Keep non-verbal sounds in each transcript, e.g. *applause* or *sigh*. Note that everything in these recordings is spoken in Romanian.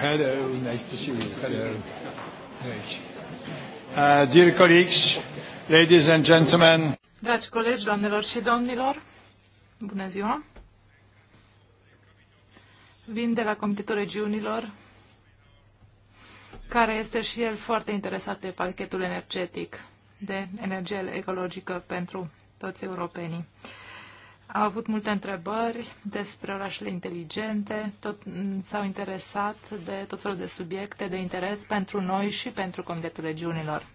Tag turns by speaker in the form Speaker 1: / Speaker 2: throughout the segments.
Speaker 1: Hello, nice to see you. Uh, dear colleagues, ladies and gentlemen.
Speaker 2: Dragi colegi, doamnelor și domnilor, bună ziua. Vin de la Comitetul Regiunilor, care este și el foarte interesat de pachetul energetic, de energie ecologică pentru toți europenii. Uh, au avut multe întrebări despre orașele inteligente, tot, s-au interesat de tot felul de subiecte de interes pentru noi și pentru Comitetul Regiunilor.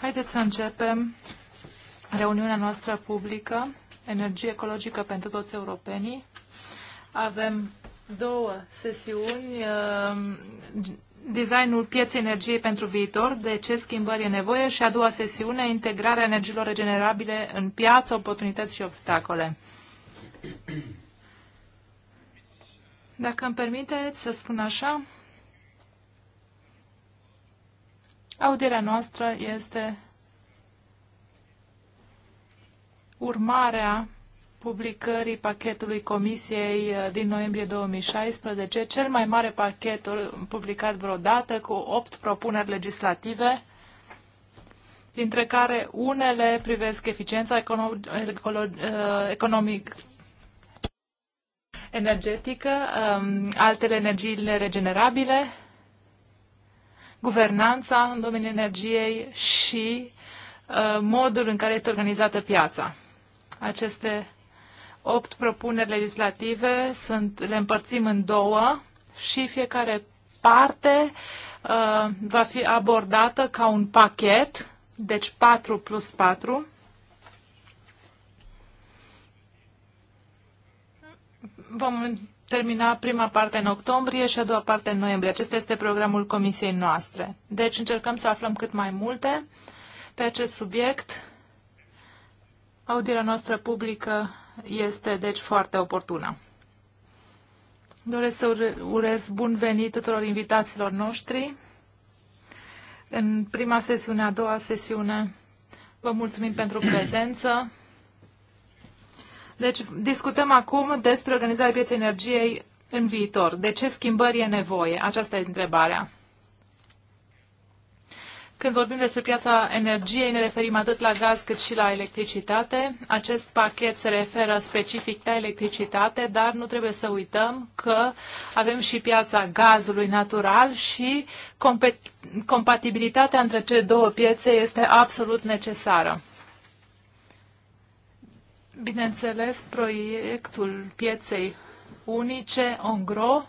Speaker 2: Haideți să începem reuniunea noastră publică, Energie ecologică pentru toți europenii. Avem două sesiuni, uh, designul pieței energiei pentru viitor, de ce schimbări e nevoie și a doua sesiune, integrarea energiilor regenerabile în piață, oportunități și obstacole. Dacă îmi permiteți să spun așa, audierea noastră este urmarea publicării pachetului Comisiei uh, din noiembrie 2016, cel mai mare pachet publicat vreodată cu opt propuneri legislative, dintre care unele privesc eficiența uh, economic energetică, um, altele energiile regenerabile, guvernanța în domeniul energiei și uh, modul în care este organizată piața. Aceste Opt propuneri legislative sunt, le împărțim în două și fiecare parte uh, va fi abordată ca un pachet, deci 4 plus 4. Vom termina prima parte în octombrie și a doua parte în noiembrie. Acesta este programul comisiei noastre. Deci încercăm să aflăm cât mai multe pe acest subiect. Audirea noastră publică este deci foarte oportună. Doresc să urez bun venit tuturor invitaților noștri. În prima sesiune, a doua sesiune, vă mulțumim pentru prezență. Deci discutăm acum despre organizarea pieței energiei în viitor. De ce schimbări e nevoie? Aceasta e întrebarea. Când vorbim despre piața energiei, ne referim atât la gaz cât și la electricitate. Acest pachet se referă specific la electricitate, dar nu trebuie să uităm că avem și piața gazului natural și compatibilitatea între cele două piețe este absolut necesară. Bineînțeles, proiectul pieței unice, ongro,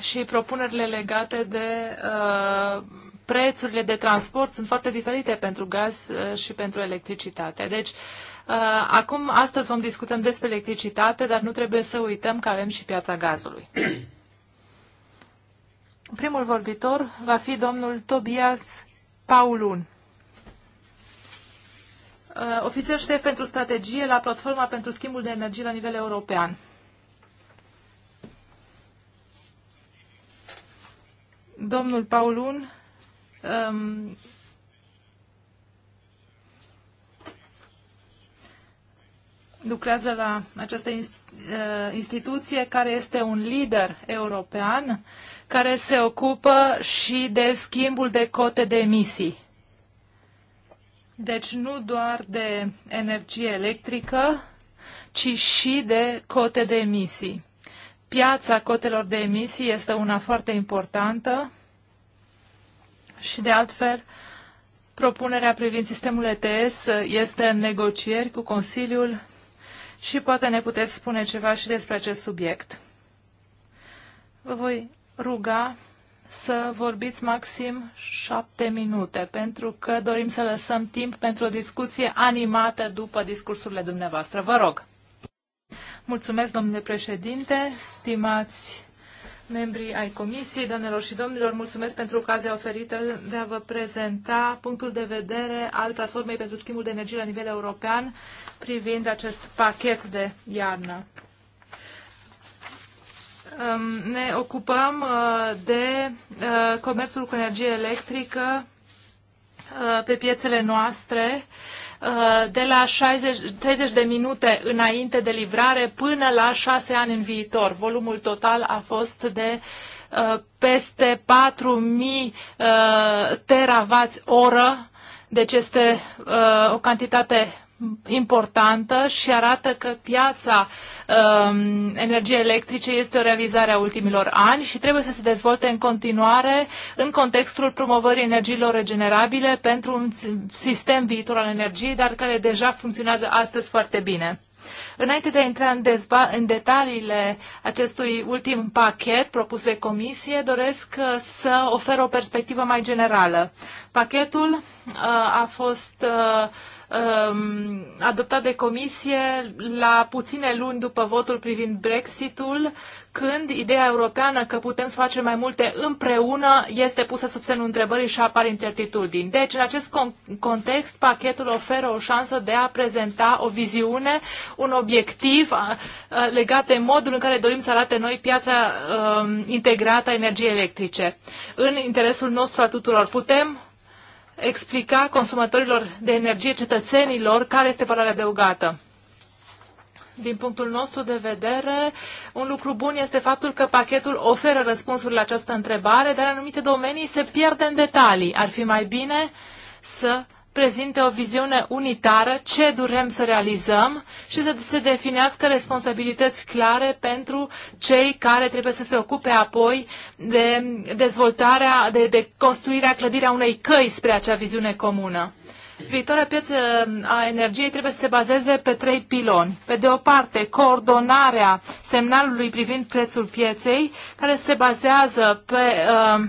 Speaker 2: și propunerile legate de uh, prețurile de transport sunt foarte diferite pentru gaz uh, și pentru electricitate. Deci, uh, acum, astăzi vom discutăm despre electricitate, dar nu trebuie să uităm că avem și piața gazului. *clears throat* Primul vorbitor va fi domnul Tobias Paulun, uh, ofițer șef pentru strategie la Platforma pentru Schimbul de Energie la nivel european. Domnul Paulun um, lucrează la această uh, instituție care este un lider european care se ocupă și de schimbul de cote de emisii. Deci nu doar de energie electrică, ci și de cote de emisii piața cotelor de emisii este una foarte importantă și, de altfel, propunerea privind sistemul ETS este în negocieri cu Consiliul și poate ne puteți spune ceva și despre acest subiect. Vă voi ruga să vorbiți maxim șapte minute, pentru că dorim să lăsăm timp pentru o discuție animată după discursurile dumneavoastră. Vă rog! Mulțumesc, domnule președinte, stimați membrii ai comisiei, doamnelor și domnilor, mulțumesc pentru ocazia oferită de a vă prezenta punctul de vedere al Platformei pentru Schimbul de Energie la nivel european privind acest pachet de iarnă. Ne ocupăm uh, de uh, comerțul cu energie electrică uh, pe piețele noastre Uh, de la 60, 30 de minute înainte de livrare până la 6 ani în viitor. Volumul total a fost de uh, peste 4.000 uh, terawatt oră, deci este uh, o cantitate importantă și arată că piața um, energiei electrice este o realizare a ultimilor ani și trebuie să se dezvolte în continuare în contextul promovării energiilor regenerabile pentru un sistem viitor al energiei, dar care deja funcționează astăzi foarte bine. Înainte de a intra în, dezba- în detaliile acestui ultim pachet propus de comisie, doresc uh, să ofer o perspectivă mai generală. Pachetul uh, a fost uh, Um, adoptat de comisie la puține luni după votul privind Brexitul, când ideea europeană că putem să facem mai multe împreună este pusă sub semnul întrebării și apar incertitudini. Deci, în acest con- context, pachetul oferă o șansă de a prezenta o viziune, un obiectiv a, a, legat de modul în care dorim să arate noi piața a, um, integrată a energiei electrice. În interesul nostru a tuturor, putem explica consumatorilor de energie, cetățenilor, care este valoarea adăugată. Din punctul nostru de vedere, un lucru bun este faptul că pachetul oferă răspunsuri la această întrebare, dar în anumite domenii se pierde în detalii. Ar fi mai bine să prezinte o viziune unitară, ce durem să realizăm și să se definească responsabilități clare pentru cei care trebuie să se ocupe apoi de dezvoltarea, de, de construirea, clădirea unei căi spre acea viziune comună. Viitoarea piață a energiei trebuie să se bazeze pe trei piloni. Pe de o parte, coordonarea semnalului privind prețul pieței, care se bazează pe uh,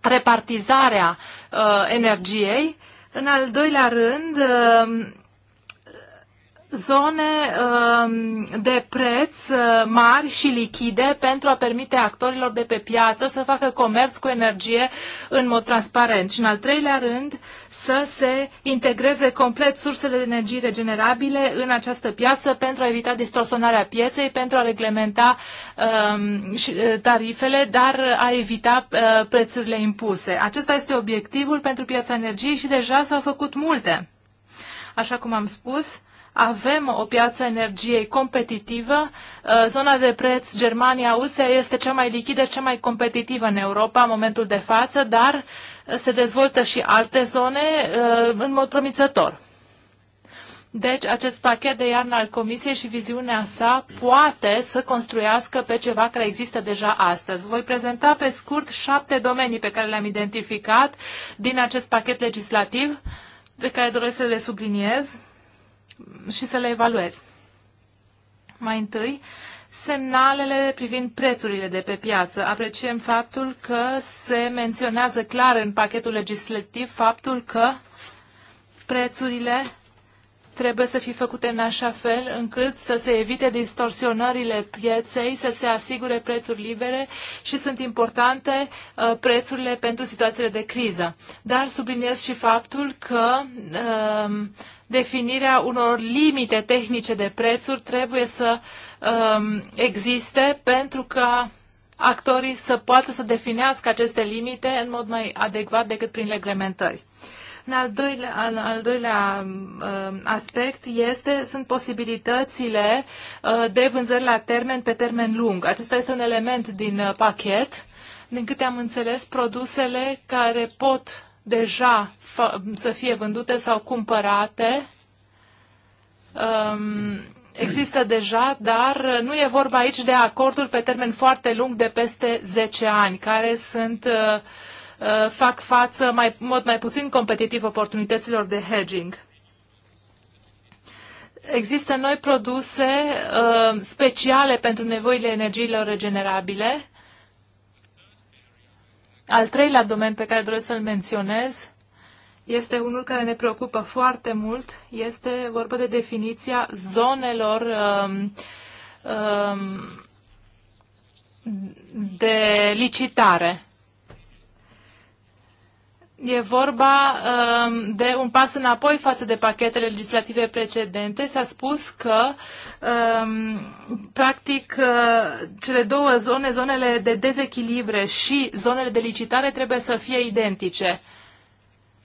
Speaker 2: repartizarea uh, energiei în al doilea rând, uh, zone um, de preț uh, mari și lichide pentru a permite actorilor de pe piață să facă comerț cu energie în mod transparent. Și în al treilea rând, să se integreze complet sursele de energie regenerabile în această piață pentru a evita distorsionarea pieței, pentru a reglementa um, uh, tarifele, dar a evita uh, prețurile impuse. Acesta este obiectivul pentru piața energiei și deja s-au făcut multe. Așa cum am spus, avem o piață energiei competitivă. Uh, zona de preț Germania-Austria este cea mai lichidă, cea mai competitivă în Europa în momentul de față, dar uh, se dezvoltă și alte zone uh, în mod promițător. Deci, acest pachet de iarnă al Comisiei și viziunea sa poate să construiască pe ceva care există deja astăzi. Voi prezenta pe scurt șapte domenii pe care le-am identificat din acest pachet legislativ, pe care doresc să le subliniez și să le evaluez. Mai întâi, semnalele privind prețurile de pe piață. Apreciem faptul că se menționează clar în pachetul legislativ faptul că prețurile trebuie să fie făcute în așa fel încât să se evite distorsionările pieței, să se asigure prețuri libere și sunt importante uh, prețurile pentru situațiile de criză. Dar subliniez și faptul că uh, definirea unor limite tehnice de prețuri trebuie să um, existe pentru ca actorii să poată să definească aceste limite în mod mai adecvat decât prin reglementări. În al doilea, în al doilea uh, aspect este, sunt posibilitățile uh, de vânzări la termen pe termen lung. Acesta este un element din uh, pachet. Din câte am înțeles, produsele care pot deja să fie vândute sau cumpărate. Um, există deja, dar nu e vorba aici de acorduri pe termen foarte lung de peste 10 ani, care sunt uh, uh fac față mai, mod mai puțin competitiv oportunităților de hedging. Există noi produse uh, speciale pentru nevoile energiilor regenerabile al treilea domen pe care doresc să-l menționez este unul care ne preocupă foarte mult. Este vorba de definiția zonelor um, um, de licitare. E vorba um, de un pas înapoi față de pachetele legislative precedente. S-a spus că, um, practic, uh, cele două zone, zonele de dezechilibre și zonele de licitare, trebuie să fie identice.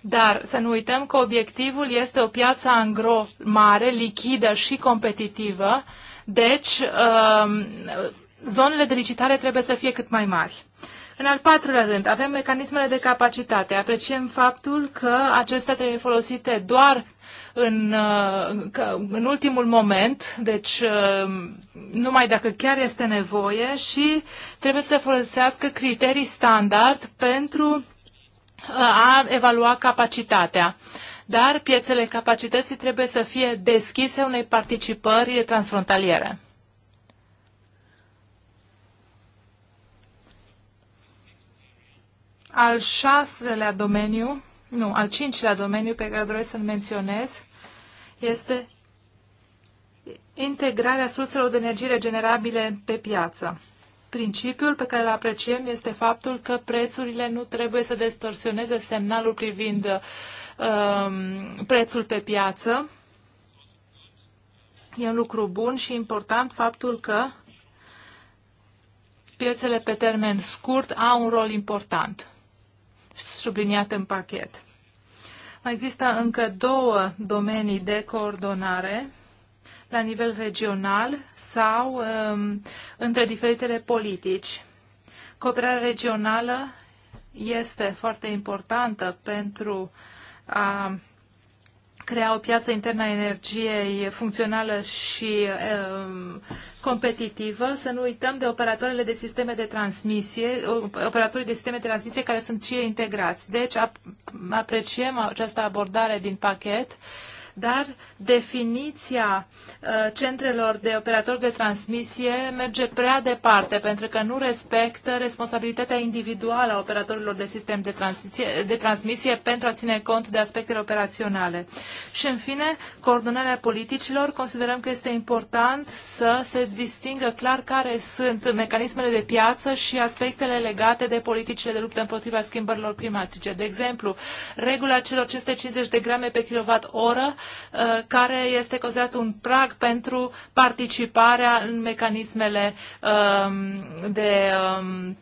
Speaker 2: Dar să nu uităm că obiectivul este o piață angro mare, lichidă și competitivă, deci um, zonele de licitare trebuie să fie cât mai mari. Uh, în al patrulea rând, avem mecanismele de capacitate. Apreciem faptul că acestea trebuie folosite doar în, uh, în ultimul moment, deci uh, numai dacă chiar este nevoie și trebuie să folosească criterii standard pentru uh, a evalua capacitatea dar piețele capacității trebuie să fie deschise unei participări transfrontaliere. Al șaselea domeniu, nu, al cincilea domeniu pe care doresc să-l menționez este integrarea surselor de energie regenerabile pe piață. Principiul pe care îl apreciem este faptul că prețurile nu trebuie să distorsioneze semnalul privind um, prețul pe piață. E un lucru bun și important faptul că piețele pe termen scurt au un rol important subliniat în pachet. Mai există încă două domenii de coordonare la nivel regional sau um, între diferitele politici. Cooperarea regională este foarte importantă pentru a crea o piață internă a energiei funcțională și um, competitivă, să nu uităm de operatorile de sisteme de transmisie, operatorii de sisteme de transmisie care sunt și ei integrați. Deci apreciem această abordare din pachet dar definiția uh, centrelor de operatori de transmisie merge prea departe, pentru că nu respectă responsabilitatea individuală a operatorilor de sistem de transmisie, de transmisie pentru a ține cont de aspectele operaționale. Și, în fine, coordonarea politicilor, considerăm că este important să se distingă clar care sunt mecanismele de piață și aspectele legate de politicile de luptă împotriva schimbărilor climatice. De exemplu, regula celor 550 de grame pe kilowatt oră Uh, care este considerat un prag pentru participarea în mecanismele um, de um,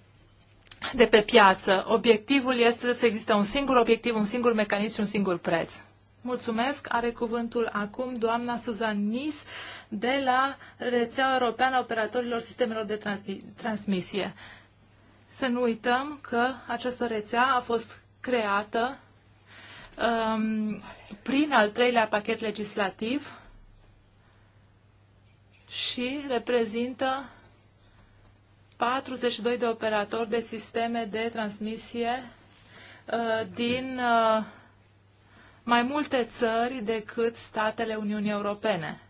Speaker 2: de pe piață. Obiectivul este să existe un singur obiectiv, un singur mecanism și un singur preț. Mulțumesc. Are cuvântul acum doamna Suzan Nis de la Rețeaua Europeană a Operatorilor Sistemelor de trans Transmisie. Să nu uităm că această rețea a fost creată Um, prin al treilea pachet legislativ și reprezintă 42 de operatori de sisteme de transmisie uh, din uh, mai multe țări decât statele Uniunii Europene.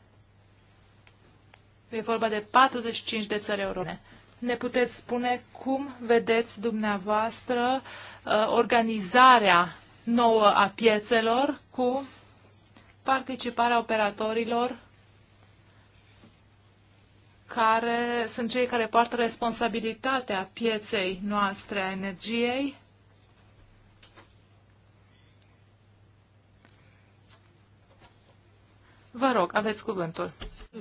Speaker 2: E vorba de 45 de țări europene. Ne puteți spune cum vedeți dumneavoastră uh, organizarea nouă a piețelor cu participarea operatorilor care sunt cei care poartă responsabilitatea pieței noastre a energiei. Vă rog, aveți cuvântul.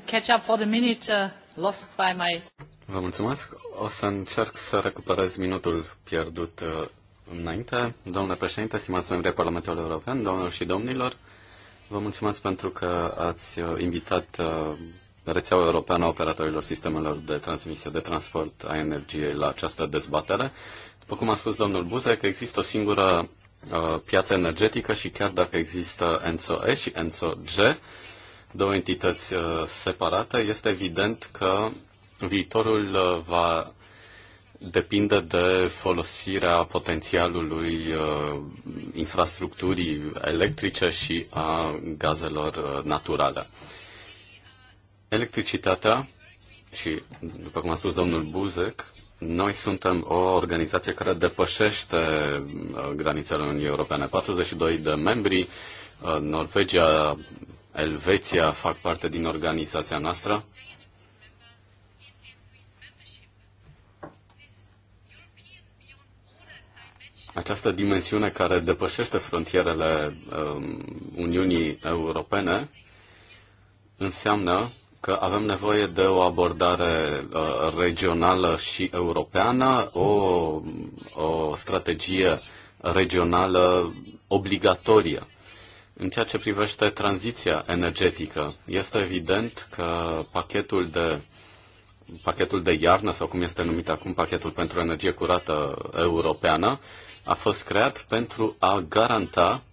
Speaker 2: Catch up for the minute uh, lost by my...
Speaker 3: Vă mulțumesc. O să încerc să recuperez minutul pierdut uh, înainte. Domnule președinte, stimați membri ai Parlamentului European, domnilor și domnilor, vă mulțumesc pentru că ați uh, invitat uh, rețeaua europeană a operatorilor sistemelor de transmisie de transport a energiei la această dezbatere. După cum a spus domnul Buzek, există o singură uh, piață energetică și chiar dacă există ENSO-E și ENSO-G, două entități separate, este evident că viitorul va depinde de folosirea potențialului uh, infrastructurii electrice și a gazelor uh, naturale. Electricitatea și, după cum a spus domnul Buzek, noi suntem o organizație care depășește uh, granițele Uniunii Europene. 42 de membri, uh, Norvegia, Elveția fac parte din organizația noastră această dimensiune care depășește frontierele um, Uniunii Europene înseamnă că avem nevoie de o abordare uh, regională și europeană, o, o strategie regională obligatorie. În ceea ce privește tranziția energetică, este evident că pachetul de pachetul de iarnă, sau cum este numit acum pachetul pentru energie curată europeană, uh, a fost creat pentru a garanta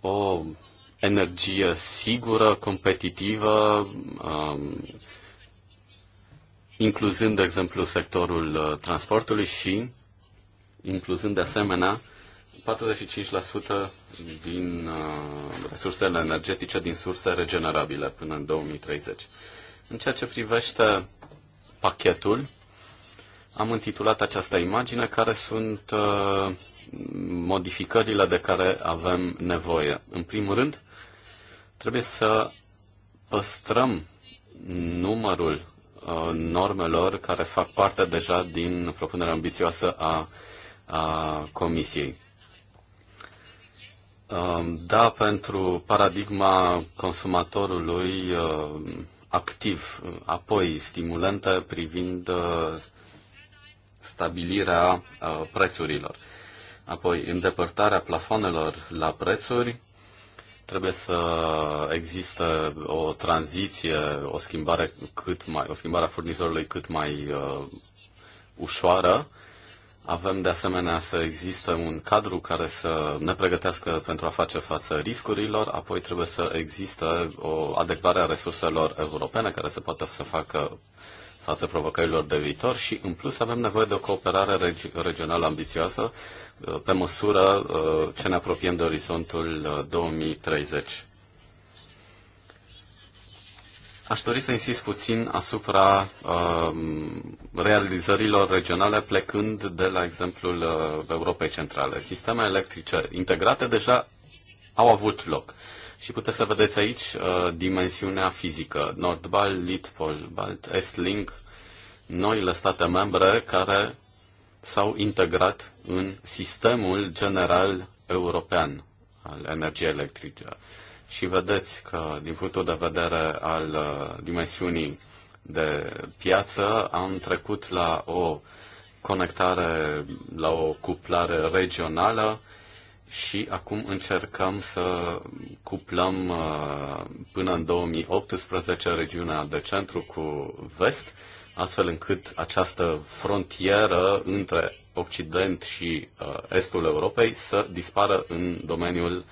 Speaker 3: o energie sigură, competitivă, um, incluzând, de exemplu, sectorul uh, transportului și incluzând, de asemenea, 45% din uh, resursele energetice din surse regenerabile până în 2030. În ceea ce privește pachetul, am intitulat această imagine care sunt uh, modificările de care avem nevoie. În primul rând, trebuie să păstrăm numărul uh, normelor care fac parte deja din propunerea ambițioasă a, a Comisiei. Uh, da, pentru paradigma consumatorului activ, apoi stimulente privind stabilirea uh, prețurilor. Apoi, îndepărtarea plafonelor la prețuri. Trebuie să există o tranziție, o schimbare, cât mai, o schimbare a furnizorului cât mai uh, ușoară. Avem de asemenea să existe un cadru care să ne pregătească pentru a face față riscurilor, apoi trebuie să existe o adecvare a resurselor europene care să poată să facă față provocărilor de viitor și, în plus, avem nevoie de o cooperare reg- regională ambițioasă uh, pe măsură uh, ce ne apropiem de orizontul 2030. Uh, Aș dori să insist puțin asupra uh, realizărilor regionale plecând de la exemplul uh, Europei Centrale. Sisteme electrice integrate deja au avut loc. Și puteți să vedeți aici uh, dimensiunea fizică. Nordbal, Litpol, Balt, Estlink, noile state membre care s-au integrat în sistemul general european al energiei electrice. Și vedeți că, din punctul de vedere al uh, dimensiunii de piață, am trecut la o conectare, la o cuplare regională, și acum încercăm să cuplăm uh, până în 2018 regiunea de centru cu vest, astfel încât această frontieră între Occident și uh, estul Europei să dispară în domeniul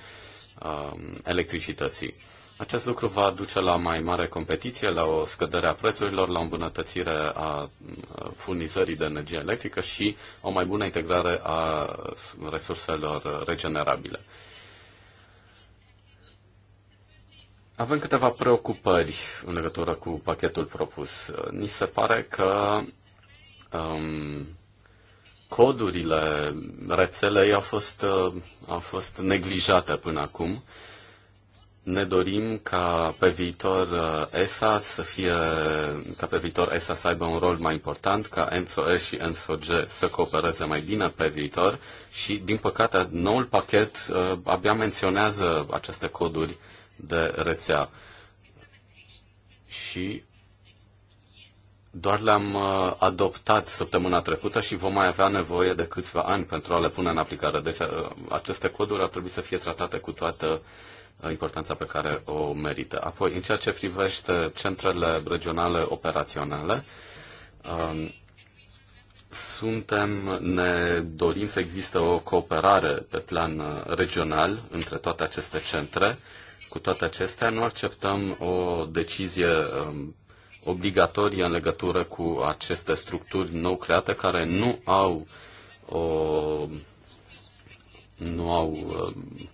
Speaker 3: uh, electricității. Acest lucru va duce la mai mare competiție, la o scădere a prețurilor, la o îmbunătățire a furnizării de energie electrică și o mai bună integrare a resurselor regenerabile. Avem câteva preocupări în legătură cu pachetul propus. Ni se pare că um, codurile rețelei au fost, uh, au fost neglijate până acum. Uh, ne dorim ca pe viitor uh, ESA să fie, ca pe viitor ESA să aibă un rol mai important, ca ENSO-E și ENSO-G să coopereze mai bine pe viitor și, din păcate, noul pachet uh, abia menționează aceste coduri de rețea. Și doar le-am uh, adoptat săptămâna trecută și vom mai avea nevoie de câțiva ani pentru a le pune în aplicare. Deci aceste coduri ar trebui să fie tratate cu toată importanța pe care o merită. Apoi, în ceea ce privește centrele regionale operaționale, um, suntem, ne dorim să existe o cooperare pe plan uh, regional între toate aceste centre. Cu toate acestea, nu acceptăm o decizie um, obligatorie în legătură cu aceste structuri nou create care nu au o, nu au um,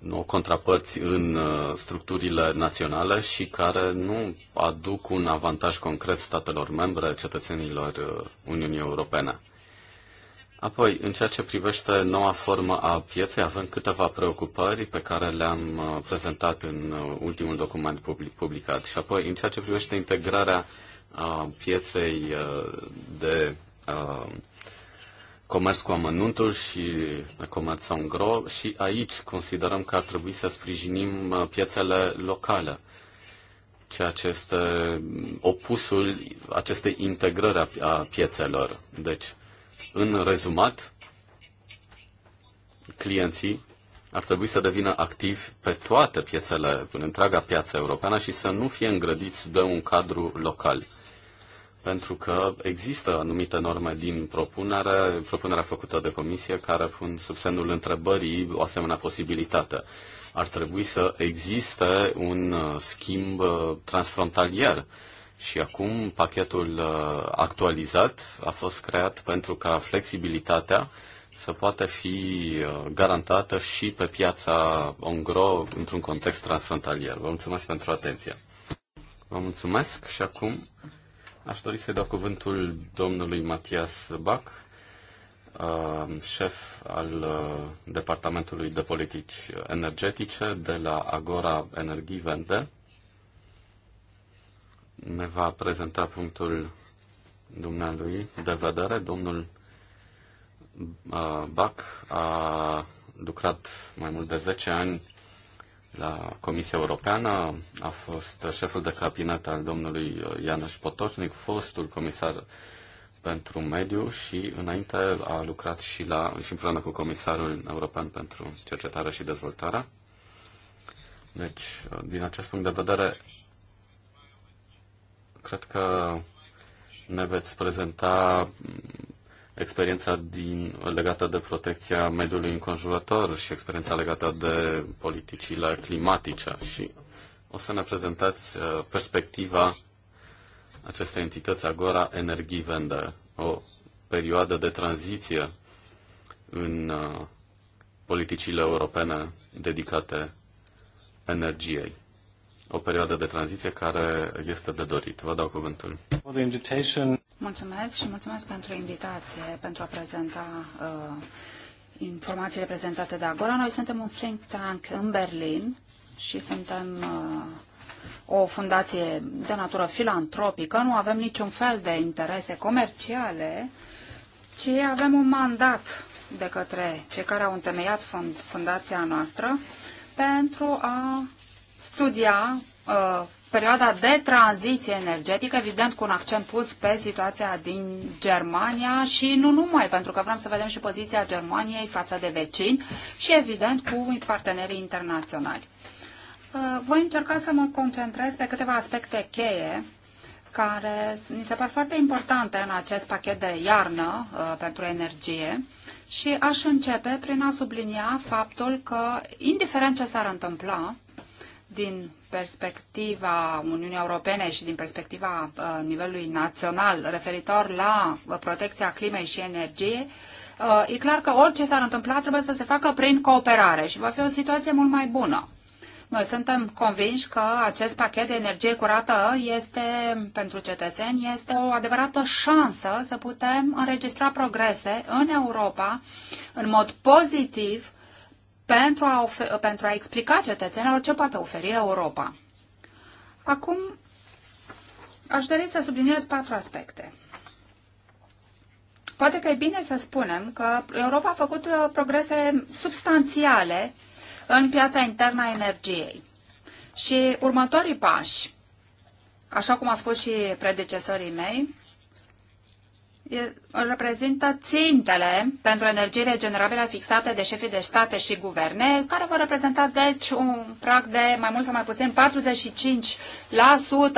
Speaker 3: nu, contrapărți în uh, structurile naționale și care nu aduc un avantaj concret statelor membre, cetățenilor uh, Uniunii Europene. Apoi, în ceea ce privește noua formă a pieței, avem câteva preocupări pe care le-am uh, prezentat în ultimul document publicat. Și apoi, în ceea ce privește integrarea pieței de comerț cu amănuntul și comerț gro și aici considerăm că ar trebui să sprijinim uh, piețele locale, ceea ce este opusul acestei integrări a piețelor. Deci, în rezumat, clienții ar trebui să devină activi pe toate piețele, în întreaga piață europeană și să nu fie îngrădiți de un cadru local pentru că există anumite norme din propunere, propunerea făcută de comisie, care pun sub semnul întrebării o asemenea posibilitate. Ar trebui să existe un uh, schimb uh, transfrontalier și acum pachetul uh, actualizat a fost creat pentru ca flexibilitatea să poată fi garantată și pe piața ongro într-un context transfrontalier. Vă mulțumesc pentru atenție. Vă mulțumesc și acum Aș dori să-i dau cuvântul domnului Matias Bac, uh, șef al uh, Departamentului de Politici Energetice de la Agora Energie Vende. Ne va prezenta punctul dumnealui de vedere. Domnul uh, Bac a lucrat mai mult de 10 ani la Comisia Europeană, a fost șeful de cabinet al domnului Ianuș Potocnic, fostul comisar pentru mediu și înainte a lucrat și, la, și împreună cu Comisarul European pentru Cercetare și Dezvoltare. Deci, din acest punct de vedere, cred că ne veți prezenta experiența din, legată de protecția mediului înconjurător și experiența legată de politicile climatice și o să ne prezentați uh, perspectiva acestei entități Agora Energivende, o perioadă de tranziție în uh, politicile europene dedicate energiei. O perioadă de tranziție care este de dorit. Vă dau cuvântul.
Speaker 4: Mulțumesc și mulțumesc pentru invitație, pentru a prezenta uh, informațiile prezentate de Agora. Noi suntem un think tank în Berlin și suntem uh, o fundație de natură filantropică. Nu avem niciun fel de interese comerciale, ci avem un mandat de către cei care au întemeiat fund, fundația noastră pentru a studia uh, perioada de tranziție energetică, evident cu un accent pus pe situația din Germania și nu numai, pentru că vrem să vedem și poziția Germaniei față de vecini și evident cu partenerii internaționali. Uh, voi încerca să mă concentrez pe câteva aspecte cheie care ni se par foarte importante în acest pachet de iarnă uh, pentru energie și aș începe prin a sublinia faptul că, indiferent ce s-ar întâmpla, din perspectiva Uniunii Europene și din perspectiva uh, nivelului național referitor la uh, protecția climei și energiei, uh, e clar că orice s-ar întâmpla trebuie să se facă prin cooperare și va fi o situație mult mai bună. Noi suntem convinși că acest pachet de energie curată este, pentru cetățeni, este o adevărată șansă să putem înregistra progrese în Europa în mod pozitiv pentru a, pentru a explica cetățenilor ce poate oferi Europa. Acum, aș dori să subliniez patru aspecte. Poate că e bine să spunem că Europa a făcut uh, progrese substanțiale în piața internă a energiei. Și următorii pași, așa cum a spus și predecesorii mei, reprezintă țintele pentru energie regenerabilă fixate de șefii de state și guverne, care vor reprezenta deci un prag de mai mult sau mai puțin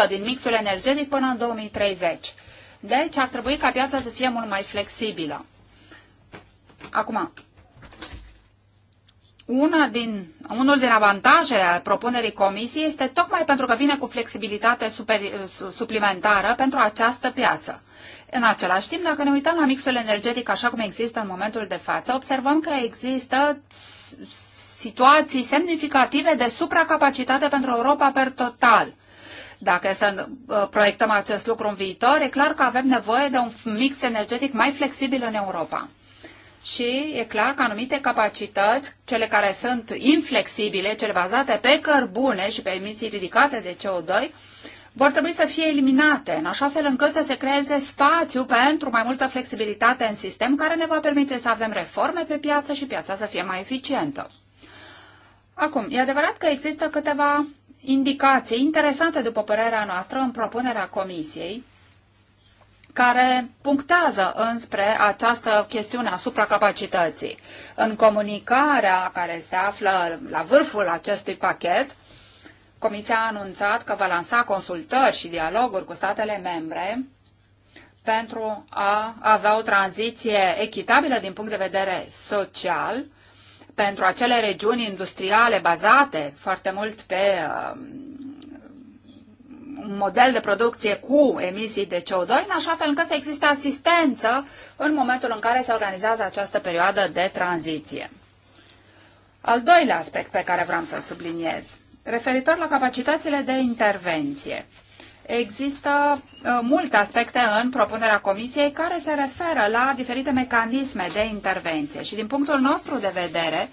Speaker 4: 45% din mixul energetic până în 2030. Deci ar trebui ca piața să fie mult mai flexibilă. Acum, una din, unul din avantajele propunerii comisiei este tocmai pentru că vine cu flexibilitate super, suplimentară pentru această piață. În același timp, dacă ne uităm la mixul energetic așa cum există în momentul de față, observăm că există situații semnificative de supracapacitate pentru Europa per total. Dacă să uh, proiectăm acest lucru în viitor, e clar că avem nevoie de un mix energetic mai flexibil în Europa. Și e clar că anumite capacități, cele care sunt inflexibile, cele bazate pe cărbune și pe emisii ridicate de CO2, vor trebui să fie eliminate, în așa fel încât să se creeze spațiu pentru mai multă flexibilitate în sistem, care ne va permite să avem reforme pe piață și piața să fie mai eficientă. Acum, e adevărat că există câteva indicații interesante, după părerea noastră, în propunerea Comisiei, care punctează înspre această chestiune asupra capacității. În comunicarea care se află la vârful acestui pachet, Comisia a anunțat că va lansa consultări și dialoguri cu statele membre pentru a avea o tranziție echitabilă din punct de vedere social pentru acele regiuni industriale bazate foarte mult pe um, un model de producție cu emisii de CO2, în așa fel încât să existe asistență în momentul în care se organizează această perioadă de tranziție. Al doilea aspect pe care vreau să-l subliniez Referitor la capacitățile de intervenție, există uh, multe aspecte în propunerea Comisiei care se referă la diferite mecanisme de intervenție și din punctul nostru de vedere,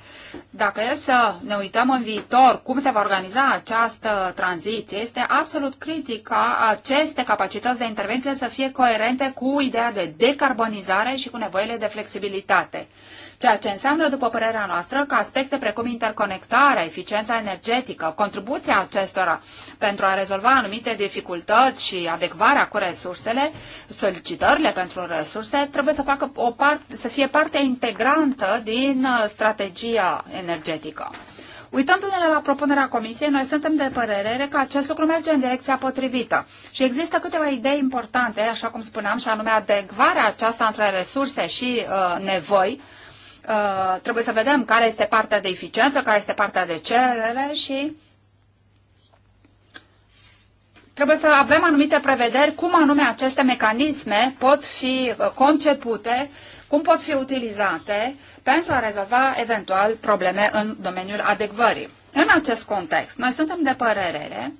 Speaker 4: dacă e să ne uităm în viitor cum se va organiza această tranziție, este absolut critic ca aceste capacități de intervenție să fie coerente cu ideea de decarbonizare și cu nevoile de flexibilitate ceea ce înseamnă, după părerea noastră, că aspecte precum interconectarea, eficiența energetică, contribuția acestora pentru a rezolva anumite dificultăți și adecvarea cu resursele, solicitările pentru resurse, trebuie să, facă o part, să fie parte integrantă din uh, strategia energetică. Uitându-ne la propunerea Comisiei, noi suntem de părere că acest lucru merge în direcția potrivită. Și există câteva idei importante, așa cum spuneam, și anume adecvarea aceasta între resurse și uh, nevoi, Uh, trebuie să vedem care este partea de eficiență, care este partea de cerere și trebuie să avem anumite prevederi cum anume aceste mecanisme pot fi uh, concepute, cum pot fi utilizate pentru a rezolva eventual probleme în domeniul adecvării. În acest context, noi suntem de părere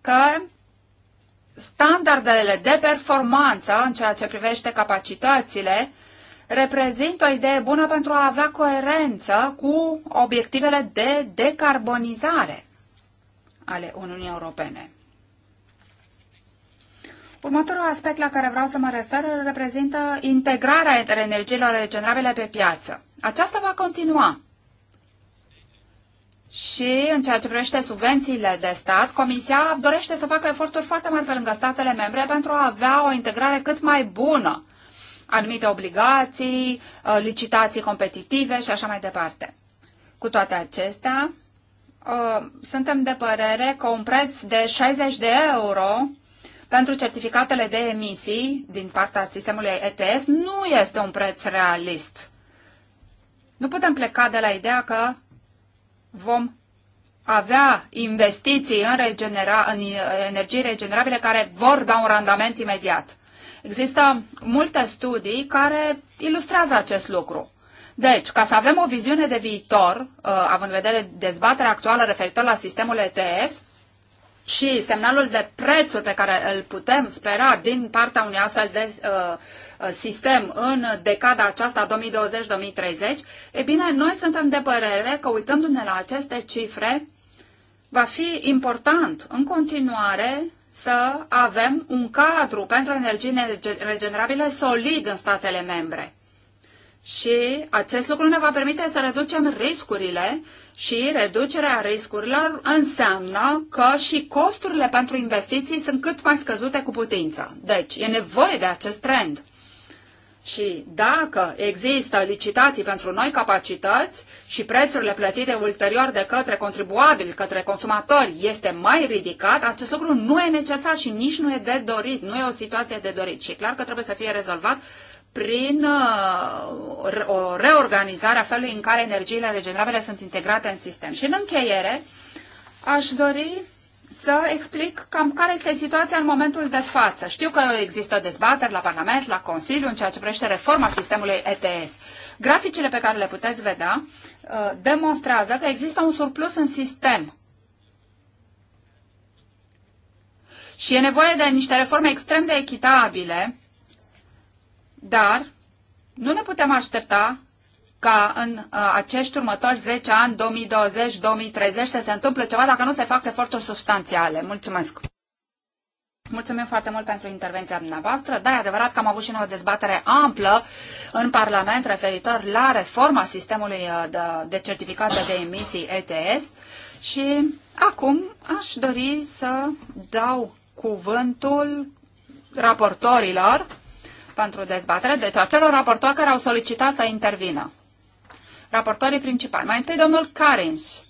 Speaker 4: că standardele de performanță în ceea ce privește capacitățile reprezintă o idee bună pentru a avea coerență cu obiectivele de decarbonizare ale Uniunii Europene. Următorul aspect la care vreau să mă refer reprezintă integrarea energiilor regenerabile pe piață. Aceasta va continua și în ceea ce privește subvențiile de stat, Comisia dorește să facă eforturi foarte mari pe lângă statele membre pentru a avea o integrare cât mai bună, anumite obligații, uh, licitații competitive și așa mai departe. Cu toate acestea, uh, suntem de părere că un preț de 60 de euro pentru certificatele de emisii din partea sistemului ETS nu este un preț realist. Nu putem pleca de la ideea că vom avea investiții în, regenera- în energii regenerabile care vor da un randament imediat. Există multe studii care ilustrează acest lucru. Deci, ca să avem o viziune de viitor, uh, având în vedere dezbaterea actuală referitor la sistemul ETS și semnalul de prețuri pe care îl putem spera din partea unui astfel de uh, Uh, sistem în decada aceasta 2020-2030, e bine, noi suntem de părere că uitându-ne la aceste cifre, va fi important în continuare să avem un cadru pentru energie regenerabile solid în statele membre. Și acest lucru ne va permite să reducem riscurile și reducerea riscurilor înseamnă că și costurile pentru investiții sunt cât mai scăzute cu putință. Deci, e nevoie de acest trend. Și dacă există licitații pentru noi capacități și prețurile plătite ulterior de către contribuabili, către consumatori, este mai ridicat, acest lucru nu e necesar și nici nu e de dorit, nu e o situație de dorit. Și e clar că trebuie să fie rezolvat prin uh, o reorganizare a felului în care energiile regenerabile sunt integrate în sistem. Și în încheiere, aș dori să explic cam care este situația în momentul de față. Știu că există dezbateri la Parlament, la Consiliu, în ceea ce privește reforma sistemului ETS. Graficile pe care le puteți vedea uh, demonstrează că există un surplus în sistem. Și e nevoie de niște reforme extrem de echitabile, dar nu ne putem aștepta ca în uh, acești următori 10 ani, 2020-2030, să se întâmple ceva dacă nu se fac eforturi substanțiale. Mulțumesc! Mulțumim foarte mult pentru intervenția dumneavoastră. Da, e adevărat că am avut și noi o dezbatere amplă în Parlament referitor la reforma sistemului uh, de, de certificate de emisii ETS și acum aș dori să dau cuvântul raportorilor pentru dezbatere, deci acelor raportori care au solicitat să intervină raportorii principali. Mai întâi, domnul Carins.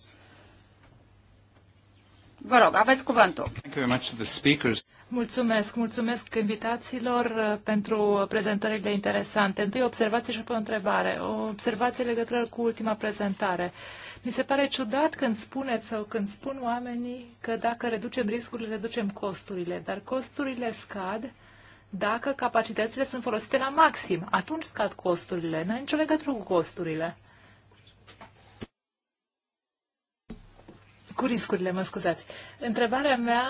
Speaker 2: Vă rog, aveți cuvântul. Mulțumesc, mulțumesc invitațiilor uh, pentru prezentările interesante. Întâi observație și apoi o întrebare. O observație legătură cu ultima prezentare. Mi se pare ciudat când spuneți sau când spun oamenii că dacă reducem riscurile, reducem costurile, dar costurile scad dacă capacitățile sunt folosite la maxim. Atunci scad costurile, n-ai nicio legătură cu costurile. cu riscurile, mă scuzați. Întrebarea mea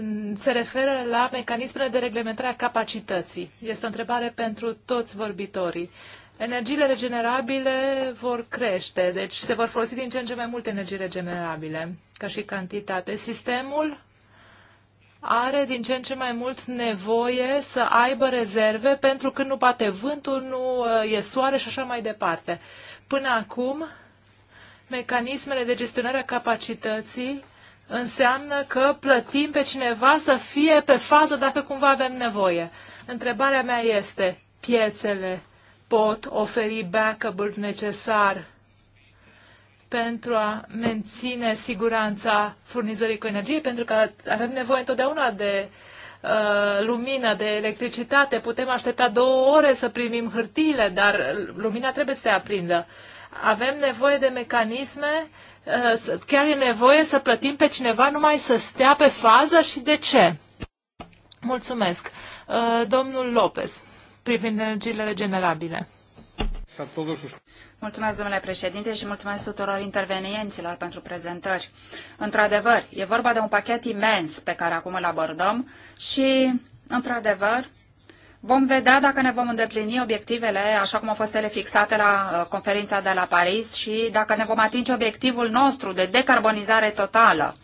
Speaker 2: uh, se referă la mecanismele de reglementare a capacității. Este o întrebare pentru toți vorbitorii. Energiile regenerabile vor crește, deci se vor folosi din ce în ce mai multe energii regenerabile, ca și cantitate. Sistemul are din ce în ce mai mult nevoie să aibă rezerve pentru că nu poate vântul, nu uh, e soare și așa mai departe. Până acum, mecanismele de gestionare a capacității înseamnă că plătim pe cineva să fie pe fază dacă cumva avem nevoie. Întrebarea mea este, piețele pot oferi backup-ul necesar pentru a menține siguranța furnizării cu energie, pentru că avem nevoie întotdeauna de uh, lumină, de electricitate. Putem aștepta două ore să primim hârtiile, dar lumina trebuie să se aprindă. Uh, avem nevoie de mecanisme, uh, chiar e nevoie să plătim pe cineva numai să stea pe fază și de ce? Mulțumesc. Uh, domnul Lopez, privind energiile regenerabile.
Speaker 4: Mulțumesc, domnule președinte, și mulțumesc tuturor intervenienților pentru prezentări. Într-adevăr, e vorba de un pachet imens pe care acum îl abordăm și, într-adevăr, Vom vedea dacă ne vom îndeplini obiectivele așa cum au fost ele fixate la uh, conferința de la Paris și dacă ne vom atinge obiectivul nostru de decarbonizare totală.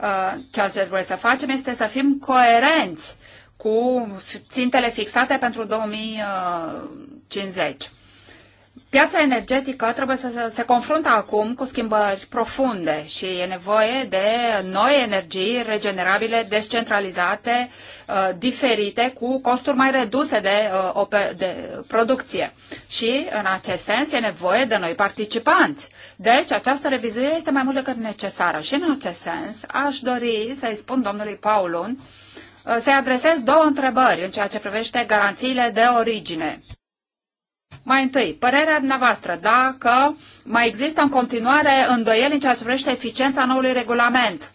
Speaker 4: Uh, ceea ce trebuie să facem este să fim coerenți cu țintele fixate pentru 2050. Piața energetică trebuie să se confruntă acum cu schimbări profunde și e nevoie de noi energii regenerabile, descentralizate, uh, diferite, cu costuri mai reduse de, uh, de producție. Și, în acest sens, e nevoie de noi participanți. Deci, această revizuire este mai mult decât necesară. Și, în acest sens, aș dori să-i spun domnului Paulun uh, să-i adresez două întrebări în ceea ce privește garanțiile de origine. Mai întâi, părerea dumneavoastră, dacă mai există în continuare îndoieli în ceea ce privește eficiența noului regulament,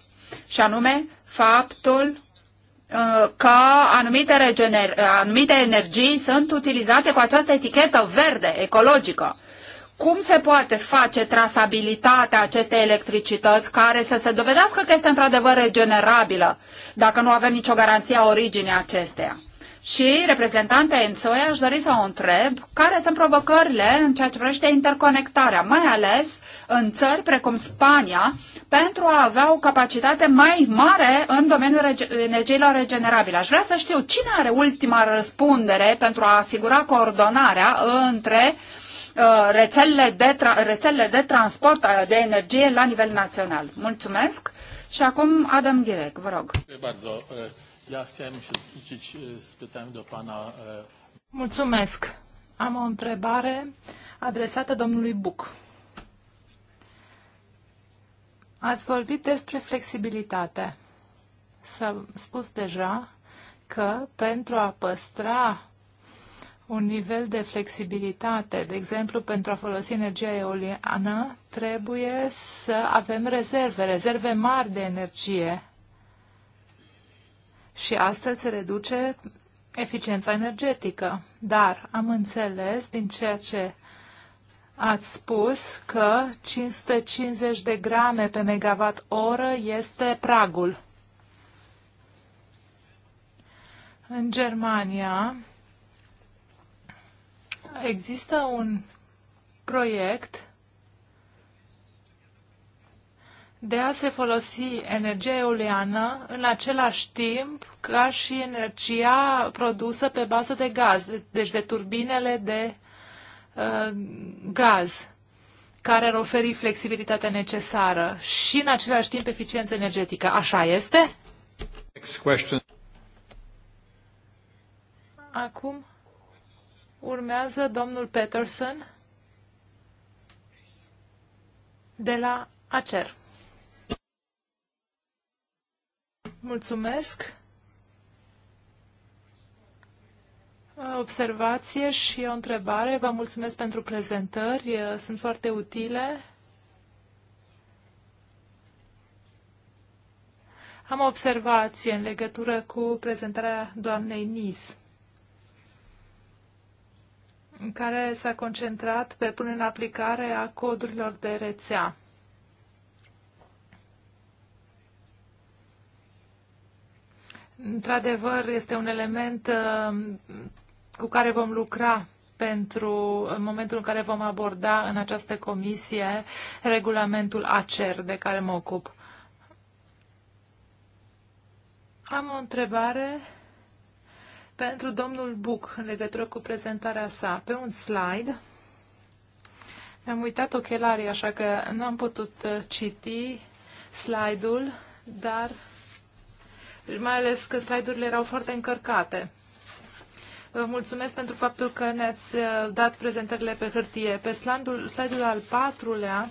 Speaker 4: și anume faptul uh, că anumite, regener, uh, anumite energii sunt utilizate cu această etichetă verde, ecologică. Cum se poate face trasabilitatea acestei electricități care să se dovedească că este într-adevăr regenerabilă, dacă nu avem nicio garanție a originii acesteia? Și reprezentantea Ențoia aș dori să o întreb care sunt provocările în ceea ce privește interconectarea, mai ales în țări precum Spania, pentru a avea o capacitate mai mare în domeniul rege- energiilor regenerabile. Aș vrea să știu cine are ultima răspundere pentru a asigura coordonarea între uh, rețelele de, tra- rețelele de transport uh, de energie la nivel național. Mulțumesc
Speaker 2: și acum Adam Ghirec, vă rog
Speaker 3: chciałem się zwrócić z pytaniem do pana.
Speaker 2: Mulțumesc. Am o întrebare adresată domnului Buc. Ați vorbit despre flexibilitate. S-a spus deja că pentru a păstra un nivel de flexibilitate, de exemplu, pentru a folosi energia eoliană, trebuie să avem rezerve, rezerve mari de energie și astfel se reduce eficiența energetică. Dar am înțeles din ceea ce ați spus că 550 de grame pe megawatt oră este pragul. În Germania există un proiect de a se folosi energia eoliană în același timp ca și energia produsă pe bază de gaz, deci de turbinele de uh, gaz, care ar oferi flexibilitatea necesară și în același timp eficiență energetică. Așa este?
Speaker 1: Next question.
Speaker 2: Acum urmează domnul Peterson de la ACER. Mulțumesc. Observație și o întrebare. Vă mulțumesc pentru prezentări. Sunt foarte utile. Am o observație în legătură cu prezentarea doamnei Nis, în care s-a concentrat pe punerea în aplicare a codurilor de rețea. Într-adevăr, este un element uh, cu care vom lucra pentru în momentul în care vom aborda în această comisie regulamentul ACER de care mă ocup. Am o întrebare pentru domnul Buc în legătură cu prezentarea sa. Pe un slide mi-am uitat ochelarii, așa că nu am putut uh, citi slide-ul, dar mai ales că slide-urile erau foarte încărcate. Vă mulțumesc pentru faptul că ne-ați uh, dat prezentările pe hârtie. Pe slide-ul slide al patrulea,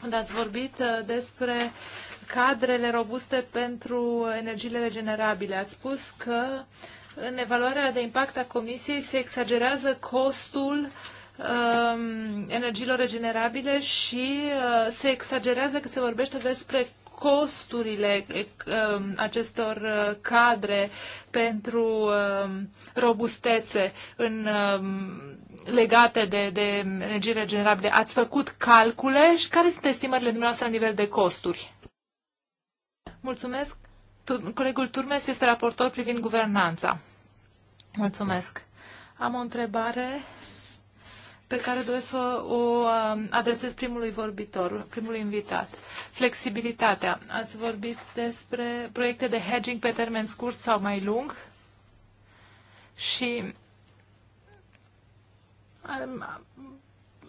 Speaker 2: când ați vorbit uh, despre cadrele robuste pentru energiile regenerabile, ați spus că în evaluarea de impact a Comisiei se exagerează costul um, energiilor regenerabile și uh, se exagerează că se vorbește despre costurile um, acestor uh, cadre pentru um, robustețe în, um, legate de, de energie regenerabile. Ați făcut calcule și care sunt estimările dumneavoastră la nivel de costuri? Mulțumesc. Colegul Turmes este raportor privind guvernanța. Mulțumesc. Am o întrebare pe care doresc să o um, adresez primului vorbitor, primului invitat. Flexibilitatea. Ați vorbit despre proiecte de hedging pe termen scurt sau mai lung și um,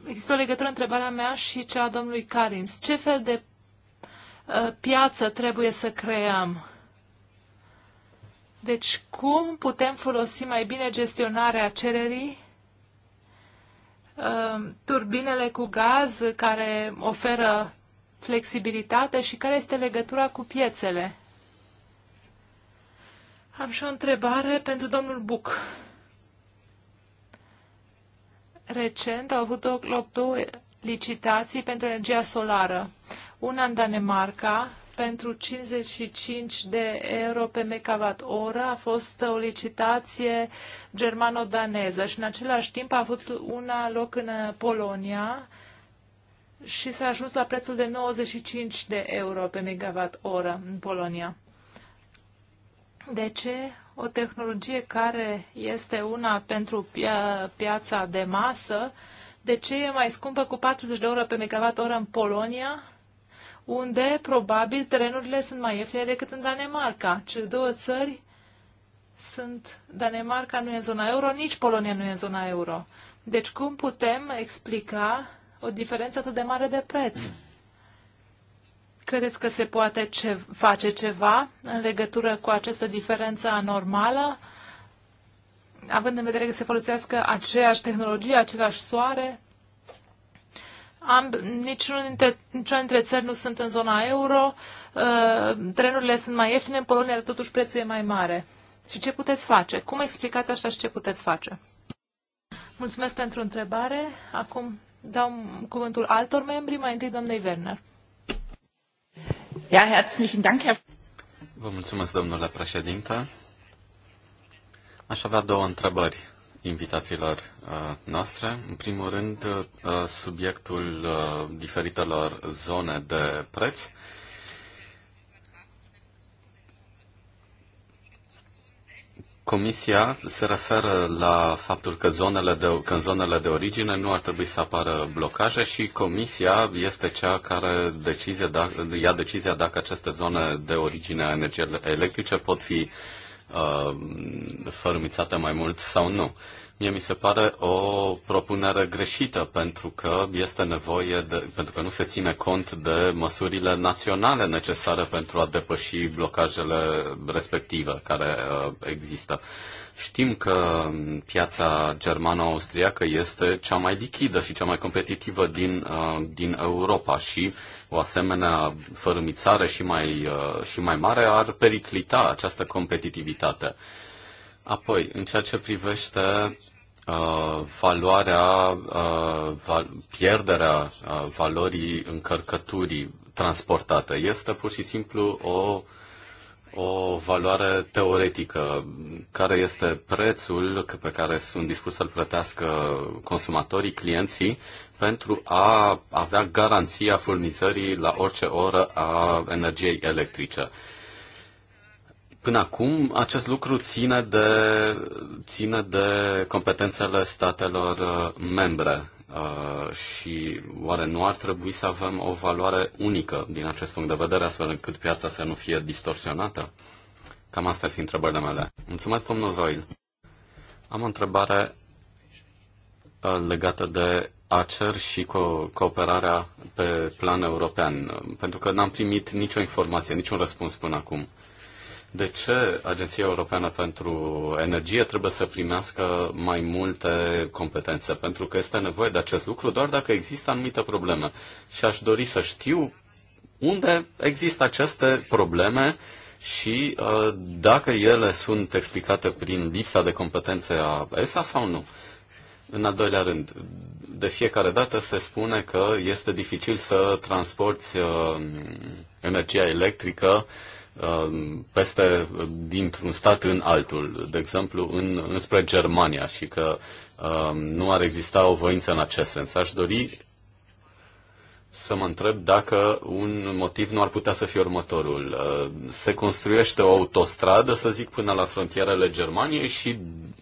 Speaker 2: există o legătură întrebarea mea și cea a domnului Carins. Ce fel de uh, piață trebuie să creăm? Deci cum putem folosi mai bine gestionarea cererii Uh, turbinele cu gaz care oferă flexibilitate și care este legătura cu piețele. Am și o întrebare pentru domnul Buc. Recent au avut loc două licitații pentru energia solară. Una în Danemarca, pentru 55 de euro pe megawatt oră. A fost o licitație germano-daneză și în același timp a avut una loc în uh, Polonia și s-a ajuns la prețul de 95 de euro pe megawatt oră în Polonia. De ce o tehnologie care este una pentru pia piața de masă, de ce e mai scumpă cu 40 de euro pe megawatt oră în Polonia unde probabil terenurile sunt mai ieftine decât în Danemarca. Cele două țări sunt, Danemarca nu e în zona euro, nici Polonia nu e în zona euro. Deci cum putem explica o diferență atât de mare de preț? Credeți că se poate ce, face ceva în legătură cu această diferență anormală, având în vedere că se folosească aceeași tehnologie, același soare? Am, niciunul dintre, niciuna dintre țări nu sunt în zona euro, uh, trenurile sunt mai ieftine, în Polonia totuși prețul e mai mare. Și ce puteți face? Cum explicați asta și ce puteți face? Mulțumesc pentru întrebare. Acum dau cuvântul altor membri, mai întâi domnului Werner.
Speaker 3: Ja, herzlichen Dank, Herr... Vă mulțumesc, domnule președinte. Aș avea două întrebări invitațiilor uh, noastre. În primul rând, uh, subiectul uh, diferitelor zone de preț. Comisia se referă la faptul că, zonele de, că în zonele de origine nu ar trebui să apară blocaje și Comisia este cea care decizie, da, ia decizia dacă aceste zone de origine a energiei electrice pot fi uh, uh, fărâmițate mai mult sau nu. Mie mi se pare o propunere greșită pentru că este nevoie de, pentru că nu se ține cont de măsurile naționale necesare pentru a depăși blocajele respective care uh, există. Știm că piața germano-austriacă este cea mai lichidă și cea mai competitivă din, uh, din Europa și uh, o asemenea fărâmițare și mai, uh, și mai mare ar periclita această competitivitate. Apoi, în ceea ce privește uh, valoarea, uh, val- pierderea uh, valorii încărcăturii transportate, este pur și simplu o o valoare teoretică. Care este prețul pe care sunt dispuși să-l plătească consumatorii, clienții, pentru a avea garanția furnizării la orice oră a energiei electrice. Până acum, acest lucru ține de, ține de competențele statelor uh, membre uh, și oare nu ar trebui să avem o valoare unică din acest punct de vedere, astfel încât piața să nu fie distorsionată? Cam asta ar fi întrebările mele. Mulțumesc, domnul Roil. Am o întrebare uh, legată de ACER și co- cooperarea pe plan european? Pentru că n-am primit nicio informație, niciun răspuns până acum. De ce Agenția Europeană pentru Energie trebuie să primească mai multe competențe? Pentru că este nevoie de acest lucru doar dacă există anumite probleme. Și aș dori să știu unde există aceste probleme și uh, dacă ele sunt explicate prin lipsa de competențe a ESA sau nu. În al doilea rând, de fiecare dată se spune că este dificil să transporti uh, energia electrică uh, peste dintr-un stat în altul, de exemplu în, înspre Germania și că uh, nu ar exista o voință în acest sens. Aș dori să mă întreb dacă un motiv nu ar putea să fie următorul. Uh, se construiește o autostradă, să zic, până la frontierele Germaniei și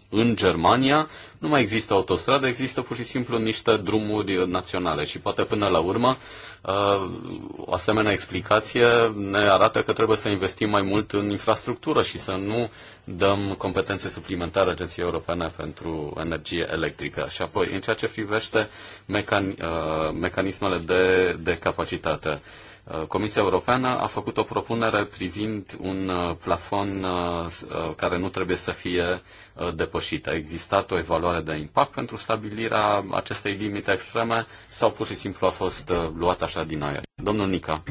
Speaker 3: în Germania nu mai există autostradă, există pur și simplu niște drumuri naționale și poate până la urmă uh, o asemenea explicație ne arată că trebuie să investim mai mult în infrastructură și să nu dăm competențe suplimentare Agenției Europene pentru Energie Electrică. Și apoi, în ceea ce privește mecan, uh, mecanismele de, de capacitate. Uh, Uh, Comisia Europeană a făcut o propunere privind un uh, plafon uh, care nu trebuie să fie depășit. A existat o evaluare de impact pentru stabilirea acestei limite extreme sau pur și simplu a fost luat așa din aer? Domnul Nica.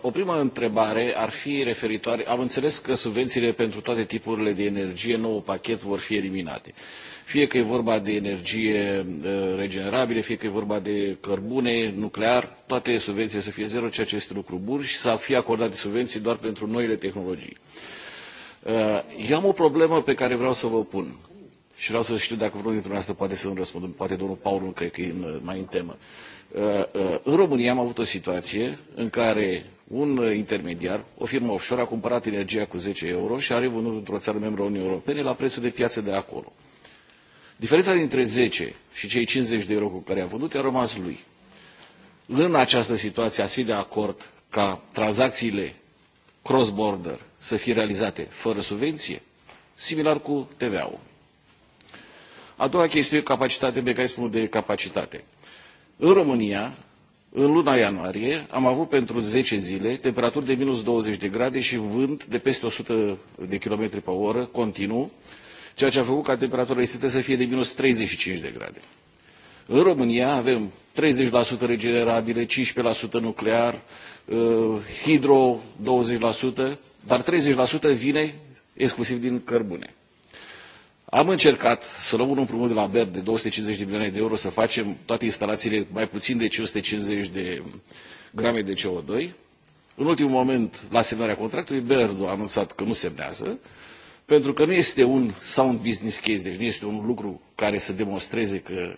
Speaker 1: O primă întrebare ar fi referitoare. Am înțeles că subvențiile pentru toate tipurile de energie, nou pachet, vor fi eliminate fie că e vorba de energie uh, regenerabile, fie că e vorba de cărbune, nuclear, toate subvențiile să fie zero, ceea ce este lucru bun și să fie acordate subvenții doar pentru noile tehnologii. Uh, eu am o problemă pe care vreau să vă pun și vreau să știu dacă vreunul dintre dumneavoastră poate să-mi răspundă, poate domnul Paul nu cred că e uh, mai în temă. În România am avut o situație în care un intermediar, o firmă offshore, a cumpărat energia cu 10 euro și a revândut într-o țară membră a Uniunii Europene la prețul de piață de acolo. Diferența dintre 10 și cei 50 de euro cu care a vândut i-a rămas lui. În această situație ați fi de acord ca tranzacțiile cross-border să fie realizate fără subvenție, similar cu TVA-ul. A doua chestiune, capacitate, mecanismul de capacitate. În România, în luna ianuarie, am avut pentru 10 zile temperaturi de minus 20 de grade și vânt de peste 100 de km pe oră continuu, ceea ce a făcut ca temperatura estită să fie de minus 35 de grade. În România avem 30% regenerabile, 15% nuclear, uh, hidro 20%, dar 30% vine exclusiv din cărbune. Am încercat să luăm un împrumut de la BER de 250 de milioane de euro să facem toate instalațiile mai puțin de 550 de grame de CO2. În ultimul moment, la semnarea contractului, BER a anunțat că nu semnează pentru că nu este un sound business case, deci nu este un lucru care să demonstreze că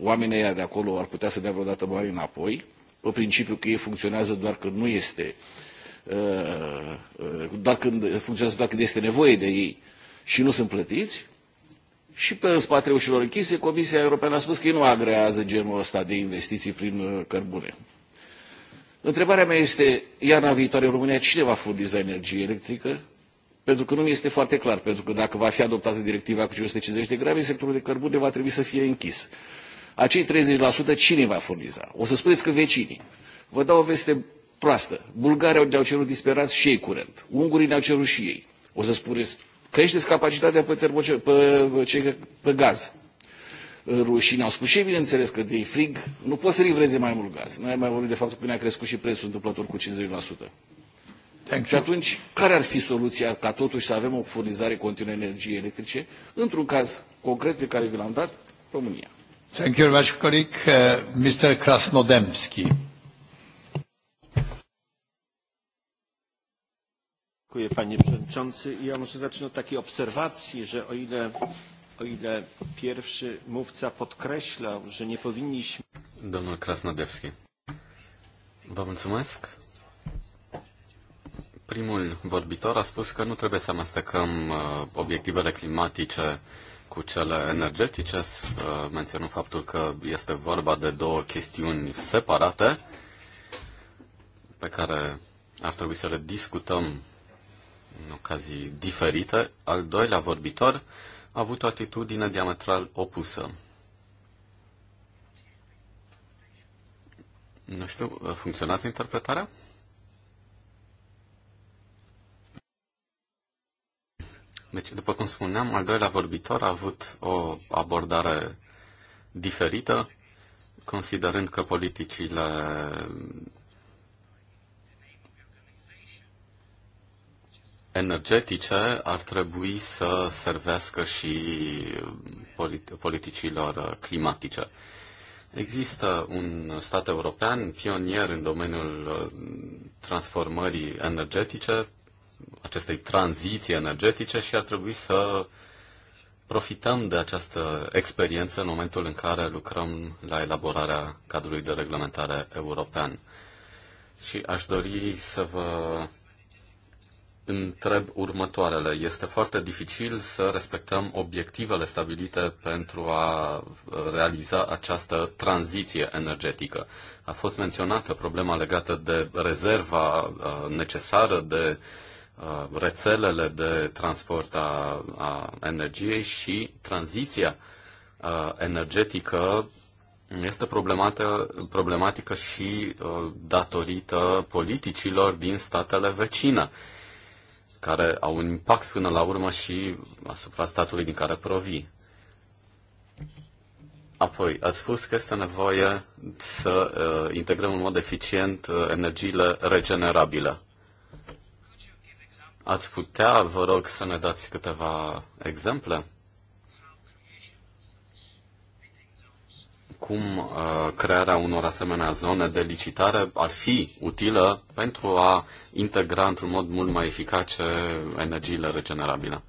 Speaker 1: oamenii aia de acolo ar putea să dea vreodată bani înapoi, pe principiu că ei funcționează doar când nu este, uh, uh, doar când funcționează doar când este nevoie de ei și nu sunt plătiți, și pe în spatele ușilor închise, Comisia Europeană a spus că ei nu agrează genul ăsta de investiții prin uh, cărbune. Întrebarea mea este, iarna viitoare în România, cine va furniza energie electrică? Pentru că nu mi este foarte clar, pentru că dacă va fi adoptată directiva cu 550 de grame, sectorul de cărbune va trebui să fie închis. Acei 30% cine va furniza? O să spuneți că vecinii. Vă dau o veste proastă. Bulgarii ne-au cerut disperați și ei curent. Ungurii ne-au cerut și ei. O să spuneți, creșteți capacitatea pe, termoce, pe, pe, pe gaz. Rușii ne-au spus și ei, bineînțeles, că de frig nu pot să livreze mai mult gaz. Noi am mai vorbit de faptul că ne-a crescut și prețul întâmplător cu 50%. Thank și atunci, care ar fi soluția ca totuși să avem o furnizare continuă energiei electrice, într-un caz concret pe care vi l-am dat, România? Thank you very much, colleague. Uh, Mr. Krasnodemski. Dziękuję panie przewodniczący. Ja może zacznę od takiej obserwacji, że o ile, o ile pierwszy mówca podkreślał, że nie powinniśmy...
Speaker 3: Domnul Krasnodewski. Vă mulțumesc. Primul vorbitor a spus că nu trebuie să amestecăm uh, obiectivele climatice cu cele energetice, uh, menționând faptul că este vorba de două chestiuni separate pe care ar trebui să le discutăm în ocazii diferite. Al doilea vorbitor a avut o atitudine diametral opusă. Nu știu, uh, funcționează interpretarea? Deci, după cum spuneam, al doilea vorbitor a avut o abordare diferită, considerând că politicile energetice ar trebui să servească și politicilor climatice. Există un stat european pionier în domeniul uh, transformării energetice, acestei tranziții energetice și ar trebui să profităm de această experiență în momentul în care lucrăm la elaborarea cadrului de reglementare european. Și aș dori să vă întreb următoarele. Este foarte dificil să respectăm obiectivele stabilite pentru a realiza această tranziție energetică. A fost menționată problema legată de rezerva uh, necesară de uh, rețelele de transport a, a energiei și tranziția energetică este problemată, problematică și datorită politicilor din statele vecine, care au un impact până la urmă și asupra statului din care provii. Apoi, ați spus că este nevoie să uh, integrăm în mod eficient uh, energiile regenerabile. Ați putea, vă rog, să ne dați câteva exemple? Cum uh, crearea unor asemenea zone de licitare ar fi utilă pentru a integra într-un mod mult mai eficace energiile regenerabile?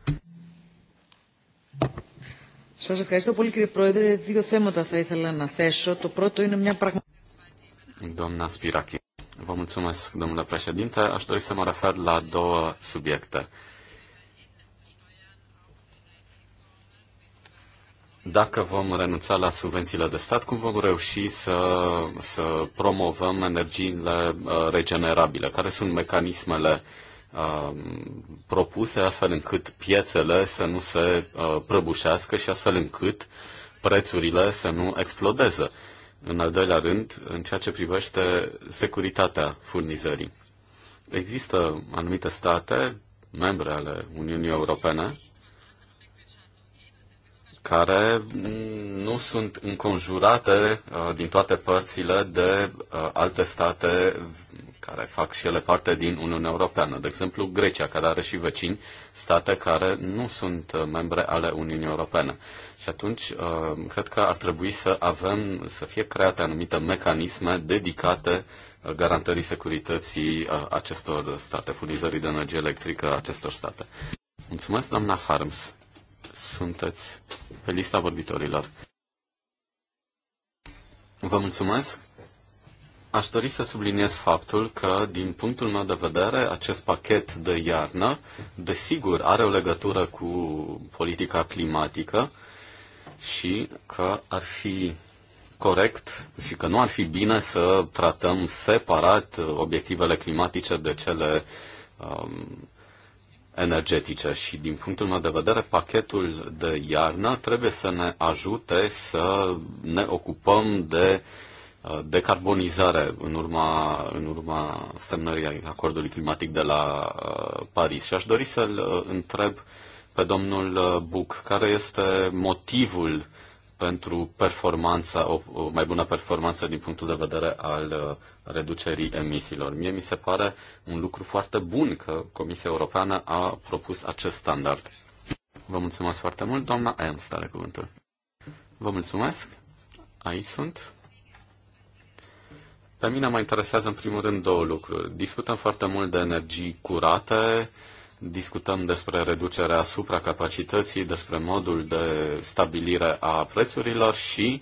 Speaker 2: Σας ευχαριστώ πολύ κύριε Πρόεδρε. Δύο θέματα θα ήθελα να θέσω. Το πρώτο είναι μια
Speaker 5: πραγματική...
Speaker 3: Doamna Spiraki. Vă mulțumesc, domnule președinte. Aș dori să mă refer la două subiecte. Dacă vom renunța la subvențiile de stat, cum vom reuși să, să promovăm energiile uh, regenerabile? Care sunt mecanismele uh, propuse astfel încât piețele să nu se uh, prăbușească și astfel încât prețurile să nu explodeze? În al doilea rând, în ceea ce privește securitatea furnizării. Există anumite state, membre ale Uniunii Europene, care nu sunt înconjurate uh, din toate părțile de uh, alte state care fac și ele parte din Uniunea Europeană. De exemplu, Grecia, care are și vecini, state care nu sunt uh, membre ale Uniunii Europene. Și atunci, uh, cred că ar trebui să avem, să fie create anumite mecanisme dedicate uh, garantării securității uh, acestor state, furnizării de energie electrică acestor state. Mulțumesc, doamna Harms. Sunteți pe lista vorbitorilor. Vă mulțumesc. Aș dori să subliniez faptul că, din punctul meu de vedere, acest pachet de iarnă, desigur, are o legătură cu politica climatică, și că ar fi corect și că nu ar fi bine să tratăm separat obiectivele climatice de cele um, energetice și din punctul meu de vedere pachetul de iarnă trebuie să ne ajute să ne ocupăm de uh, decarbonizare în urma, în urma semnării acordului climatic de la uh, Paris. Și aș dori să-l uh, întreb uh, pe domnul uh, Buc. Care este motivul pentru performanța, o, o mai bună performanță din punctul de vedere al uh, reducerii emisiilor. Mie mi se pare un lucru foarte bun că Comisia Europeană a propus acest standard. Vă mulțumesc foarte mult, doamna Ernst, are cuvântul. Vă mulțumesc. Aici sunt. Pe mine mă interesează în primul rând două lucruri. Discutăm foarte mult de energii curate, uh, discutăm despre reducerea supracapacității, despre modul de stabilire a prețurilor și uh,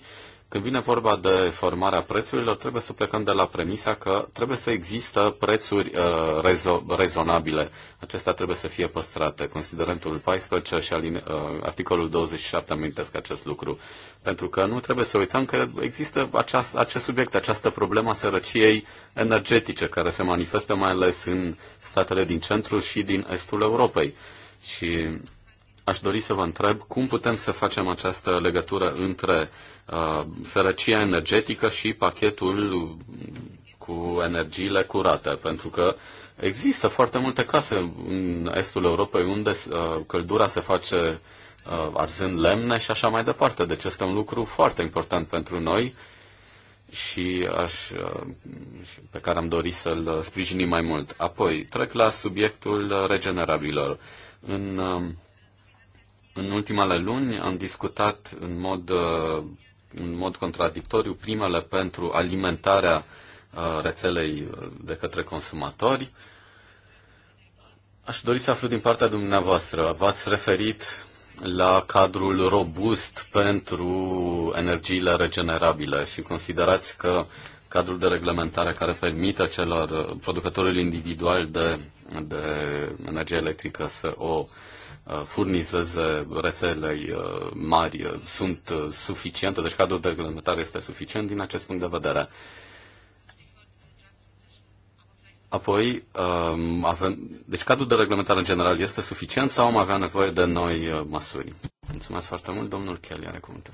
Speaker 3: când vine vorba de formarea prețurilor, trebuie să plecăm de la premisa că trebuie să există prețuri uh, rezo- rezonabile. Acestea trebuie să fie păstrate. Considerentul 14 și aline- uh, articolul 27 amintesc acest lucru. Pentru că nu trebuie să uităm că există aceast- acest subiect, această problemă a sărăciei energetice, care se manifestă mai ales în statele din centrul și din estul Europei. Și aș dori să vă întreb cum putem să facem această legătură între uh, sărăcia energetică și pachetul cu energiile curate, pentru că există foarte multe case în estul Europei unde uh, căldura se face uh, arzând lemne și așa mai departe. Deci este un lucru foarte important pentru noi și aș, uh, pe care am dorit să-l sprijinim mai mult. Apoi, trec la subiectul regenerabilor. În uh, în ultimele luni am discutat în mod, uh, în mod contradictoriu primele pentru alimentarea uh, rețelei uh, de către consumatori. Aș dori să aflu din partea dumneavoastră. V-ați referit la cadrul robust pentru energiile regenerabile și considerați că cadrul de reglementare care permite celor producătorilor individuali de, de energie electrică să o uh, Uh, furnizeze rețelei uh, mari uh, sunt suficiente, deci cadrul de reglementare este suficient din acest punct de vedere. Apoi, um, avem, deci cadrul de reglementare în general este suficient sau am avea nevoie de noi măsuri? Mulțumesc foarte mult, domnul Kelly are cuvântul.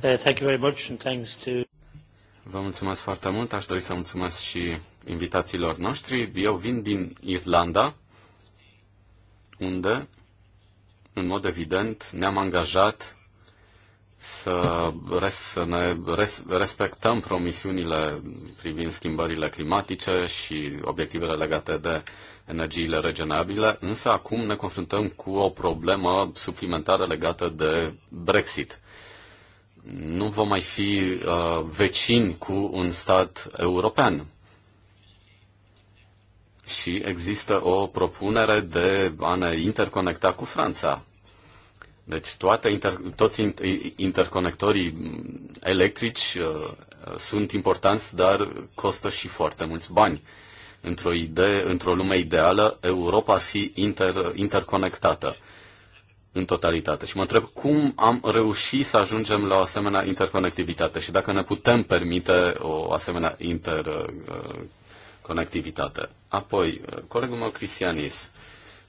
Speaker 5: Thank you very much and thanks to...
Speaker 3: Vă mulțumesc foarte mult, aș dori să mulțumesc și invitațiilor noștri. Eu vin din Irlanda, unde, în mod evident, ne-am angajat să, res, să ne res, respectăm promisiunile privind schimbările climatice și obiectivele legate de energiile regenerabile, însă acum ne confruntăm cu o problemă suplimentară legată de Brexit. Nu vom mai fi uh, vecini cu un stat european și există o propunere de a ne interconecta cu Franța. Deci toate inter, toți interconectorii electrici uh, sunt importanți, dar costă și foarte mulți bani. Într-o, idee, într-o lume ideală, Europa ar fi inter, interconectată în totalitate. Și mă întreb cum am reușit să ajungem la o asemenea interconectivitate și dacă ne putem permite o asemenea interconectivitate. Apoi, colegul meu Cristianis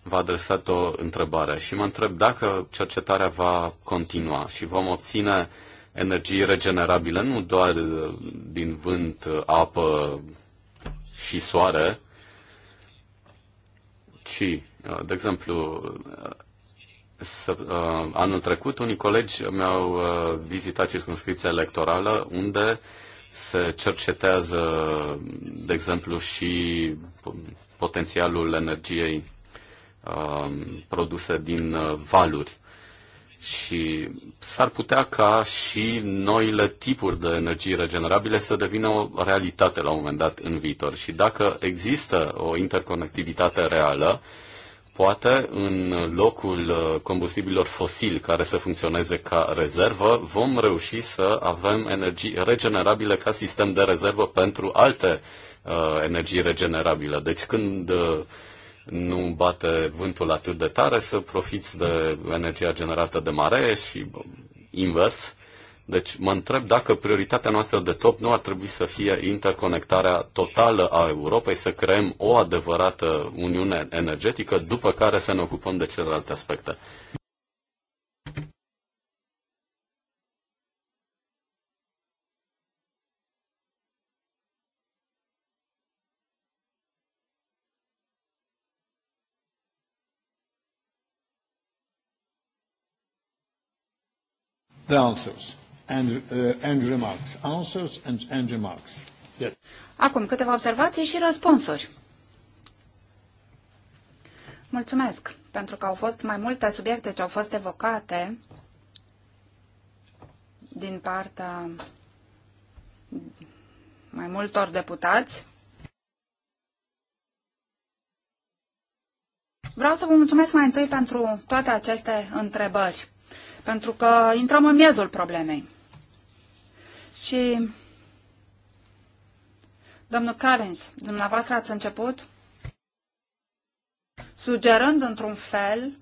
Speaker 3: v-a adresat o întrebare și mă întreb dacă cercetarea va continua și vom obține energie regenerabilă, nu doar uh, din vânt, uh, apă și soare, ci, uh, de exemplu, să, anul trecut unii colegi mi-au vizitat circunscripția electorală unde se cercetează, de exemplu, și potențialul energiei um, produse din uh, valuri. Și s-ar putea ca și noile tipuri de energie regenerabile să devină o realitate la un moment dat în viitor. Și dacă există o interconectivitate reală, uh, poate în locul uh, combustibilor fosili care să funcționeze ca rezervă, vom reuși să avem energii regenerabile ca sistem de rezervă pentru alte uh, energii regenerabile. Deci când uh, nu bate vântul atât de tare, să profiți de energia generată de mare și uh, invers. Deci mă întreb dacă prioritatea noastră de top nu ar trebui să fie interconectarea totală a Europei, să creăm o adevărată uniune energetică, după care să ne ocupăm de celelalte aspecte.
Speaker 1: The answers. Uh,
Speaker 4: Acum câteva observații și răspunsuri. Mulțumesc pentru că au fost mai multe subiecte ce au fost evocate din partea mai multor deputați. Vreau să vă mulțumesc mai întâi pentru toate aceste întrebări, pentru că intrăm în miezul problemei. Și domnul Carins, dumneavoastră ați început sugerând într-un fel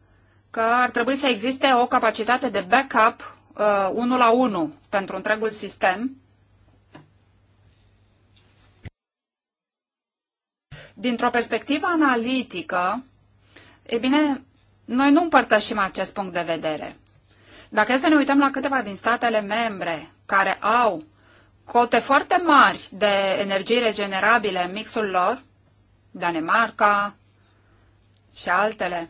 Speaker 4: că ar trebui să existe o capacitate de backup uh, 1 la 1 pentru întregul sistem. Dintr-o perspectivă analitică, e bine, noi nu împărtășim acest punct de vedere. Dacă să ne uităm la câteva din statele membre care au cote foarte mari de energii regenerabile în mixul lor, Danemarca și altele,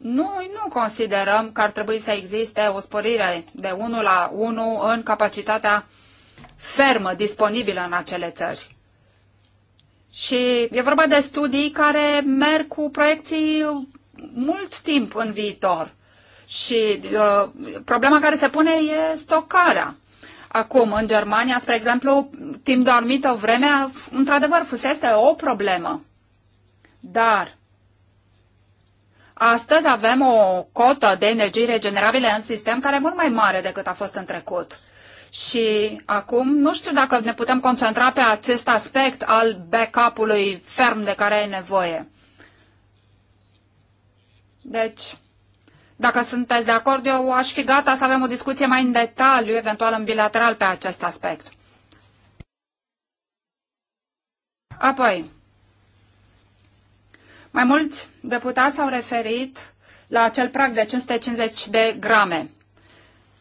Speaker 4: noi nu considerăm că ar trebui să existe o sporire de 1 la 1 în capacitatea fermă disponibilă în acele țări. Și e vorba de studii care merg cu proiecții mult timp în viitor. Și uh, problema care se pune e stocarea. Acum, în Germania, spre exemplu, timp de o anumită vreme, într-adevăr, fusese o problemă. Dar astăzi avem o cotă de energii regenerabile în sistem care e mult mai mare decât a fost în trecut. Și acum nu știu dacă ne putem concentra pe acest aspect al backup-ului ferm de care e nevoie. Deci, dacă sunteți de acord, eu aș fi gata să avem o discuție mai în detaliu, eventual în bilateral, pe acest aspect. Apoi, mai mulți deputați s-au referit la acel prag de 550 de grame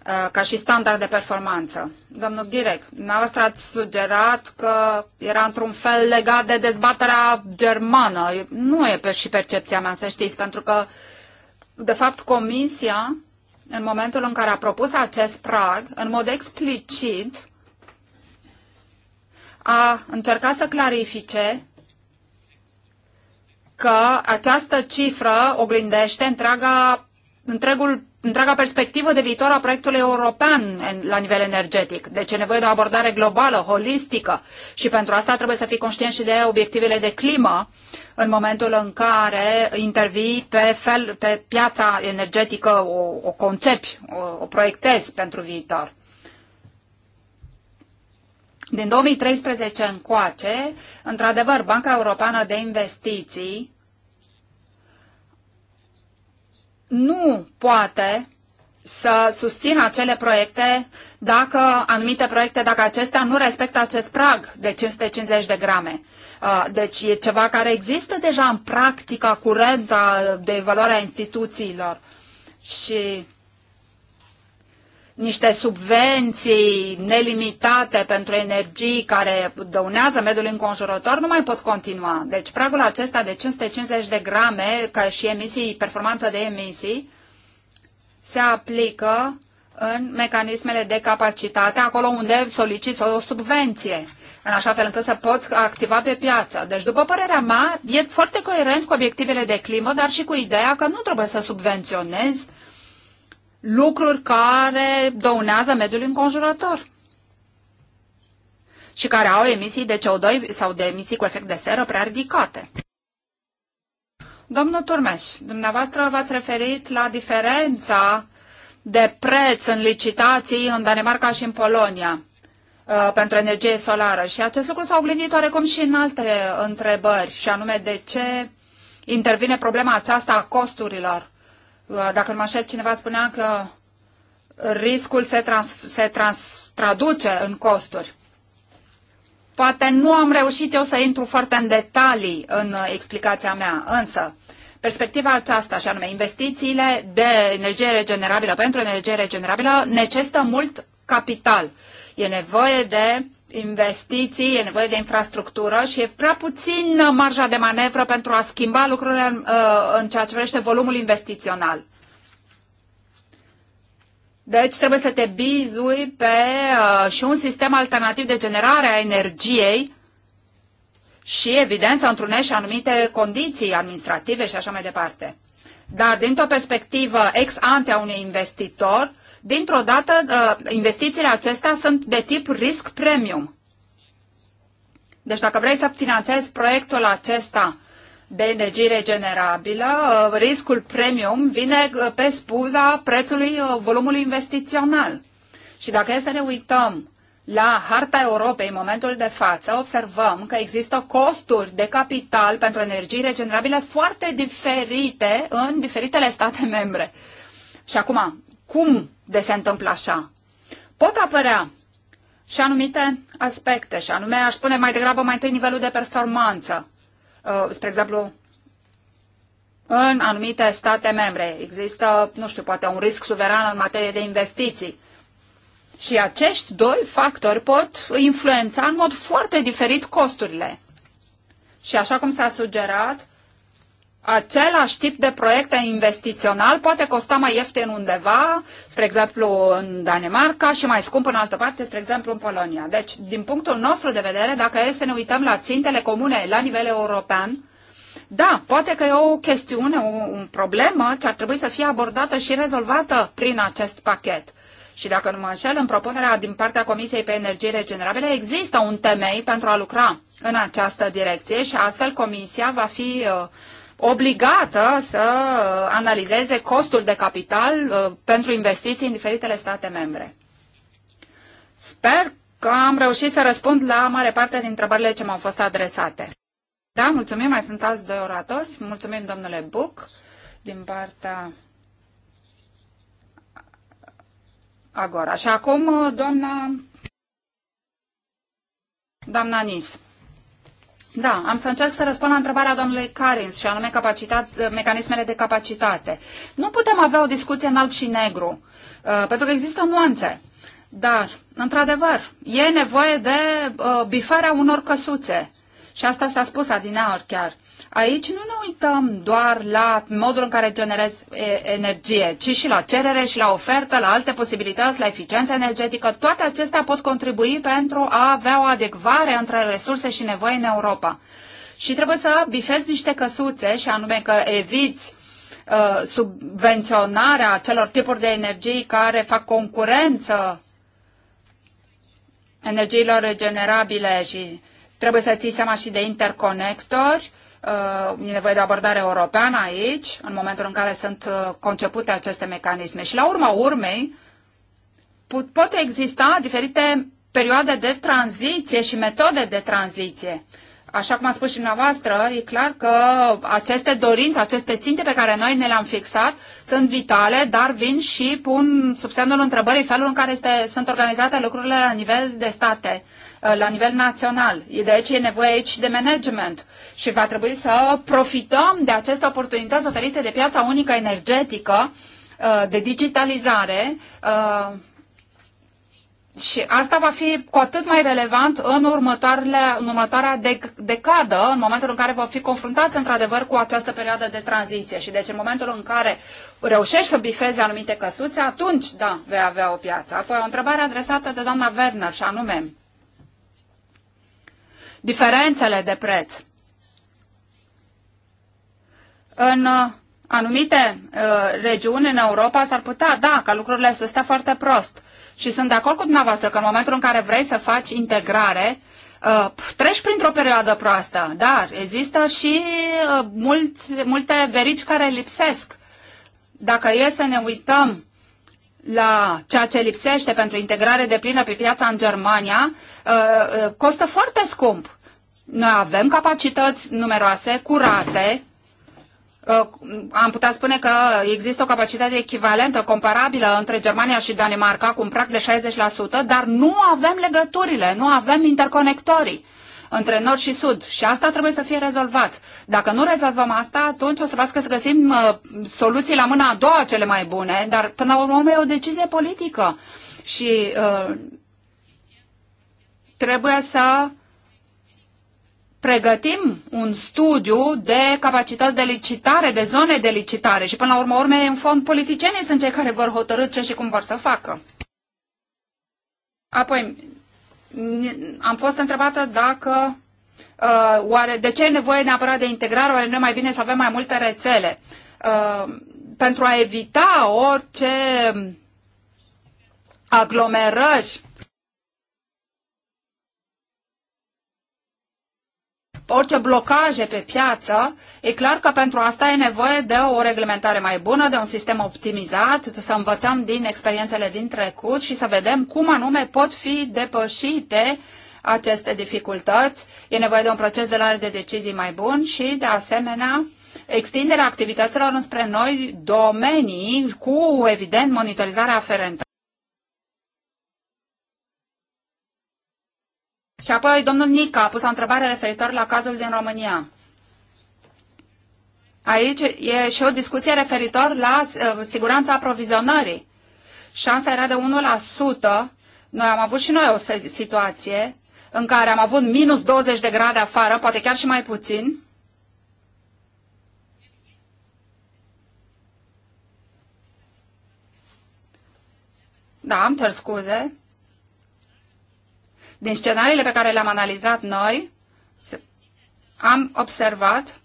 Speaker 4: uh, ca și standard de performanță. Domnul Ghirec, dumneavoastră ați sugerat că era într-un fel legat de dezbaterea germană. Nu e pe și percepția mea, să știți, pentru că uh, de fapt, Comisia, în momentul în care a propus acest prag, în mod explicit, a încercat să clarifice că această cifră oglindește întreaga întregul, întreaga perspectivă de viitor a proiectului european în, la nivel energetic. Deci e nevoie de o abordare globală, holistică și pentru asta trebuie să fii conștient și de obiectivele de climă în momentul în care intervii pe, fel, pe piața energetică, o, o concepi, o, o proiectezi pentru viitor. Din 2013 încoace, într-adevăr, Banca Europeană de Investiții nu poate să susțină acele proiecte dacă anumite proiecte, dacă acestea nu respectă acest prag de 550 de grame. Uh, deci e ceva care există deja în practica curentă de evaluare a instituțiilor. Și niște subvenții nelimitate pentru energii care dăunează mediul înconjurător nu mai pot continua. Deci pragul acesta de 550 de grame ca și emisii, performanța de emisii, se aplică în mecanismele de capacitate, acolo unde soliciți o subvenție, în așa fel încât să poți activa pe piață. Deci, după părerea mea, e foarte coerent cu obiectivele de climă, dar și cu ideea că nu trebuie să subvenționezi lucruri care dăunează mediul înconjurător și care au emisii de CO2 sau de emisii cu efect de seră prea ridicate. Domnul Turmeș, dumneavoastră v-ați referit la diferența de preț în licitații în Danemarca și în Polonia uh, pentru energie solară. Și acest lucru s-a oglindit oarecum și în alte întrebări, și anume de ce intervine problema aceasta a costurilor Uh, dacă nu mă așa, cineva spunea că riscul se, trans, se trans, traduce în costuri. Poate nu am reușit eu să intru foarte în detalii în uh, explicația mea, însă perspectiva aceasta, și anume investițiile de energie regenerabilă pentru energie regenerabilă, necesită mult capital. E nevoie de investiții, e nevoie de infrastructură și e prea puțin uh, marja de manevră pentru a schimba lucrurile în, uh, în ceea ce privește volumul investițional. Deci trebuie să te bizui pe uh, și un sistem alternativ de generare a energiei și, evident, să întrunești anumite condiții administrative și așa mai departe. Dar, dintr-o perspectivă ex ante a unui investitor, dintr-o dată uh, investițiile acestea sunt de tip risc premium. Deci dacă vrei să finanțezi proiectul acesta de energie regenerabilă, uh, riscul premium vine uh, pe spuza prețului volumului investițional. Și dacă e să ne uităm la harta Europei în momentul de față, observăm că există costuri de capital pentru energie regenerabilă foarte diferite în diferitele state membre. Și acum, cum de se întâmplă așa. Pot apărea și anumite aspecte, și anume aș spune mai degrabă mai întâi nivelul de performanță. Uh, spre exemplu, în anumite state membre există, nu știu, poate un risc suveran în materie de investiții. Și acești doi factori pot influența în mod foarte diferit costurile. Și așa cum s-a sugerat, același tip de proiecte investițional poate costa mai ieftin undeva, spre exemplu în Danemarca și mai scump în altă parte, spre exemplu în Polonia. Deci, din punctul nostru de vedere, dacă e să ne uităm la țintele comune la nivel european, da, poate că e o chestiune, o, o problemă ce ar trebui să fie abordată și rezolvată prin acest pachet. Și dacă nu mă înșel, în propunerea din partea Comisiei pe Energie Regenerabile există un temei pentru a lucra în această direcție și astfel Comisia va fi uh, obligată să analizeze costul de capital uh, pentru investiții în diferitele state membre. Sper că am reușit să răspund la mare parte din întrebările ce m-au fost adresate. Da, mulțumim, mai sunt alți doi oratori. Mulțumim, domnule Buc, din partea Agora. Și acum, uh, doamna, doamna Nis. Da, am să încerc să răspund la întrebarea domnului Carins și anume mecanismele de capacitate. Nu putem avea o discuție în alb și negru, uh, pentru că există nuanțe. Dar, într-adevăr, e nevoie de uh, bifarea unor căsuțe. Și asta s-a spus adineaori chiar. Aici nu ne uităm doar la modul în care generez energie, ci și la cerere și la ofertă, la alte posibilități, la eficiența energetică. Toate acestea pot contribui pentru a avea o adecvare între resurse și nevoi în Europa. Și trebuie să bifezi niște căsuțe și anume că eviți uh, subvenționarea celor tipuri de energii care fac concurență energiilor regenerabile și trebuie să ții seama și de interconectori Uh, e nevoie de o abordare europeană aici, în momentul în care sunt uh, concepute aceste mecanisme. Și la urma urmei, pot exista diferite perioade de tranziție și metode de tranziție așa cum a spus și dumneavoastră, e clar că aceste dorințe, aceste ținte pe care noi ne le-am fixat sunt vitale, dar vin și pun sub semnul întrebării felul în care este, sunt organizate lucrurile la nivel de state uh, la nivel național. Deci e nevoie aici de management și va trebui să profităm de aceste oportunități oferite de piața unică energetică, uh, de digitalizare, uh, și asta va fi cu atât mai relevant în, următoarele, în următoarea dec- decadă, în momentul în care vor fi confruntați într-adevăr cu această perioadă de tranziție. Și deci în momentul în care reușești să bifezi anumite căsuțe, atunci, da, vei avea o piață. Apoi o întrebare adresată de doamna Werner, și anume, diferențele de preț. În uh, anumite uh, regiuni în Europa s-ar putea, da, ca lucrurile să stea foarte prost. Și sunt de acord cu dumneavoastră că în momentul în care vrei să faci integrare, Uh, treci printr-o perioadă proastă, dar există și uh, mulți, multe verici care lipsesc. Dacă e să ne uităm la ceea ce lipsește pentru integrare de plină pe piața în Germania, uh, uh costă foarte scump. Noi avem capacități numeroase, curate, Uh, am putea spune că există o capacitate echivalentă, comparabilă între Germania și Danemarca, cu un prag de 60%, dar nu avem legăturile, nu avem interconectorii între nord și sud și asta trebuie să fie rezolvat. Dacă nu rezolvăm asta, atunci o să trebuiască să găsim uh, soluții la mâna a doua cele mai bune, dar până la urmă e o decizie politică și uh, trebuie să uh, pregătim un studiu de capacități de licitare, de zone de licitare și până la urmă urme, în fond, politicienii sunt cei care vor hotărâ ce și cum vor să facă. Apoi, am fost întrebată dacă Uh, oare de ce e nevoie neapărat de integrare? Oare nu e mai bine să avem mai multe rețele? Uh, pentru a evita orice aglomerări orice blocaje pe piață, e clar că pentru asta e nevoie de o reglementare mai bună, de un sistem optimizat, să învățăm din experiențele din trecut și să vedem cum anume pot fi depășite aceste dificultăți. E nevoie de un proces de luare de decizii mai bun și, de asemenea, extinderea activităților înspre noi domenii cu, evident, monitorizarea aferentă. Și apoi domnul Nica a pus o întrebare referitor la cazul din România. Aici e și o discuție referitor la uh, siguranța aprovizionării. Șansa era de 1%. Noi am avut și noi o situație în care am avut minus 20 de grade afară, poate chiar și mai puțin. Da, am cer scuze. Din scenariile pe care le-am analizat noi, am observat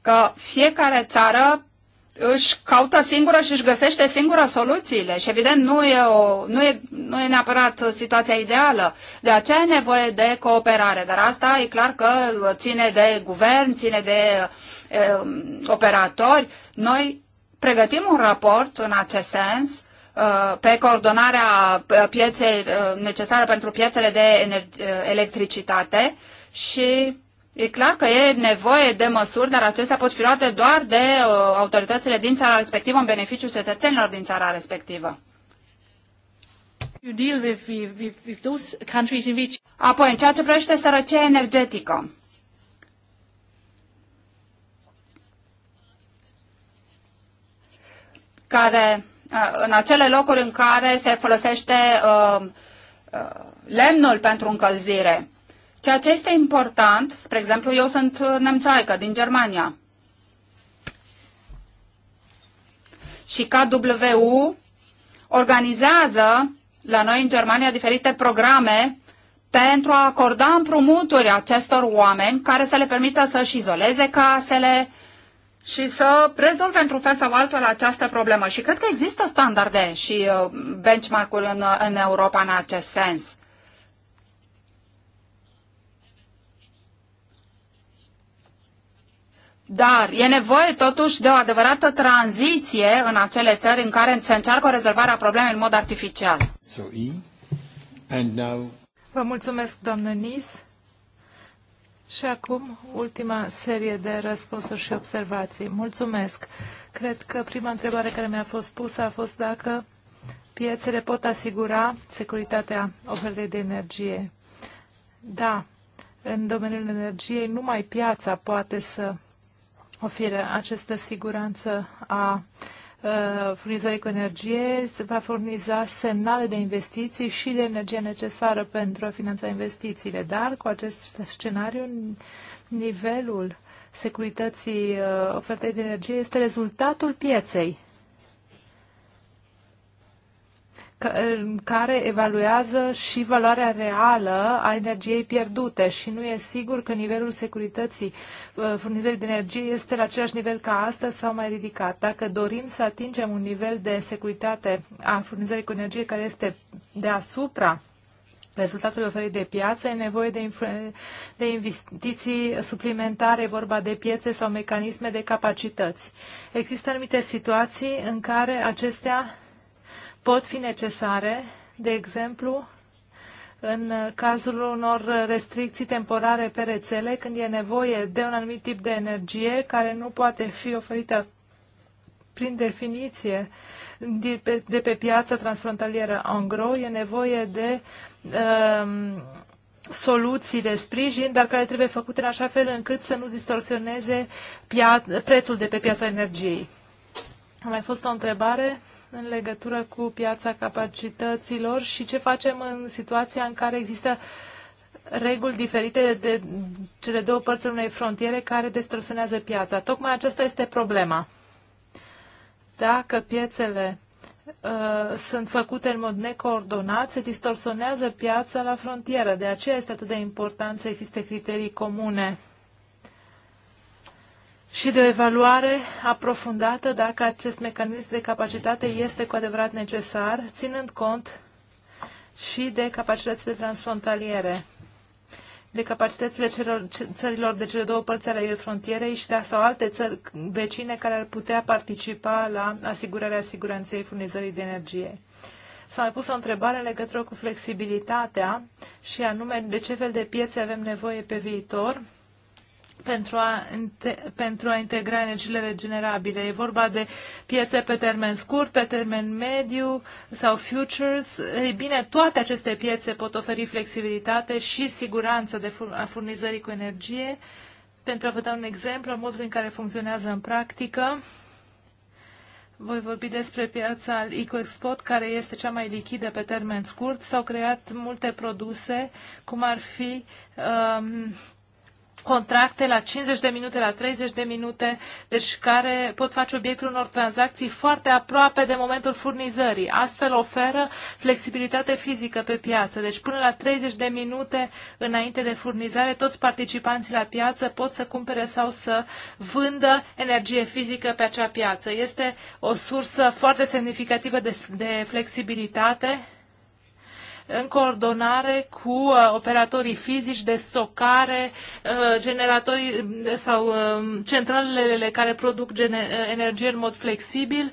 Speaker 4: că fiecare țară își caută singură și își găsește singură soluțiile și evident nu e, o, nu, e, nu e neapărat situația ideală. De aceea e nevoie de cooperare, dar asta e clar că ține de guvern, ține de e, eh, operatori. Noi pregătim un raport în acest sens Uh, pe coordonarea uh, pieței uh, necesară pentru piețele de electricitate și e clar că e nevoie de măsuri, dar acestea pot fi luate doar de autoritățile din țara respectivă în beneficiul cetățenilor din țara respectivă. Apoi, în ceea ce privește sărăcia energetică, care în acele locuri în care se folosește uh, uh, lemnul pentru încălzire. Ceea ce este important, spre exemplu, eu sunt nemțaică din Germania. Și KWU organizează la noi în Germania diferite programe pentru a acorda împrumuturi acestor oameni care să le permită să-și izoleze casele, și să rezolve într-un fel sau altul această problemă. Și cred că există standarde și uh, benchmark-ul în, uh, în Europa în acest sens. Dar e nevoie totuși de o adevărată tranziție în acele țări în care se încearcă rezolvarea problemei în mod artificial.
Speaker 1: So, e. And now...
Speaker 2: Vă mulțumesc, doamnă Nis. Și acum, ultima serie de răspunsuri și observații. Mulțumesc! Cred că prima întrebare care mi-a fost pusă a fost dacă piețele pot asigura securitatea ofertei de energie. Da, în domeniul energiei numai piața poate să ofere această siguranță a uh, Uh, furnizării cu energie, se va furniza semnale de investiții și de energie necesară pentru a finanța investițiile. Dar cu acest scenariu, nivelul securității uh, ofertei de energie este rezultatul pieței care evaluează și valoarea reală a energiei pierdute și nu e sigur că nivelul securității uh, furnizării de energie este la același nivel ca astăzi sau mai ridicat. Dacă dorim să atingem un nivel de securitate a furnizării cu energie care este deasupra rezultatul oferit de piață, e nevoie de, de investiții suplimentare, vorba de piețe sau mecanisme de capacități. Există anumite situații în care acestea pot fi necesare, de exemplu, în cazul unor restricții temporare pe rețele, când e nevoie de un anumit tip de energie care nu poate fi oferită prin definiție de pe, de pe piața transfrontalieră angro, e nevoie de um, soluții de sprijin, dar care trebuie făcute în așa fel încât să nu distorsioneze prețul de pe piața energiei. A mai fost o întrebare în legătură cu piața capacităților și ce facem în situația în care există reguli diferite de cele două părți ale unei frontiere care destrăsunează piața. Tocmai aceasta este problema. Dacă piețele uh, sunt făcute în mod necoordonat, se distorsionează piața la frontieră. De aceea este atât de important să existe criterii comune și de o evaluare aprofundată dacă acest mecanism de capacitate este cu adevărat necesar, ținând cont și de capacitățile transfrontaliere, de capacitățile celor, țărilor de cele două părți ale frontierei și de da, sau alte țări vecine care ar putea participa la asigurarea siguranței furnizării de energie. S-a mai pus o întrebare în legătură cu flexibilitatea și anume de ce fel de piețe avem nevoie pe viitor pentru a, pentru a integra energiile regenerabile. E vorba de piețe pe termen scurt, pe termen mediu sau futures. Ei bine, toate aceste piețe pot oferi flexibilitate și siguranță de fur a furnizării cu energie. Pentru a vă da un exemplu, modul în care funcționează în practică, voi vorbi despre piața al EcoExpot, care este cea mai lichidă pe termen scurt. S-au creat multe produse, cum ar fi um, contracte la 50 de minute, la 30 de minute, deci care pot face obiectul unor tranzacții foarte aproape de momentul furnizării. Astfel oferă flexibilitate fizică pe piață, deci până la 30 de minute înainte de furnizare, toți participanții la piață pot să cumpere sau să vândă energie fizică pe acea piață. Este o sursă foarte semnificativă de, de flexibilitate în coordonare cu uh, operatorii fizici de stocare, uh, generatorii uh, sau centralele care produc energie în mod flexibil.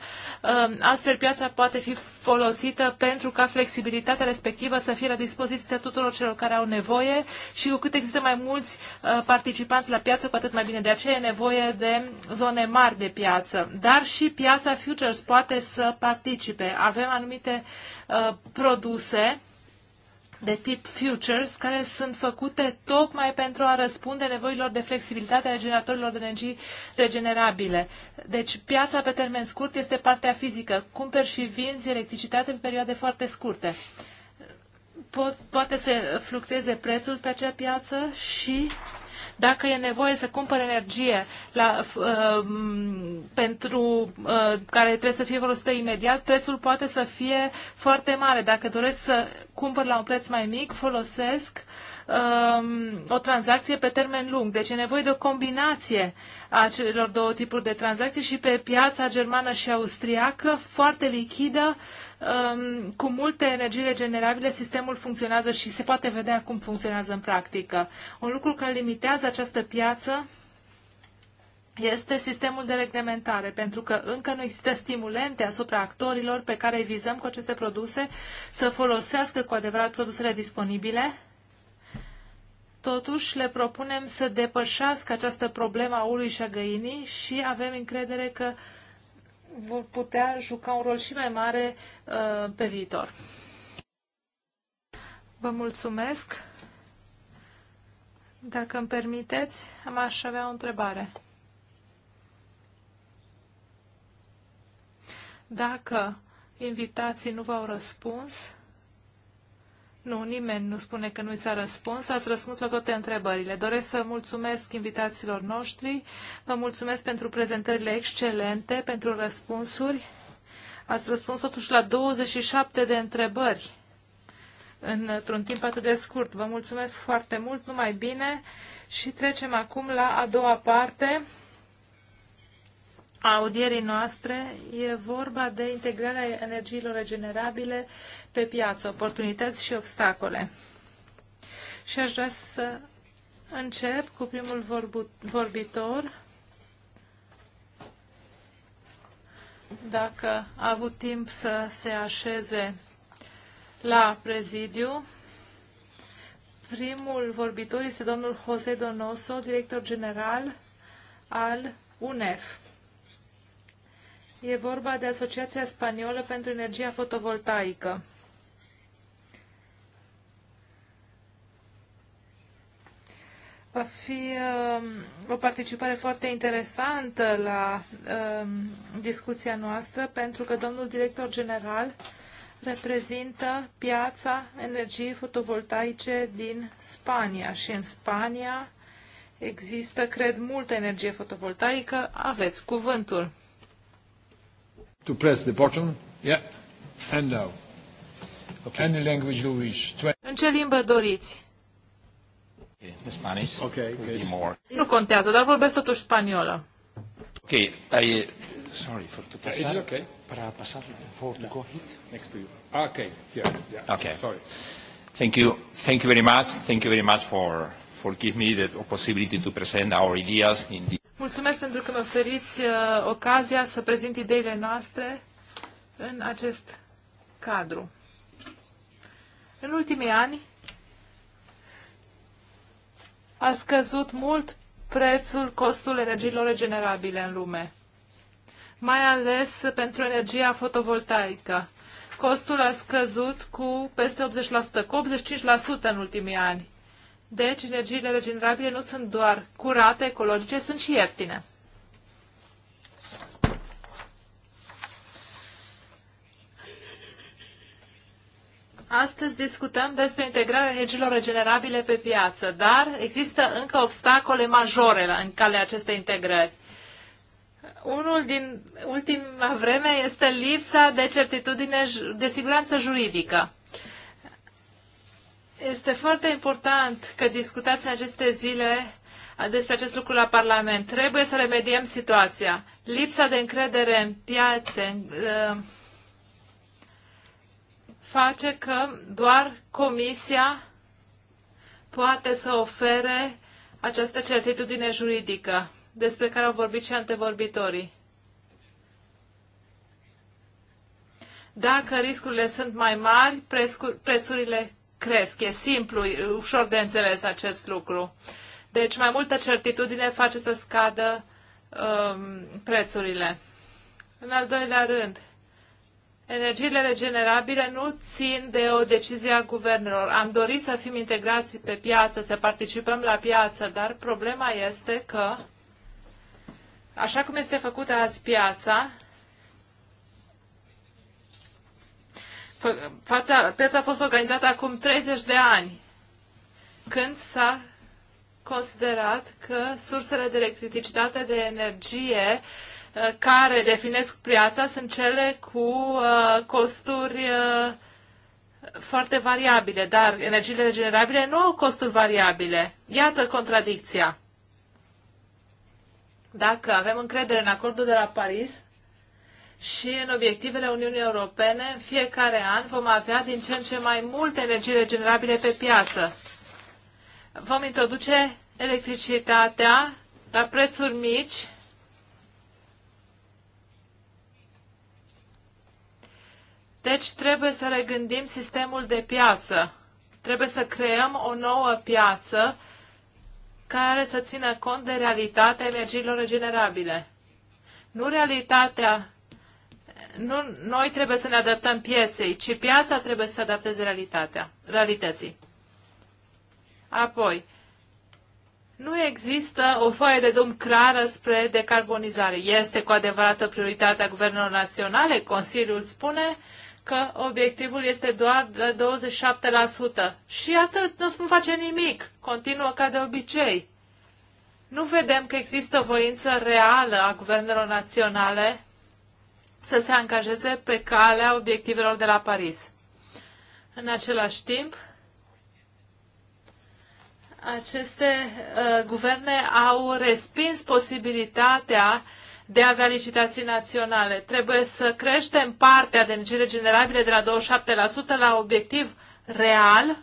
Speaker 2: Astfel, piața poate fi folosită pentru ca flexibilitatea respectivă să fie la dispoziția tuturor celor care au nevoie și cu cât există mai mulți participanți la piață, cu atât mai bine. De aceea e nevoie de zone mari de piață. Dar și piața futures poate să participe. Avem anumite produse de tip futures, care sunt făcute tocmai pentru a răspunde nevoilor de flexibilitate a generatorilor de energii regenerabile. Deci piața pe termen scurt este partea fizică. Cumperi și vinzi electricitate pe perioade foarte scurte. Po- poate să flucteze prețul pe acea piață și dacă e nevoie să cumpăr energie la, uh, pentru uh, care trebuie să fie folosită imediat, prețul poate să fie foarte mare. Dacă doresc să cumpăr la un preț mai mic, folosesc um, o tranzacție pe termen lung. Deci e nevoie de o combinație a celor două tipuri de tranzacții și pe piața germană și austriacă, foarte lichidă, uh, Um, cu multe energii regenerabile sistemul funcționează și se poate vedea cum funcționează în practică. Un lucru care limitează această piață este sistemul de reglementare, pentru că încă nu există stimulente asupra actorilor pe care îi vizăm cu aceste produse să folosească cu adevărat produsele disponibile. Totuși, le propunem să depășească această problemă a ului și a găinii și avem încredere că vor putea juca un rol și mai mare uh, pe viitor. Vă mulțumesc. Dacă îmi permiteți, am aș avea o întrebare. Dacă invitații nu v-au răspuns, nu, nimeni nu spune că nu i s-a răspuns. Ați răspuns la toate întrebările. Doresc să mulțumesc invitațiilor noștri. Vă mulțumesc pentru prezentările excelente, pentru răspunsuri. Ați răspuns totuși la 27 de întrebări într-un timp atât de scurt. Vă mulțumesc foarte mult, numai bine și trecem acum la a doua parte audierii noastre, e vorba de integrarea energiilor regenerabile pe piață, oportunități și obstacole. Și aș vrea să încep cu primul vorbitor. Dacă a avut timp să se așeze la prezidiu, primul vorbitor este domnul Jose Donoso, director general al UNEF. E vorba de Asociația Spaniolă pentru Energia Fotovoltaică. Va fi uh, o participare foarte interesantă la uh, discuția noastră, pentru că domnul director general reprezintă piața energiei fotovoltaice din Spania și în Spania există, cred, multă energie fotovoltaică. Aveți cuvântul
Speaker 1: to press the button. Yeah. And now. Okay. Any language you wish.
Speaker 2: În ce limbă doriți?
Speaker 1: In Spanish. Okay, More.
Speaker 2: Nu contează, dar vorbesc totuși spaniolă.
Speaker 1: Ok, I, sorry for to pass. It's okay. Para pasar for to go hit next to you. Okay, yeah, yeah. Okay. Sorry. Thank you. Thank you very much. Thank you very much for for giving me the possibility to present our ideas in the
Speaker 2: Mulțumesc pentru că mi oferiți uh, ocazia să prezint ideile noastre în acest cadru. În ultimii ani a scăzut mult prețul, costul energiilor regenerabile în lume, mai ales pentru energia fotovoltaică. Costul a scăzut cu peste 80%, cu 85% în ultimii ani. Deci, energiile regenerabile nu sunt doar curate, ecologice, sunt și ieftine. Astăzi discutăm despre integrarea energiilor regenerabile pe piață, dar există încă obstacole majore în calea acestei integrări. Unul din ultima vreme este lipsa de certitudine de siguranță juridică. Este foarte important că discutați în aceste zile despre acest lucru la Parlament. Trebuie să remediem situația. Lipsa de încredere în piațe uh, face că doar Comisia poate să ofere această certitudine juridică despre care au vorbit și antevorbitorii. Dacă riscurile sunt mai mari, prețurile cresc. E simplu, ușor de înțeles acest lucru. Deci mai multă certitudine face să scadă um, prețurile. În al doilea rând, energiile regenerabile nu țin de o decizie a guvernelor. Am dorit să fim integrați pe piață, să participăm la piață, dar problema este că, așa cum este făcută azi piața, fața, piața a fost organizată acum 30 de ani, când s-a considerat că sursele de electricitate, de energie uh, care definesc piața sunt cele cu uh, costuri uh, foarte variabile, dar energiile regenerabile nu au costuri variabile. Iată contradicția. Dacă avem încredere în acordul de la Paris, și în obiectivele Uniunii Europene, în fiecare an vom avea din ce în ce mai multe energii regenerabile pe piață. Vom introduce electricitatea la prețuri mici Deci trebuie să regândim sistemul de piață. Trebuie să creăm o nouă piață care să țină cont de realitatea energiilor regenerabile. Nu realitatea nu noi trebuie să ne adaptăm pieței, ci piața trebuie să se adapteze realitatea, realității. Apoi, nu există o foaie de drum clară spre decarbonizare. Este cu adevărat o prioritate a guvernelor naționale. Consiliul spune că obiectivul este doar de 27%. Și atât, nu spun face nimic. Continuă ca de obicei. Nu vedem că există voință reală a guvernelor naționale să se angajeze pe calea obiectivelor de la Paris. În același timp, aceste uh, guverne au respins posibilitatea de a avea licitații naționale. Trebuie să creștem partea de energie regenerabile de la 27% la obiectiv real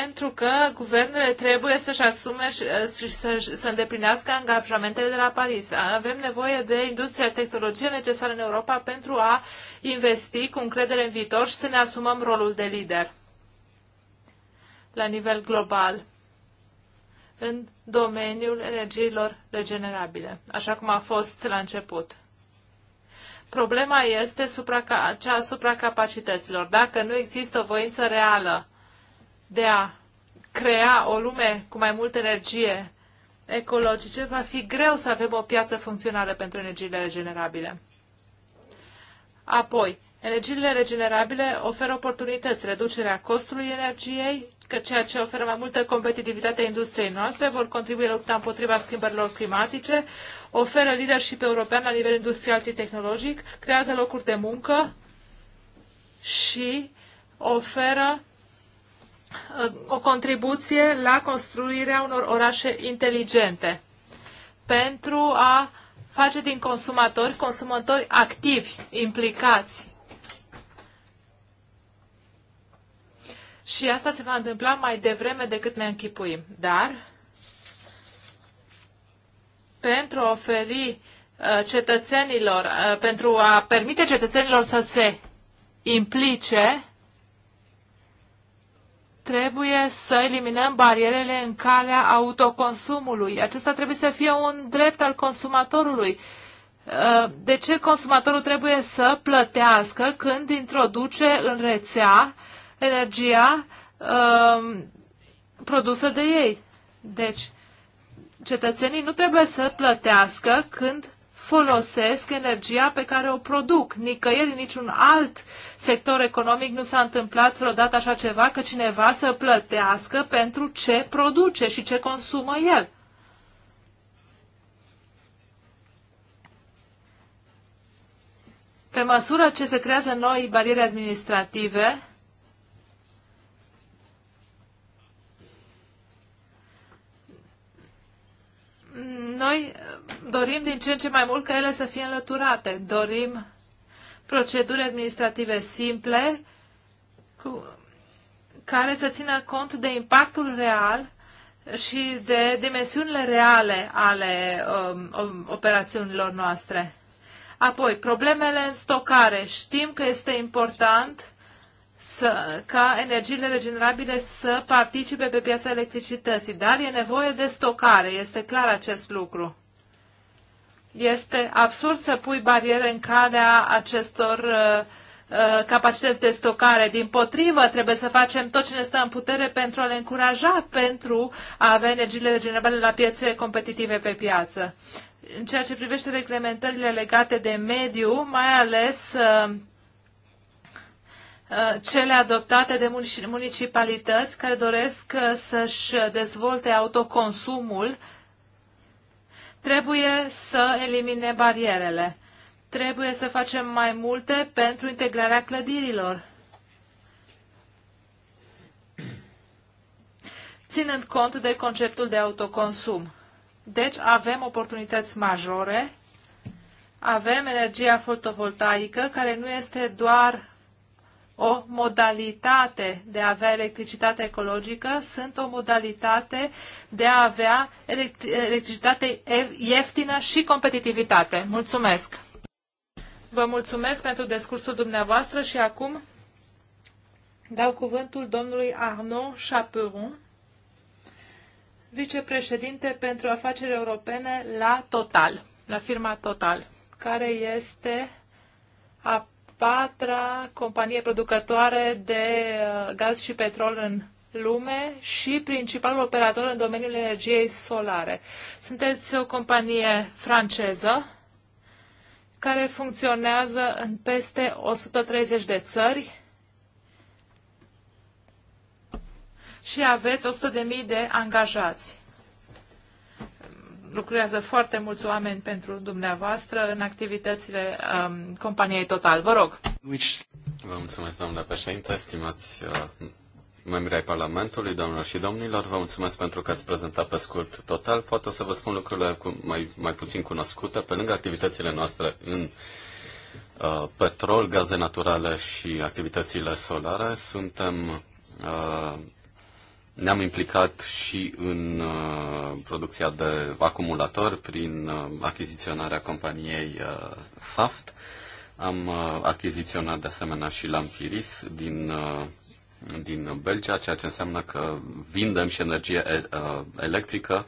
Speaker 2: pentru că guvernele trebuie să-și asume și uh, să îndeplinească angajamentele de la Paris. Avem nevoie de industria tehnologie necesară în Europa pentru a investi cu încredere în viitor și să ne asumăm rolul de lider la nivel global în domeniul energiilor regenerabile, așa cum a fost la început. Problema este supra, cea asupra capacităților. Dacă nu există o voință reală de a crea o lume cu mai multă energie ecologice, va fi greu să avem o piață funcțională pentru energiile regenerabile. Apoi, energiile regenerabile oferă oportunități, reducerea costului energiei, că ceea ce oferă mai multă competitivitate industriei noastre, vor contribui la lupta împotriva schimbărilor climatice, oferă leadership european la nivel industrial și tehnologic, creează locuri de muncă și oferă o contribuție la construirea unor orașe inteligente pentru a face din consumatori consumatori activi, implicați. Și asta se va întâmpla mai devreme decât ne închipuim. Dar pentru a oferi uh, cetățenilor, uh, pentru a permite cetățenilor să se implice, trebuie să eliminăm barierele în calea autoconsumului. Acesta trebuie să fie un drept al consumatorului. Uh, de ce consumatorul trebuie să plătească când introduce în rețea energia uh, produsă de ei? Deci, cetățenii nu trebuie să plătească când folosesc energia pe care o produc. Nicăieri, niciun alt sector economic nu s-a întâmplat vreodată așa ceva că cineva să plătească pentru ce produce și ce consumă el. Pe măsură ce se creează noi bariere administrative, noi dorim din ce în ce mai mult ca ele să fie înlăturate. Dorim proceduri administrative simple cu, care să țină cont de impactul real și de dimensiunile reale ale um, operațiunilor noastre. Apoi, problemele în stocare. Știm că este important să, ca energiile regenerabile să participe pe piața electricității, dar e nevoie de stocare, este clar acest lucru. Este absurd să pui bariere în calea acestor uh, uh, capacități de stocare. Din potrivă, trebuie să facem tot ce ne stă în putere pentru a le încuraja pentru a avea energiile regenerabile la piețe competitive pe piață. În ceea ce privește reglementările legate de mediu, mai ales uh, cele adoptate de municipalități care doresc să-și dezvolte autoconsumul Trebuie să elimine barierele. Trebuie să facem mai multe pentru integrarea clădirilor. ținând cont de conceptul de autoconsum. Deci avem oportunități majore, avem energia fotovoltaică, care nu este doar o modalitate de a avea electricitate ecologică, sunt o modalitate de a avea electricitate ieftină și competitivitate. Mulțumesc! Vă mulțumesc pentru discursul dumneavoastră și acum dau cuvântul domnului Arnaud Chaperon, vicepreședinte pentru afaceri europene la Total, la firma Total, care este a patra companie producătoare de uh, gaz și petrol în lume și principalul operator în domeniul energiei solare. Sunteți o companie franceză care funcționează în peste 130 de țări și aveți 100.000 de angajați lucrează foarte mulți oameni pentru dumneavoastră în activitățile um, companiei Total. Vă rog.
Speaker 3: Vă mulțumesc, doamna președinte, stimați uh, membri ai Parlamentului, doamnelor și domnilor. Vă mulțumesc pentru că ați prezentat pe scurt Total. Poate o să vă spun lucrurile cu, mai, mai puțin cunoscute. Pe lângă activitățile noastre în uh, petrol, gaze naturale și activitățile solare, suntem uh, ne-am implicat și în uh, producția de acumulator prin uh, achiziționarea companiei uh, Saft. Am achiziționat de asemenea și Lampiris din, din Belgia, ceea ce înseamnă că vindem și energie electrică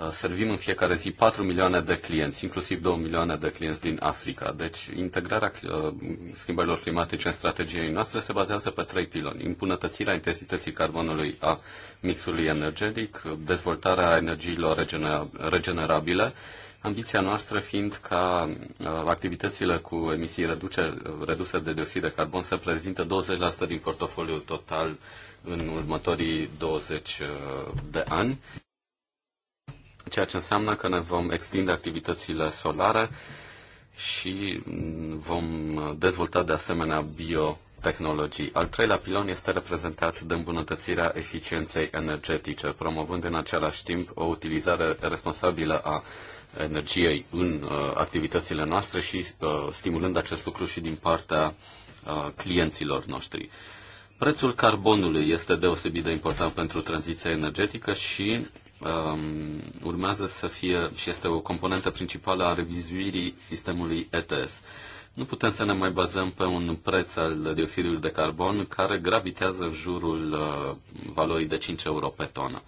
Speaker 3: Uh, servim în fiecare zi 4 milioane de clienți, inclusiv 2 milioane de clienți din Africa. Deci integrarea uh, schimbărilor climatice în strategiei noastre se bazează pe trei piloni. Îmbunătățirea intensității carbonului a mixului energetic, dezvoltarea energiilor regenerabile, ambiția noastră fiind ca uh, activitățile cu emisii reduce, reduse de dioxid de carbon să prezintă 20% din portofoliul total în următorii 20 de ani ceea ce înseamnă că ne vom extinde activitățile solare și vom dezvolta de asemenea biotehnologii. Al treilea pilon este reprezentat de îmbunătățirea eficienței energetice, promovând în același timp o utilizare responsabilă a energiei în uh, activitățile noastre și uh, stimulând acest lucru și din partea uh, clienților noștri. Prețul carbonului este deosebit de important pentru tranziția energetică și um, urmează să fie și este o componentă principală a revizuirii sistemului ETS. Nu putem să ne mai bazăm pe un preț al dioxidului de carbon care gravitează în jurul uh, valorii de 5 euro pe tonă.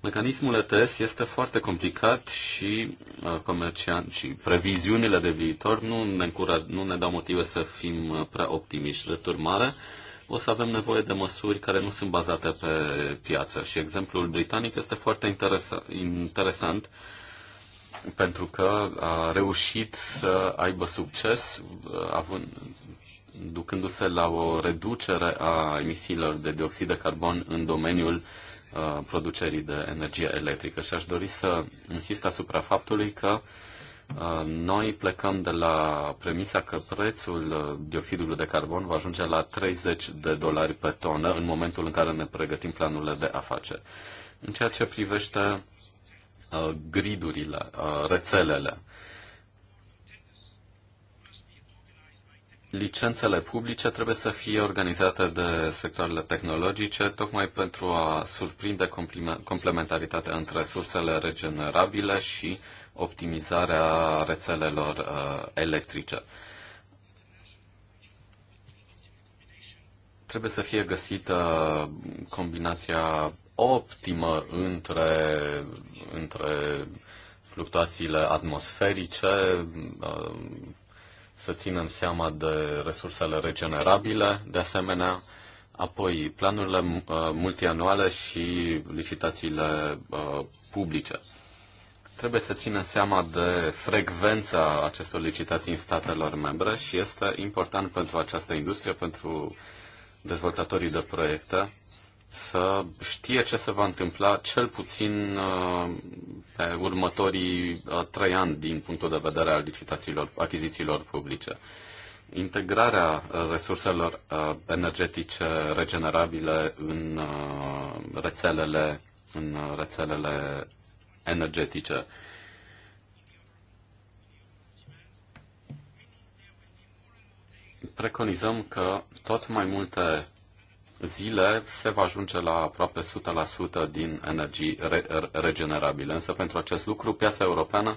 Speaker 3: Mecanismul ETS este foarte complicat și uh, comercial și previziunile de viitor nu ne, încuraj, nu ne dau motive să fim uh, prea optimiști. De urmare, o să avem nevoie de măsuri care nu sunt bazate pe piață. Și exemplul britanic este foarte interesa- interesant pentru că a reușit să aibă succes uh, având, ducându-se la o reducere a emisiilor de dioxid de carbon în domeniul uh, producerii de energie electrică. Și aș dori să insist asupra faptului că uh, Uh, noi plecăm de la premisa că prețul uh, dioxidului de carbon va ajunge la 30 de dolari pe tonă în momentul în care ne pregătim planurile de afaceri. În ceea ce privește uh, gridurile, rețelele, licențele publice trebuie să fie organizate de sectoarele tehnologice, tocmai pentru a surprinde complementaritatea între sursele regenerabile și uh, optimizarea rețelelor uh, electrice. Trebuie să fie găsită combinația optimă între, între fluctuațiile atmosferice, uh, să ținem seama de resursele regenerabile, de asemenea, Apoi, planurile uh, multianuale și licitațiile uh, publice trebuie să țină seama de frecvența acestor licitații în statelor membre și este important pentru această industrie, pentru dezvoltatorii de proiecte, să știe ce se va întâmpla cel puțin uh, pe următorii uh, trei ani din punctul de vedere al licitațiilor, achizițiilor publice. Integrarea uh, resurselor energetice regenerabile în rețelele, în rețelele energetice. Preconizăm că tot mai multe zile se va ajunge la aproape 100% din energii re- regenerabile. Însă pentru acest lucru, piața europeană,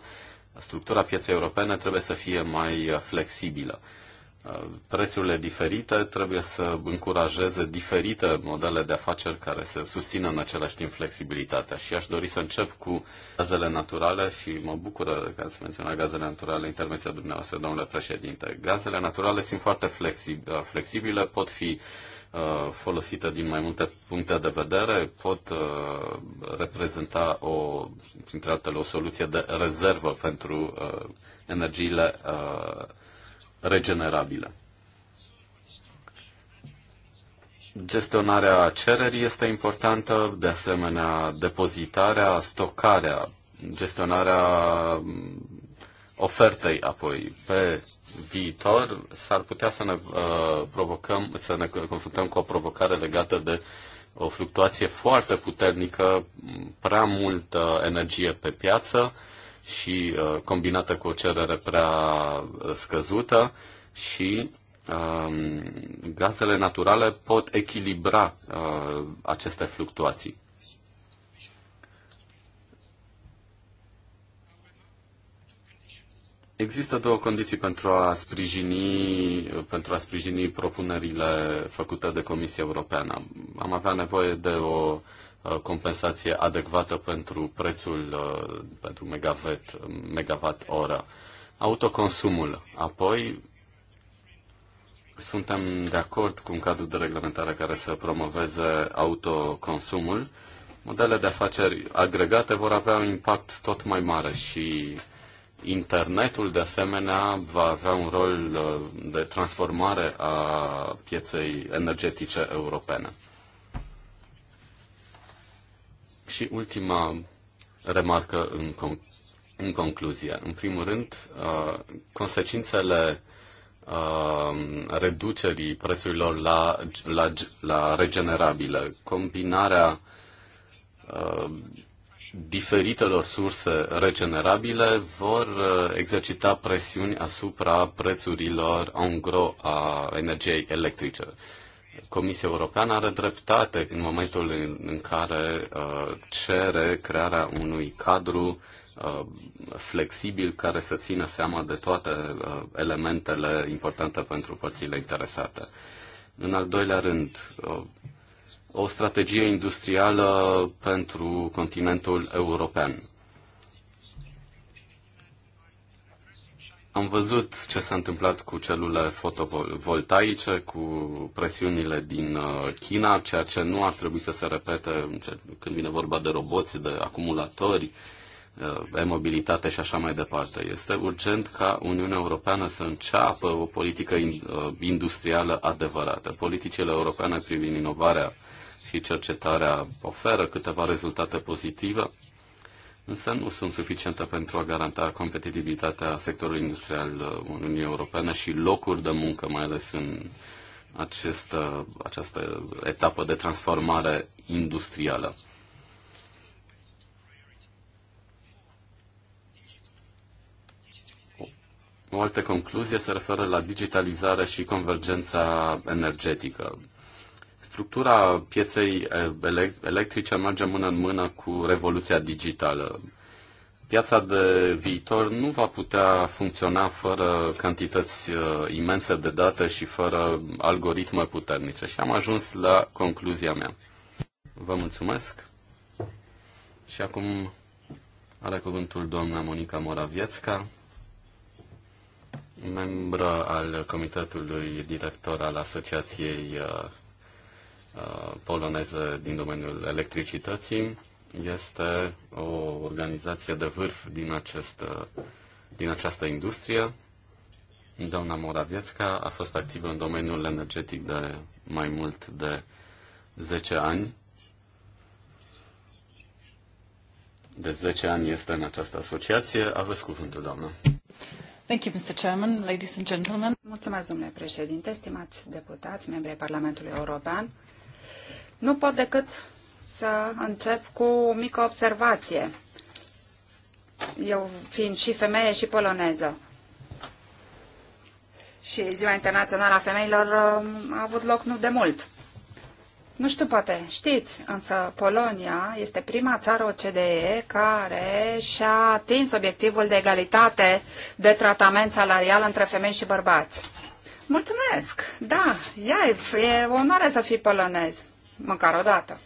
Speaker 3: structura pieței europene trebuie să fie mai flexibilă prețurile diferite trebuie să încurajeze diferite modele de afaceri care să susțină în același timp flexibilitatea. Și aș dori să încep cu gazele naturale și mă bucură că ați menționat gazele naturale intervenția dumneavoastră, domnule președinte. Gazele naturale sunt foarte flexibile, pot fi uh, folosită din mai multe puncte de vedere pot uh, reprezenta o, printre altele, o soluție de rezervă pentru uh, energiile uh, Regenerabilă. Gestionarea cererii este importantă, de asemenea depozitarea, stocarea, gestionarea ofertei apoi pe viitor s-ar putea să ne uh, provocăm, să ne confruntăm cu o provocare legată de o fluctuație foarte puternică, prea multă energie pe piață, și uh, combinată cu o cerere prea uh, scăzută și uh, gazele naturale pot echilibra uh, aceste fluctuații. Există două condiții pentru a sprijini, pentru a sprijini propunerile făcute de Comisia Europeană. Am avea nevoie de o uh, Uh, compensație adecvată pentru prețul uh, pentru megawatt, megawatt oră. Autoconsumul. Apoi, suntem de acord cu un cadru de reglementare care să promoveze autoconsumul. Modele de afaceri agregate vor avea un impact tot mai mare și internetul, de asemenea, va avea un rol uh, de transformare a pieței energetice europene. Și ultima remarcă în, con- în concluzie. În primul rând, uh, consecințele uh, reducerii prețurilor la, la, la regenerabile, combinarea uh, diferitelor surse regenerabile vor uh, exercita presiuni asupra prețurilor în gro a energiei electrice. Comisia Europeană are dreptate în momentul în care uh, cere crearea unui cadru uh, flexibil care să țină seama de toate uh, elementele importante pentru părțile interesate. În al doilea rând, uh, o strategie industrială pentru continentul european. Am văzut ce s-a întâmplat cu celule fotovoltaice, cu presiunile din uh, China, ceea ce nu ar trebui să se repete când vine vorba de roboți, de acumulatori, uh, e-mobilitate și așa mai departe. Este urgent ca Uniunea Europeană să înceapă o politică uh, industrială adevărată. Politicile europene privind inovarea și cercetarea oferă câteva rezultate pozitive, însă nu sunt suficiente pentru a garanta competitivitatea sectorului industrial uh, Uniunii Europene și locuri de muncă, mai ales în această, această etapă de transformare industrială. O altă concluzie se referă la digitalizare și convergența energetică structura pieței electrice merge mână în mână cu revoluția digitală. Piața de viitor nu va putea funcționa fără cantități uh, imense de date și fără algoritme puternice. Și am ajuns la concluzia mea. Vă mulțumesc. Și acum are cuvântul doamna Monica Moraviețca, membră al Comitetului Director al Asociației uh, Uh, poloneză din domeniul electricității. Este o organizație de vârf din, acest, uh, din această industrie. Doamna Moraviețca a fost activă în domeniul energetic de mai mult de 10 ani. De 10 ani este în această asociație. Aveți cuvântul, doamnă.
Speaker 4: Thank you, Mr. Chairman, ladies and gentlemen. Mulțumesc, domnule președinte, stimați deputați, membrii Parlamentului European. Nu pot decât să încep cu o mică observație, eu fiind și femeie și poloneză. Și Ziua Internațională a Femeilor um, a avut loc nu de mult. Nu știu, poate știți, însă Polonia este prima țară OCDE care și-a atins obiectivul de egalitate de tratament salarial între femei și bărbați. Mulțumesc! Da, ia, e o onoare să fii polonez măcar o dată.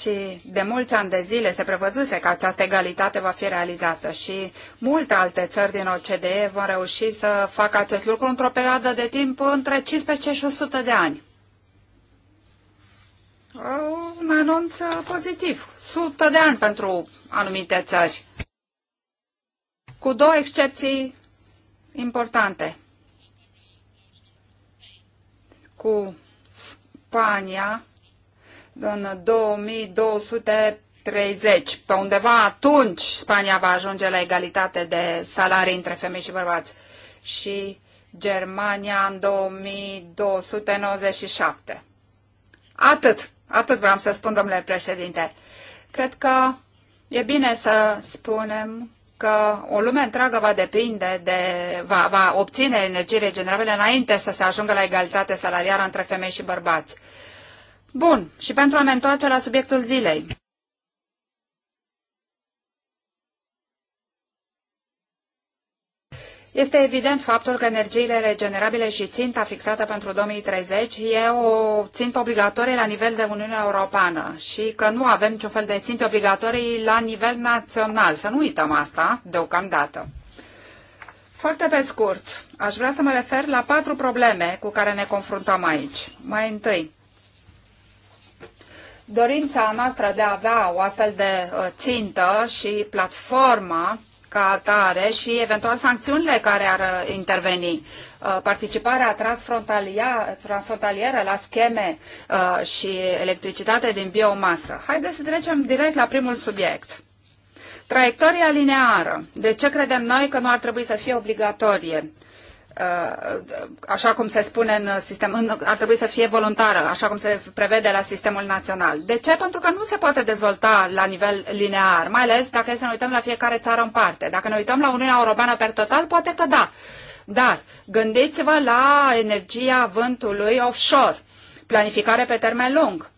Speaker 4: și de mulți ani de zile se prevăzuse că această egalitate va fi realizată și multe alte țări din OCDE vor reuși să facă acest lucru într-o perioadă de timp între 15 și 100 de ani. Un anunț pozitiv. 100 de ani pentru anumite țări. Cu două excepții importante cu Spania în 2230. Pe undeva atunci Spania va ajunge la egalitate de salarii între femei și bărbați. Și Germania în 2297. Atât. Atât vreau să spun, domnule președinte. Cred că e bine să spunem că o lume întreagă va depinde de, va, va obține energie regenerabile înainte să se ajungă la egalitate salarială între femei și bărbați. Bun, și pentru a ne întoarce la subiectul zilei. Este evident faptul că energiile regenerabile și ținta fixată pentru 2030 e o țintă obligatorie la nivel de Uniunea Europeană și că nu avem niciun fel de ținte obligatorii la nivel național. Să nu uităm asta deocamdată. Foarte pe scurt, aș vrea să mă refer la patru probleme cu care ne confruntăm aici. Mai întâi, dorința noastră de a avea o astfel de uh, țintă și platforma ca atare și eventual sancțiunile care ar uh, interveni. Uh, participarea transfrontalieră la scheme uh, și electricitate din biomasă. Haideți să trecem direct la primul subiect. Traiectoria lineară. De ce credem noi că nu ar trebui să fie obligatorie? Uh, așa cum se spune în sistem, în, ar trebui să fie voluntară, așa cum se prevede la sistemul național. De ce? Pentru că nu se poate dezvolta la nivel linear, mai ales dacă să ne uităm la fiecare țară în parte. Dacă ne uităm la Uniunea Europeană per total, poate că da. Dar gândiți-vă la energia vântului offshore, planificare pe termen lung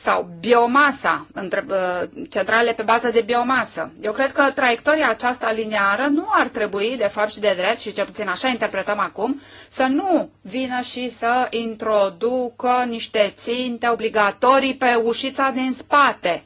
Speaker 4: sau biomasa, între, uh, centrale pe bază de biomasă. Eu cred că traiectoria aceasta liniară nu ar trebui, de fapt și de drept, și ce puțin așa interpretăm acum, să nu vină și să introducă niște ținte obligatorii pe ușița din spate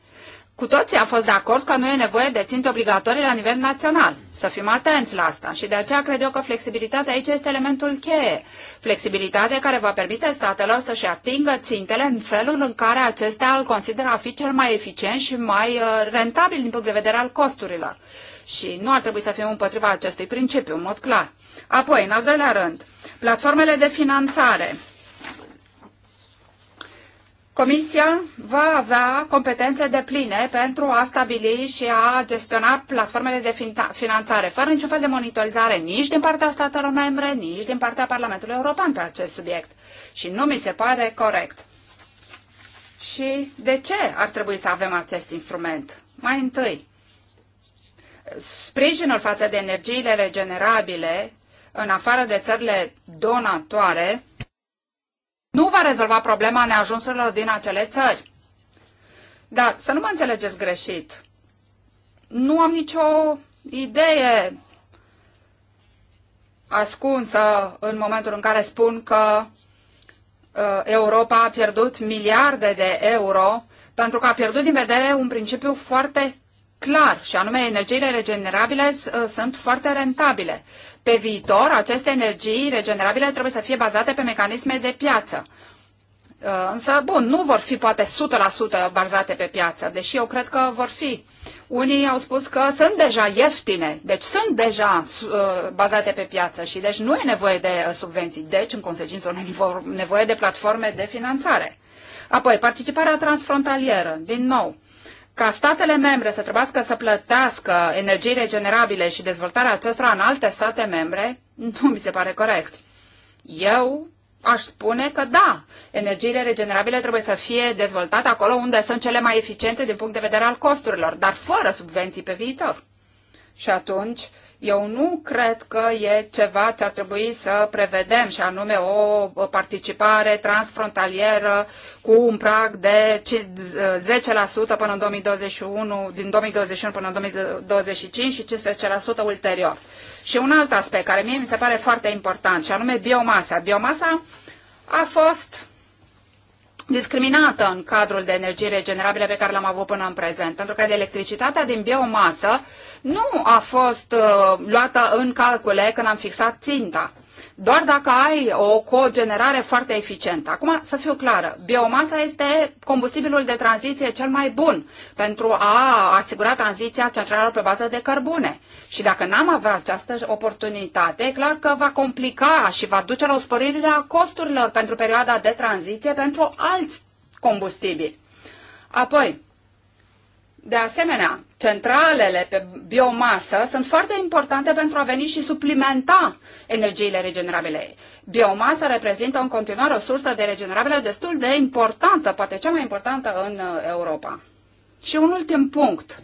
Speaker 4: cu toții am fost de acord că nu e nevoie de ținte obligatorii la nivel național. Să fim atenți la asta și de aceea cred eu că flexibilitatea aici este elementul cheie. Flexibilitate care va permite statelor să-și atingă țintele în felul în care acestea îl consideră a fi cel mai eficient și mai uh, rentabil din punct de vedere al costurilor. Și nu ar trebui să fim împotriva acestui principiu, în mod clar. Apoi, în al doilea rând, platformele de finanțare. Comisia va avea competențe de pline pentru a stabili și a gestiona platformele de finanțare, fără niciun fel de monitorizare nici din partea statelor membre, nici din partea Parlamentului European pe acest subiect. Și nu mi se pare corect. Și de ce ar trebui să avem acest instrument? Mai întâi, sprijinul față de energiile regenerabile, în afară de țările donatoare, nu va rezolva problema neajunsurilor din acele țări. Dar să nu mă înțelegeți greșit. Nu am nicio idee ascunsă în momentul în care spun că uh, Europa a pierdut miliarde de euro pentru că a pierdut din vedere un principiu foarte clar, și anume energiile regenerabile uh, sunt foarte rentabile. Pe viitor, aceste energii regenerabile trebuie să fie bazate pe mecanisme de piață. Uh, însă, bun, nu vor fi poate 100% bazate pe piață, deși eu cred că vor fi. Unii au spus că sunt deja ieftine, deci sunt deja uh, bazate pe piață și deci nu e nevoie de uh, subvenții, deci în consecință e nevoie de platforme de finanțare. Apoi, participarea transfrontalieră, din nou ca statele membre să trebuiască să plătească energii regenerabile și dezvoltarea acestora în alte state membre, *laughs* nu mi se pare corect. Eu aș spune că da, energiile regenerabile trebuie să fie dezvoltate acolo unde sunt cele mai eficiente din punct de vedere al costurilor, dar fără subvenții pe viitor. Și atunci eu nu cred că e ceva ce ar trebui să prevedem, și anume o participare transfrontalieră cu un prag de 10% până în 2021, din 2021 până în 2025 și 15% ulterior. Și un alt aspect care mie mi se pare foarte important, și anume biomasa. Biomasa a fost discriminată în cadrul de energie regenerabile pe care l-am avut până în prezent, pentru că electricitatea din biomasă nu a fost uh, luată în calcule când am fixat ținta doar dacă ai o cogenerare foarte eficientă. Acum, să fiu clară, biomasa este combustibilul de tranziție cel mai bun pentru a asigura tranziția centralelor pe bază de cărbune. Și dacă n-am avea această oportunitate, e clar că va complica și va duce la o sporire a costurilor pentru perioada de tranziție pentru alți combustibili. Apoi, de asemenea, centralele pe biomasă sunt foarte importante pentru a veni și suplimenta energiile regenerabile. Biomasa reprezintă în continuare o sursă de regenerabilă destul de importantă, poate cea mai importantă în uh, Europa. Și un ultim punct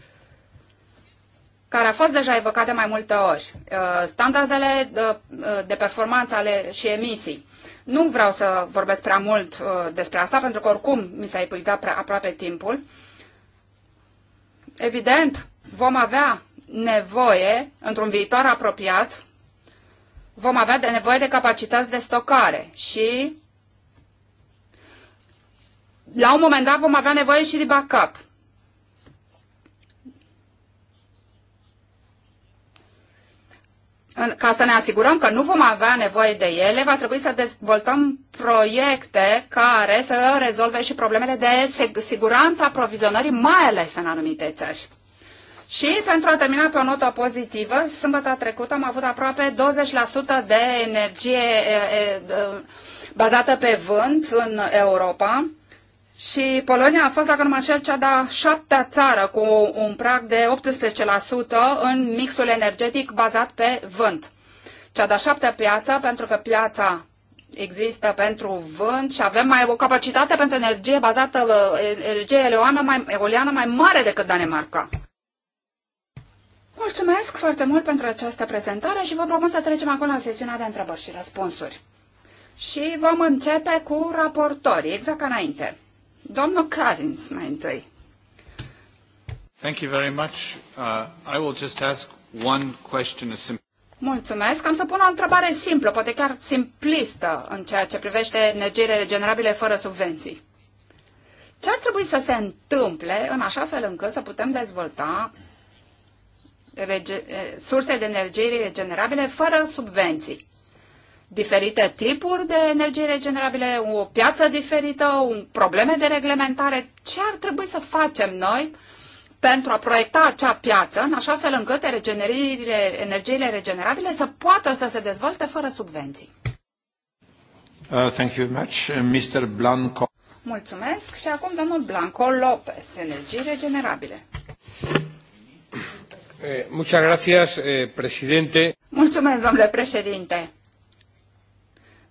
Speaker 4: care a fost deja evocat de mai multe ori, uh, standardele uh, de performanță ale și emisii. Nu vreau să vorbesc prea mult despre asta, pentru că oricum mi s-a epuizat aproape timpul, Evident, vom avea nevoie, într-un viitor apropiat, vom avea de nevoie de capacități de stocare și la un moment dat vom avea nevoie și de backup. ca să ne asigurăm că nu vom avea nevoie de ele, va trebui să dezvoltăm proiecte care să rezolve și problemele de siguranță aprovizionării, mai ales în anumite țări. Și pentru a termina pe o notă pozitivă, sâmbătă trecută am avut aproape 20% de energie bazată pe vânt în Europa, și Polonia a fost, dacă nu mă înșel, cea de-a șaptea țară cu un prag de 18% în mixul energetic bazat pe vânt. Cea de-a șaptea piață, pentru că piața există pentru vânt și avem mai o capacitate pentru energie bazată, energie eoliană mai, eoliană mai mare decât Danemarca. Mulțumesc foarte mult pentru această prezentare și vă propun să trecem acum la sesiunea de întrebări și răspunsuri. Și vom începe cu raportorii, exact ca înainte. Domnul Carins, mai întâi.
Speaker 1: Thank you very much. Uh, I will just ask one question, a simple
Speaker 4: Mulțumesc. Am să pun o întrebare simplă, poate chiar simplistă, în ceea ce privește energiile regenerabile fără subvenții. Ce ar trebui să se întâmple în așa fel încât să putem dezvolta eh, surse de energie regenerabile fără subvenții? diferite tipuri de energie regenerabile, o piață diferită, un probleme de reglementare. Ce ar trebui să facem noi pentru a proiecta acea piață în așa fel încât energiile regenerabile să poată să se dezvolte fără subvenții?
Speaker 1: Uh, thank you very much. Uh, Mr. Blanco.
Speaker 4: Mulțumesc. Și acum domnul Blanco Lopez, energii regenerabile.
Speaker 5: Eh,
Speaker 1: muchas gracias, eh, presidente.
Speaker 4: Mulțumesc, domnule președinte.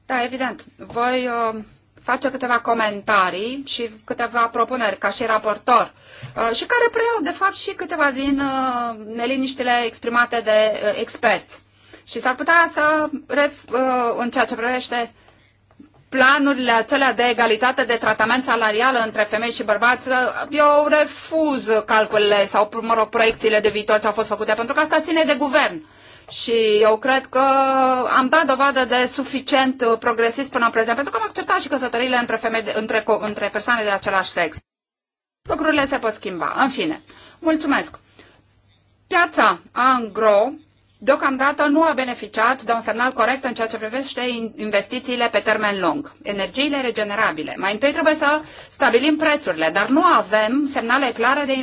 Speaker 4: Da, evident. Voi uh, face câteva comentarii și câteva propuneri ca și raportor uh, și care preiau, de fapt, și câteva din uh, neliniștile exprimate de uh, experți. Și s-ar putea să, ref, uh, în ceea ce privește planurile acelea de egalitate de tratament salarial între femei și bărbați, uh, eu refuz calculele sau, mă rog, proiecțiile de viitor ce au fost făcute, pentru că asta ține de guvern. Și eu cred că am dat dovadă de suficient uh, progresist până în prezent, pentru că am acceptat și căsătoriile între, femei de, între, între persoane de același sex. Lucrurile se pot schimba. În fine, mulțumesc. Piața angro deocamdată nu a beneficiat de un semnal corect în ceea ce privește investițiile pe termen lung, energiile regenerabile. Mai întâi trebuie să stabilim prețurile, dar nu avem semnale clare de,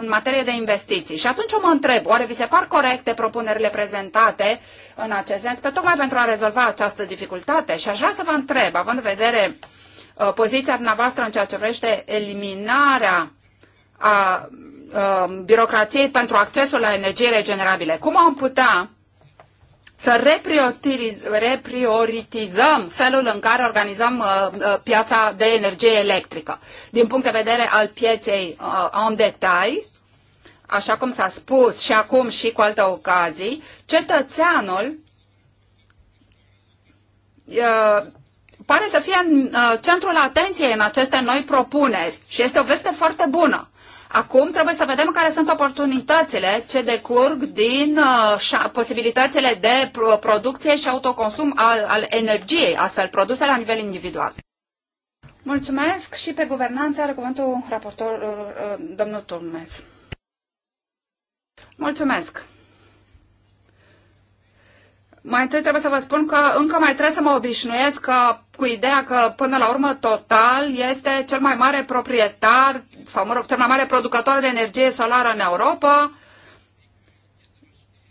Speaker 4: în materie de investiții. Și atunci mă întreb, oare vi se par corecte propunerile prezentate în acest sens, pe tocmai pentru a rezolva această dificultate? Și aș vrea să vă întreb, având în vedere uh, poziția dumneavoastră în ceea ce privește eliminarea a Um, birocrației pentru accesul la energie regenerabile. Cum am putea să reprioritizăm felul în care organizăm uh, uh, piața de energie electrică. Din punct de vedere al pieței în uh, detai, așa cum s-a spus și acum și cu alte ocazii, cetățeanul pare să fie în centrul atenției în aceste noi propuneri și este o veste foarte bună. Acum trebuie să vedem care sunt oportunitățile ce decurg din uh, posibilitățile de producție și autoconsum al, al energiei, astfel produse la nivel individual. Mulțumesc și pe guvernanță are cuvântul raportor uh, uh domnul Turmes. Mulțumesc. Mai întâi trebuie să vă spun că încă mai trebuie să mă obișnuiesc că, cu ideea că, până la urmă, Total este cel mai mare proprietar sau, mă rog, cel mai mare producător de energie solară în Europa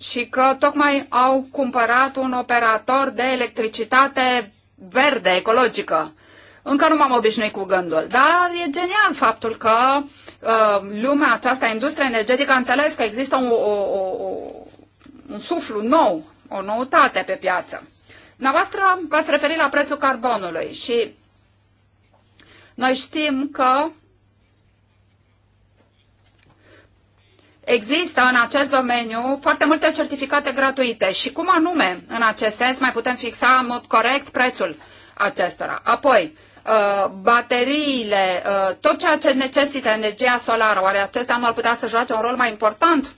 Speaker 4: și că tocmai au cumpărat un operator de electricitate verde, ecologică. Încă nu m-am obișnuit cu gândul, dar e genial faptul că uh, lumea aceasta, industria energetică, a înțeles că există un, o, o, un suflu nou o noutate pe piață. Dumneavoastră v-ați referit la prețul carbonului și noi știm că Există în acest domeniu foarte multe certificate gratuite și cum anume, în acest sens, mai putem fixa în mod corect prețul acestora. Apoi, uh, bateriile, uh, tot ceea ce necesită energia solară, oare acestea nu ar putea să joace un rol mai important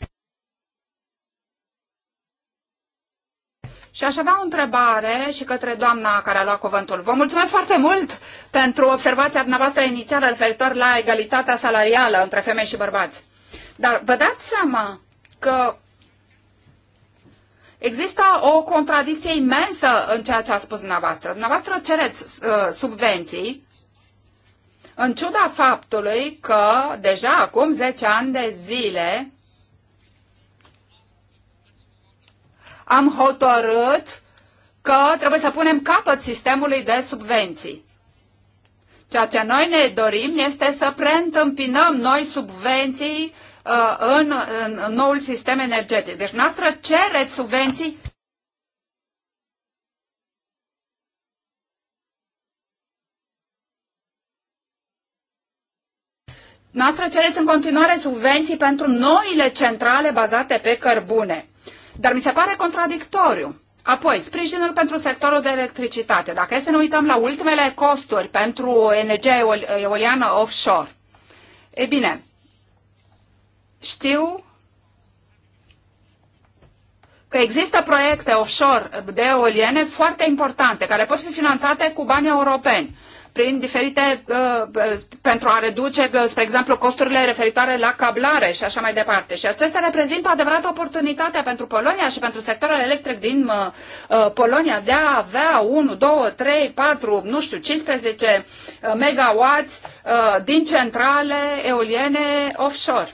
Speaker 4: Și aș avea o întrebare și către doamna care a luat cuvântul. Vă mulțumesc foarte mult pentru observația dumneavoastră inițială referitor la egalitatea salarială între femei și bărbați. Dar vă dați seama că Există o contradicție imensă în ceea ce a spus dumneavoastră. Dumneavoastră cereți uh, subvenții în ciuda faptului că deja acum 10 ani de zile am hotărât că trebuie să punem capăt sistemului de subvenții. Ceea ce noi ne dorim este să preîntâmpinăm noi subvenții uh, în, în, în noul sistem energetic. Deci noastră cereți subvenții Noastră cereți în continuare subvenții pentru noile centrale bazate pe cărbune. Dar mi se pare contradictoriu. Apoi, sprijinul pentru sectorul de electricitate. Dacă e să ne uităm la ultimele costuri pentru energia eoliană offshore, e bine, știu că există proiecte offshore de eoliene foarte importante, care pot fi finanțate cu bani europeni prin diferite, uh, uh, pentru a reduce, uh, spre exemplu, costurile referitoare la cablare și așa mai departe. Și acestea reprezintă adevărată oportunitate pentru Polonia și pentru sectorul electric din Polonia de a avea 1, 2, 3, 4, nu știu, 15 megawatts din centrale eoliene offshore.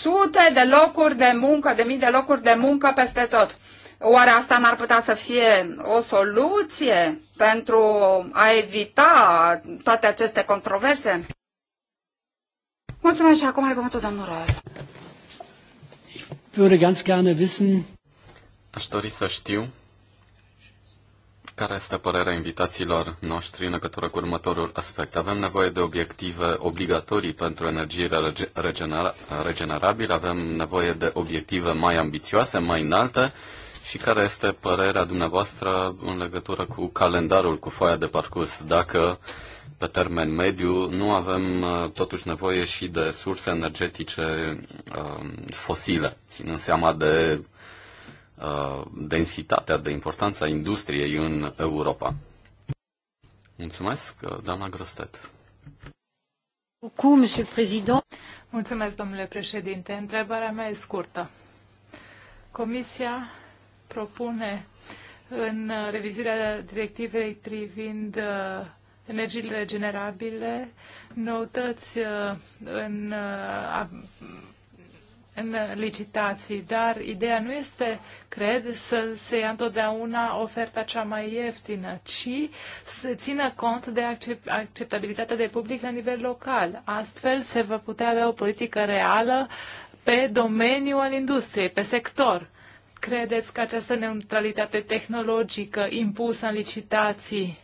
Speaker 4: Sute de locuri de muncă, de mii de locuri de muncă peste tot. Oare asta n-ar putea să fie o soluție pentru a evita toate aceste controverse? Mulțumesc și acum are cuvântul domnul Roel.
Speaker 3: Würde ganz gerne wissen. Aș dori să știu care este părerea invitațiilor noștri în legătură cu următorul aspect? Avem nevoie de obiective obligatorii pentru energie regenerabilă, avem nevoie de obiective mai ambițioase, mai înalte și care este părerea dumneavoastră în legătură cu calendarul, cu foaia de parcurs? Dacă pe termen mediu nu avem uh, totuși nevoie și de surse energetice uh, fosile, ținând seama de uh, densitatea, de importanța industriei în Europa. Mulțumesc, uh, doamna Grostet.
Speaker 2: Mulțumesc, domnule președinte. Întrebarea mea e scurtă. Comisia propune în uh, revizuirea directivei privind uh, energiile regenerabile, noutăți uh, în, în licitații, dar ideea nu este, cred, să se ia întotdeauna oferta cea mai ieftină, ci să țină cont de acceptabilitatea de public la nivel local. Astfel se va putea avea o politică reală pe domeniul al industriei, pe sector Credeți că această neutralitate tehnologică impusă în licitații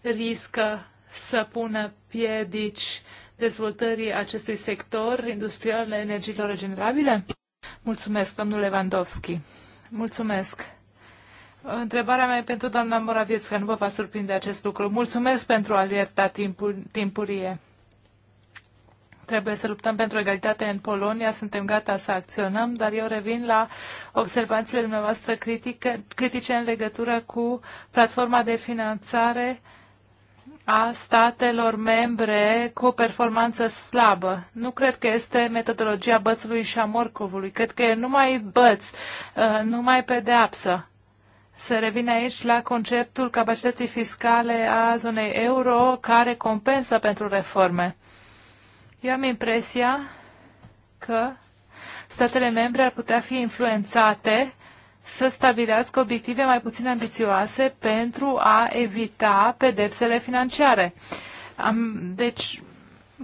Speaker 2: riscă să pună piedici dezvoltării acestui sector industrial al energiilor regenerabile? Mulțumesc, domnul Lewandowski. Mulțumesc. Întrebarea mea e pentru doamna Moravieț, că nu vă va surprinde acest lucru. Mulțumesc pentru alerta timpul, timpurie. Trebuie să luptăm pentru egalitate în Polonia, suntem gata să acționăm, dar eu revin la observațiile dumneavoastră critică, critice în legătură cu platforma de finanțare a statelor membre cu o performanță slabă. Nu cred că este metodologia bățului și a morcovului. Cred că e numai băț, uh, numai pedeapsă. Se revine aici la conceptul capacității fiscale a zonei euro care compensă pentru reforme. Eu am impresia că statele membre ar putea fi influențate să stabilească obiective mai puțin ambițioase pentru a evita pedepsele financiare. Am, deci,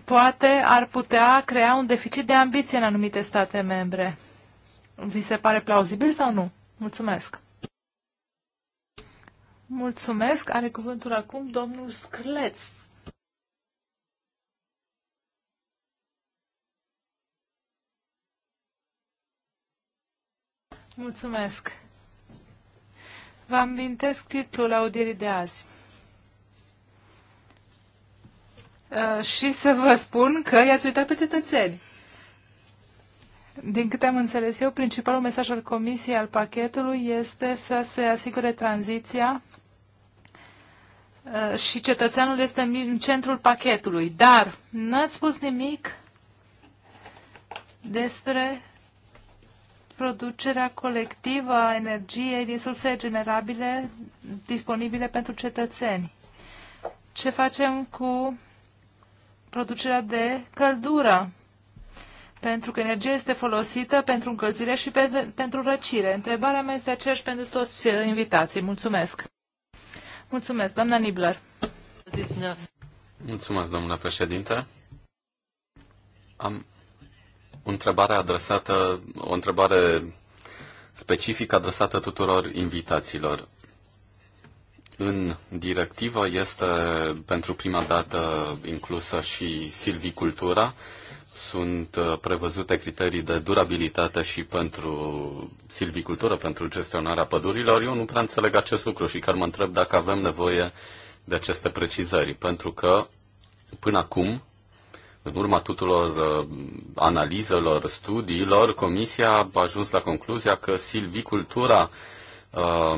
Speaker 2: poate ar putea crea un deficit de ambiție în anumite state membre. Vi se pare plauzibil sau nu? Mulțumesc! Mulțumesc! Are cuvântul acum domnul Scleț Mulțumesc. Vă amintesc titlul audierii de azi. Uh, și să vă spun că i-ați uitat pe cetățeni. Din câte am înțeles eu, principalul mesaj al Comisiei al pachetului este să se asigure tranziția uh, și cetățeanul este în centrul pachetului. Dar n-ați spus nimic despre producerea colectivă a energiei din surse generabile disponibile pentru cetățeni. Ce facem cu producerea de căldură? Pentru că energia este folosită pentru încălzire și pe, pentru răcire. Întrebarea mea este aceeași pentru toți invitații. Mulțumesc! Mulțumesc, doamna Nibler!
Speaker 3: Mulțumesc, doamna președinte! Am o întrebare adresată, o întrebare specifică adresată tuturor invitațiilor. În directivă este pentru prima dată inclusă și silvicultura. Sunt uh, prevăzute criterii de durabilitate și pentru silvicultură, pentru gestionarea pădurilor. Eu nu prea înțeleg acest lucru și chiar mă întreb dacă avem nevoie de aceste precizări, pentru că până acum în urma tuturor uh, analizelor, studiilor, Comisia a ajuns la concluzia că silvicultura uh,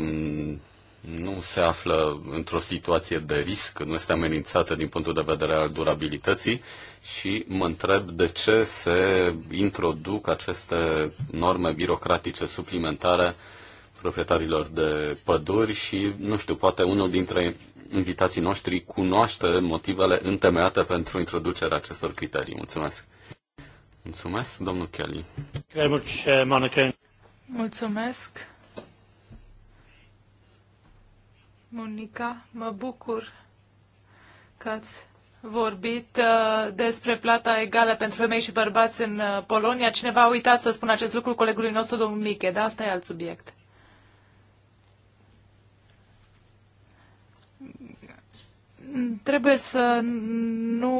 Speaker 3: nu se află într-o situație de risc, nu este amenințată din punctul de vedere al durabilității și mă întreb de ce se introduc aceste norme birocratice suplimentare proprietarilor de păduri și, nu știu, poate unul dintre invitații noștri cunoaște motivele întemeiate pentru introducerea acestor criterii. Mulțumesc! Mulțumesc, domnul Kelly. Uh,
Speaker 2: Mulțumesc, Monica. Mă bucur că ați vorbit uh, despre plata egală pentru femei și bărbați în uh, Polonia. Cineva a uitat să spună acest lucru colegului nostru, domnul Miche, dar asta e alt subiect. trebuie să nu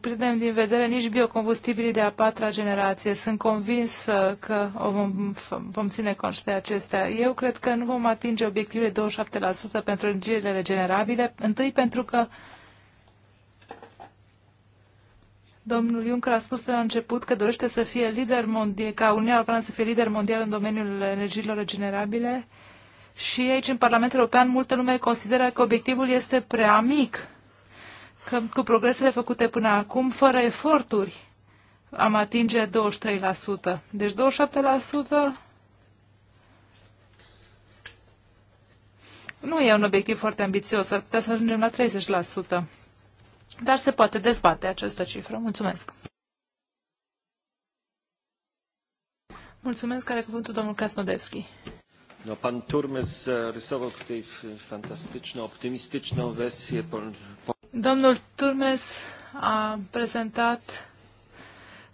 Speaker 2: pierdem din vedere nici biocombustibilii de a patra generație. Sunt convins că o vom, vom ține cont de acestea. Eu cred că nu vom atinge obiectivele 27% pentru energiile regenerabile, întâi pentru că Domnul Juncker a spus de la început că dorește să fie lider mondial, ca Uniunea Europeană să fie lider mondial în domeniul energiilor regenerabile. Și aici, în Parlamentul European, multă lume consideră că obiectivul este prea mic că cu progresele făcute până acum, fără eforturi, am atinge 23%. Deci 27% nu e un obiectiv foarte ambițios, ar putea să ajungem la 30%. Dar se poate dezbate această cifră. Mulțumesc! Mulțumesc, care cuvântul domnul Krasnodevski. No,
Speaker 1: pan Turmes rysował tutaj fantastyczną, optymistyczną wersję. Po,
Speaker 5: po...
Speaker 2: Domnul Turmes a prezentat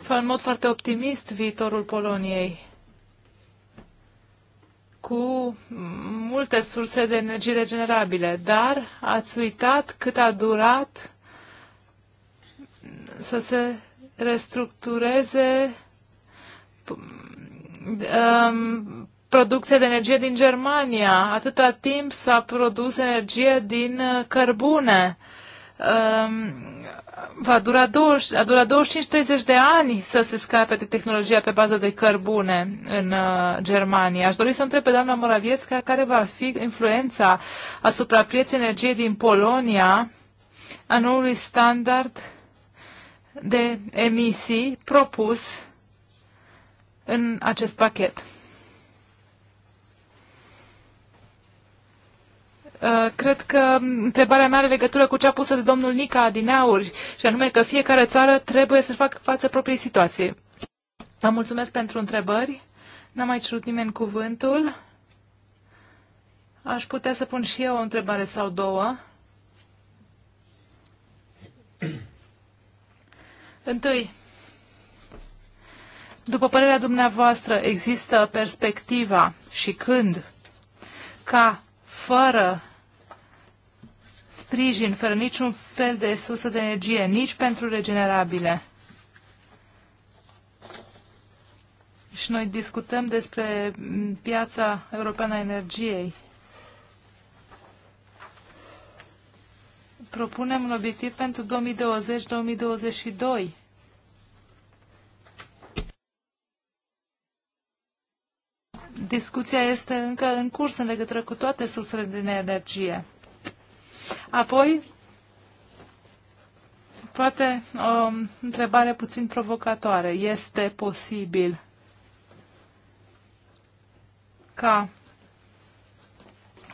Speaker 2: în mod foarte optimist viitorul Poloniei cu multe surse de energie regenerabile, dar ați uitat cât a durat să se restructureze um, producția de energie din Germania. Atâta timp s-a produs energie din uh, cărbune. Uh, Ehm, va dura 20, a durat 25-30 de ani să se scape de tehnologia pe bază de cărbune în uh, Germania. Aș dori să întreb pe doamna Moravieța care va fi influența asupra prieții energiei din Polonia a noului standard de emisii propus în acest pachet. Uh, cred că întrebarea mea are legătură cu cea pusă de domnul Nica din auri, și anume că fiecare țară trebuie să facă față proprii situații. Vă mulțumesc pentru întrebări. N-a mai cerut nimeni cuvântul. Aș putea să pun și eu o întrebare sau două. *clears throat* Întâi, după părerea dumneavoastră, există perspectiva și când ca fără sprijin, fără niciun fel de sursă de energie, nici pentru regenerabile. Și noi discutăm despre piața europeană a energiei. Propunem un obiectiv pentru 2020-2022 Discuția este încă în curs în legătură cu toate sursele de energie. Apoi, poate o întrebare puțin provocatoare. Este posibil ca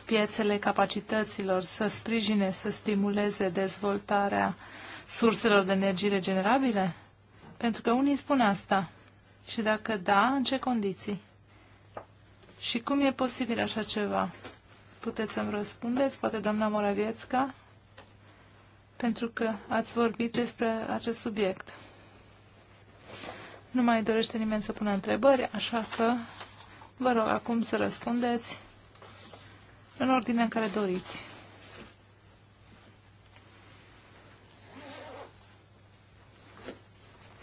Speaker 2: piețele capacităților să sprijine, să stimuleze dezvoltarea surselor de energie regenerabile? Pentru că unii spun asta. Și dacă da, în ce condiții? Și cum e posibil așa ceva? Puteți să-mi răspundeți, poate doamna Moraviețca, pentru că ați vorbit despre acest subiect. Nu mai dorește nimeni să pună întrebări, așa că vă rog acum să răspundeți în ordinea în care doriți.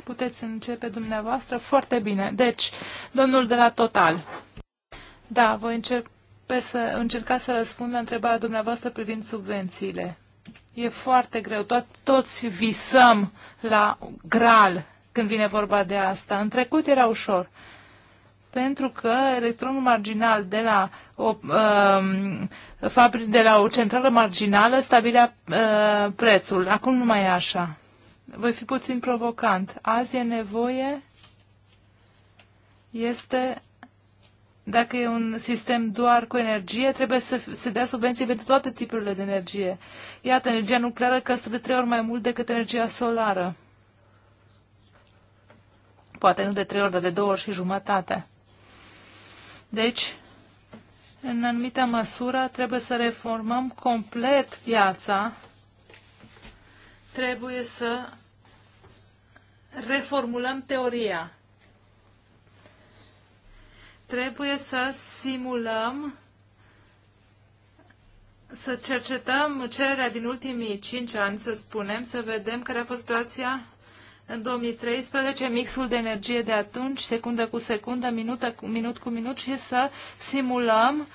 Speaker 2: Puteți începe dumneavoastră foarte bine. Deci, domnul de la Total. Da, voi încerca să, încerca să răspund la întrebarea dumneavoastră privind subvențiile. E foarte greu. Tot, toți visăm la gral când vine vorba de asta. În trecut era ușor. Pentru că electronul marginal de la o, um, de la o centrală marginală stabilea uh, prețul. Acum nu mai e așa. Voi fi puțin provocant. Azi e nevoie este dacă e un sistem doar cu energie, trebuie să se dea subvenții pentru toate tipurile de energie. Iată, energia nucleară costă de trei ori mai mult decât energia solară. Poate nu de trei ori, dar de două ori și jumătate. Deci, în anumită măsură, trebuie să reformăm complet piața. Trebuie să reformulăm teoria Trebuie să simulăm, să cercetăm cererea din ultimii 5 ani, să spunem, să vedem care a fost situația în 2013, mixul de energie de atunci, secundă cu secundă, minută, minut cu minut și să simulăm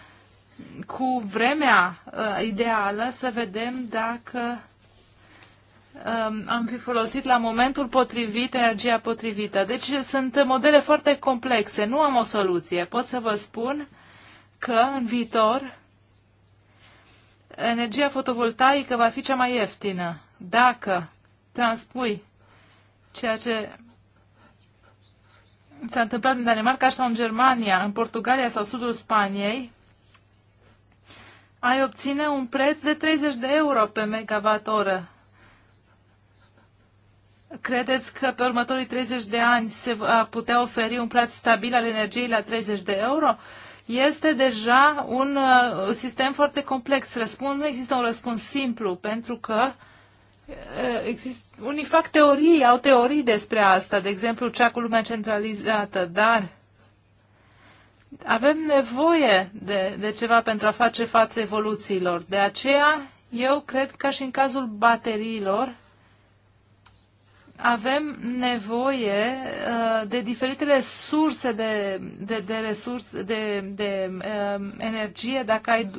Speaker 2: cu vremea uh, ideală să vedem dacă am fi folosit la momentul potrivit energia potrivită. Deci sunt modele foarte complexe. Nu am o soluție. Pot să vă spun că în viitor energia fotovoltaică va fi cea mai ieftină dacă transpui ceea ce s-a întâmplat în Danemarca sau în Germania, în Portugalia sau sudul Spaniei, ai obține un preț de 30 de euro pe megawatt oră Credeți că pe următorii 30 de ani se va putea oferi un preț stabil al energiei la 30 de euro? Este deja un uh, sistem foarte complex. Răspund, nu există un răspuns simplu, pentru că uh, exist, unii fac teorii, au teorii despre asta, de exemplu cea cu lumea centralizată, dar avem nevoie de, de ceva pentru a face față evoluțiilor. De aceea, eu cred că și în cazul bateriilor, avem nevoie uh, de diferitele surse de, de, de resurse, de, de uh, energie. Dacă ai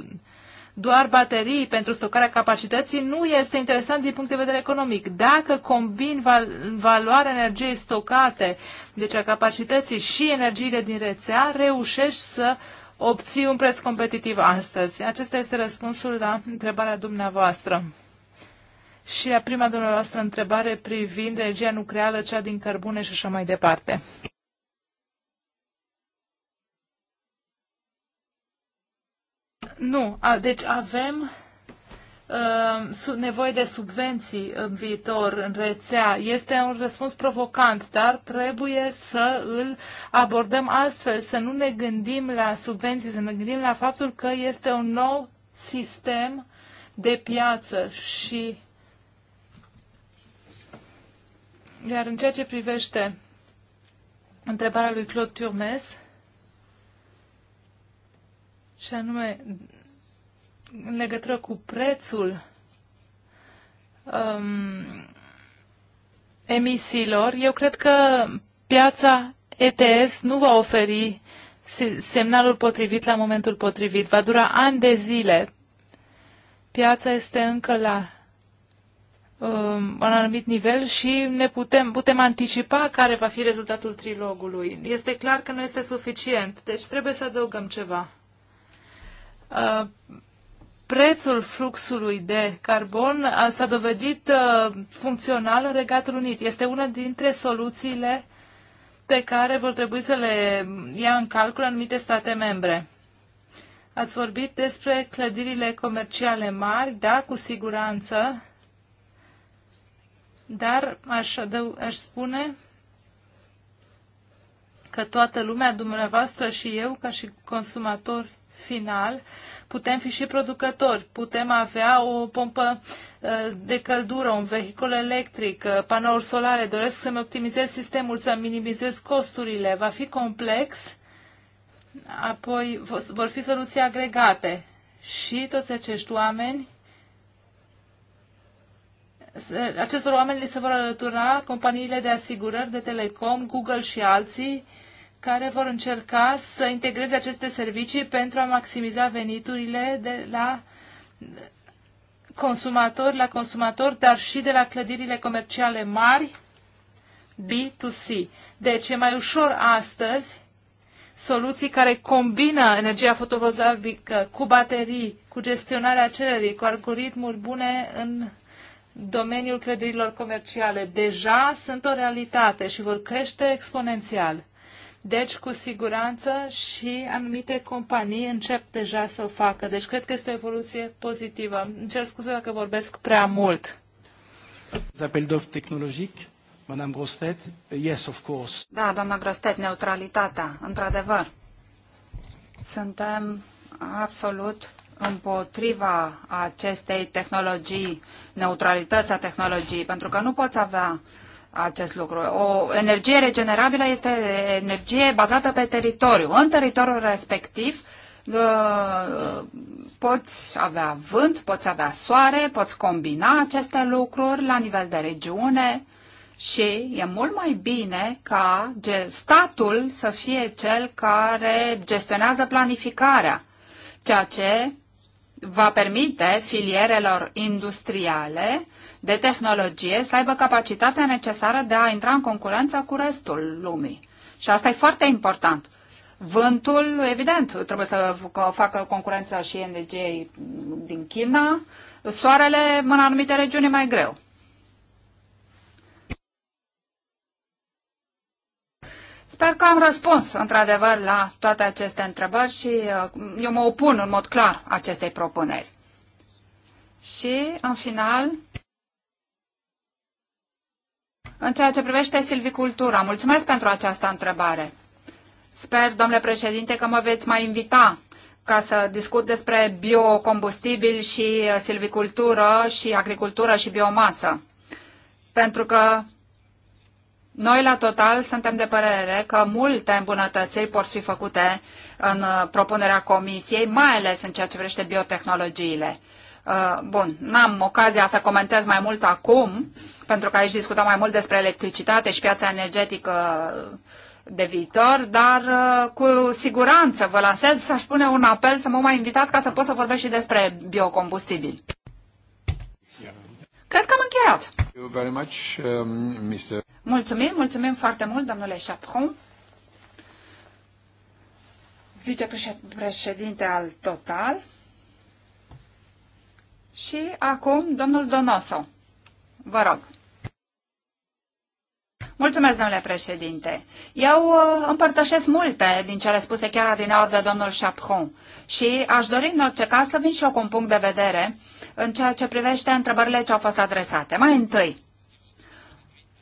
Speaker 2: doar baterii pentru stocarea capacității, nu este interesant din punct de vedere economic. Dacă combin val, valoarea energiei stocate, deci a capacității și energiile din rețea, reușești să obții un preț competitiv astăzi. Acesta este răspunsul la întrebarea dumneavoastră și la prima dumneavoastră întrebare privind energia nucleară, cea din cărbune și așa mai departe. Nu, a, deci avem uh, nevoie de subvenții în viitor, în rețea. Este un răspuns provocant, dar trebuie să îl abordăm astfel, să nu ne gândim la subvenții, să ne gândim la faptul că este un nou sistem de piață și Iar în ceea ce privește întrebarea lui Claude Turmes, și anume în legătură cu prețul um, emisiilor, eu cred că piața ETS nu va oferi semnalul potrivit la momentul potrivit. Va dura ani de zile. Piața este încă la un um, anumit nivel și ne putem, putem anticipa care va fi rezultatul trilogului. Este clar că nu este suficient, deci trebuie să adăugăm ceva. Uh, prețul fluxului de carbon uh, s-a dovedit uh, funcțional în Regatul Unit. Este una dintre soluțiile pe care vor trebui să le ia în calcul anumite state membre. Ați vorbit despre clădirile comerciale mari, da, cu siguranță dar aș, adău, aș spune că toată lumea, dumneavoastră și eu, ca și consumator final, putem fi și producători, putem avea o pompă ă, de căldură, un vehicul electric, ă, panouri solare, doresc să-mi optimizez sistemul, să minimizez costurile, va fi complex, apoi vor fi soluții agregate și toți acești oameni acestor oameni li se vor alătura companiile de asigurări de telecom, Google și alții, care vor încerca să integreze aceste servicii pentru a maximiza veniturile de la consumatori la consumatori, dar și de la clădirile comerciale mari B2C. Deci e mai ușor astăzi soluții care combină energia fotovoltaică cu baterii, cu gestionarea cererii, cu algoritmuri bune în domeniul clădirilor comerciale deja sunt o realitate și vor crește exponențial. Deci, cu siguranță, și anumite companii încep deja să o facă. Deci, cred că este o evoluție pozitivă. Îmi cer scuze dacă vorbesc prea mult.
Speaker 1: Apel tehnologic, Madame Grostet, yes, of course.
Speaker 2: Da, doamna
Speaker 4: Grostet, neutralitatea, într-adevăr. Suntem absolut împotriva acestei tehnologii, neutralități a tehnologiei, pentru că nu poți avea acest lucru. O energie regenerabilă este energie bazată pe teritoriu. În teritoriul respectiv ă, poți avea vânt, poți avea soare, poți combina aceste lucruri la nivel de regiune și e mult mai bine ca statul să fie cel care gestionează planificarea, ceea ce va permite filierelor industriale de tehnologie să aibă capacitatea necesară de a intra în concurență cu restul lumii. Și asta e foarte important. Vântul, evident, trebuie să facă concurență și energiei din China, soarele în anumite regiuni mai greu. Sper că am răspuns într-adevăr la toate aceste întrebări și uh, eu mă opun în mod clar acestei propuneri. Și, în final, în ceea ce privește silvicultura, mulțumesc pentru această întrebare. Sper, domnule președinte, că mă veți mai invita ca să discut despre biocombustibil și uh, silvicultură și agricultură și biomasă. Pentru că noi, la total, suntem de părere că multe îmbunătățiri pot fi făcute în uh, propunerea comisiei, mai ales în ceea ce vrește biotehnologiile. Uh, bun, n-am ocazia să comentez mai mult acum, pentru că aici discutăm mai mult despre electricitate și piața energetică de viitor, dar uh, cu siguranță vă lansez să-și pune un apel să mă mai invitați ca să pot să vorbesc și despre biocombustibil. Cred că am încheiat. Um, mulțumim, mulțumim foarte mult, domnule Chapron, vicepreședinte al Total. Și acum, domnul Donoso. Vă rog. Mulțumesc, domnule președinte. Eu uh, împărtășesc multe din cele spuse chiar adineaori de domnul Chapron și aș dori în orice caz să vin și eu cu un punct de vedere în ceea ce privește întrebările ce au fost adresate. Mai întâi,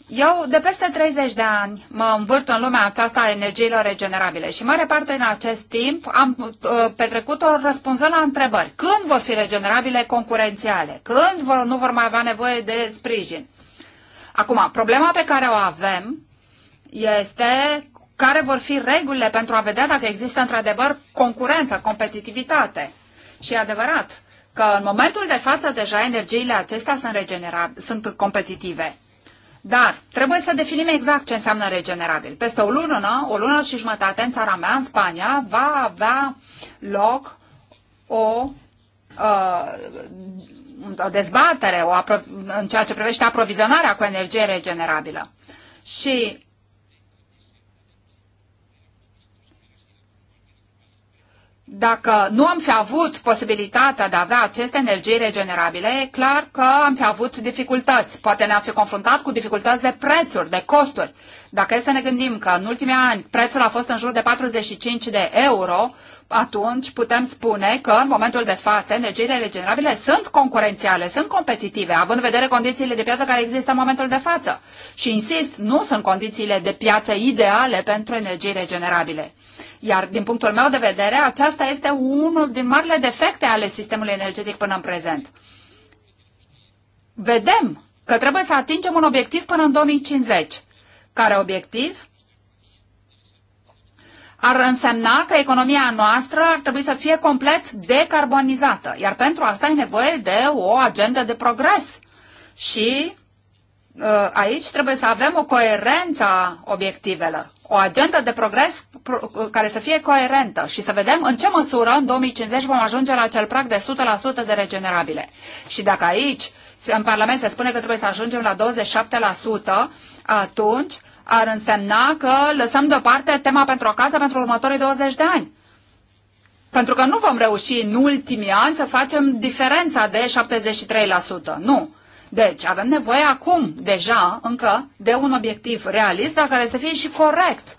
Speaker 4: eu de peste 30 de ani mă învârt în lumea aceasta a energiilor regenerabile și mare parte în acest timp am uh, petrecut-o răspunzând la întrebări. Când vor fi regenerabile concurențiale? Când vor, nu vor mai avea nevoie de sprijin? Acum, problema pe care o avem este care vor fi regulile pentru a vedea dacă există într-adevăr concurență, competitivitate. Și e adevărat că în momentul de față deja energiile acestea sunt, sunt competitive. Dar trebuie să definim exact ce înseamnă regenerabil. Peste o lună, o lună și jumătate în țara mea, în Spania, va avea loc o uh, o dezbatere o în ceea ce privește aprovizionarea cu energie regenerabilă. Și dacă nu am fi avut posibilitatea de a avea aceste energii regenerabile, e clar că am fi avut dificultăți. Poate ne-am fi confruntat cu dificultăți de prețuri, de costuri. Dacă e să ne gândim că în ultimii ani prețul a fost în jur de 45 de euro, atunci putem spune că în momentul de față energiile regenerabile sunt concurențiale, sunt competitive, având în vedere condițiile de piață care există în momentul de față. Și insist, nu sunt condițiile de piață ideale pentru energii regenerabile. Iar din punctul meu de vedere, aceasta este unul din marile defecte ale sistemului energetic până în prezent. Vedem că trebuie să atingem un obiectiv până în 2050. Care obiectiv? ar însemna că economia noastră ar trebui să fie complet decarbonizată, iar pentru asta e nevoie de o agendă de progres. Și uh, aici trebuie să avem o coerență a obiectivelor, o agendă de progres uh, care să fie coerentă și să vedem în ce măsură în 2050 vom ajunge la acel prag de 100% de regenerabile. Și dacă aici în Parlament se spune că trebuie să ajungem la 27%, atunci ar însemna că lăsăm deoparte tema pentru acasă pentru următorii 20 de ani. Pentru că nu vom reuși în ultimii ani să facem diferența de 73%. Nu. Deci avem nevoie acum, deja, încă, de un obiectiv realist, dar care să fie și corect.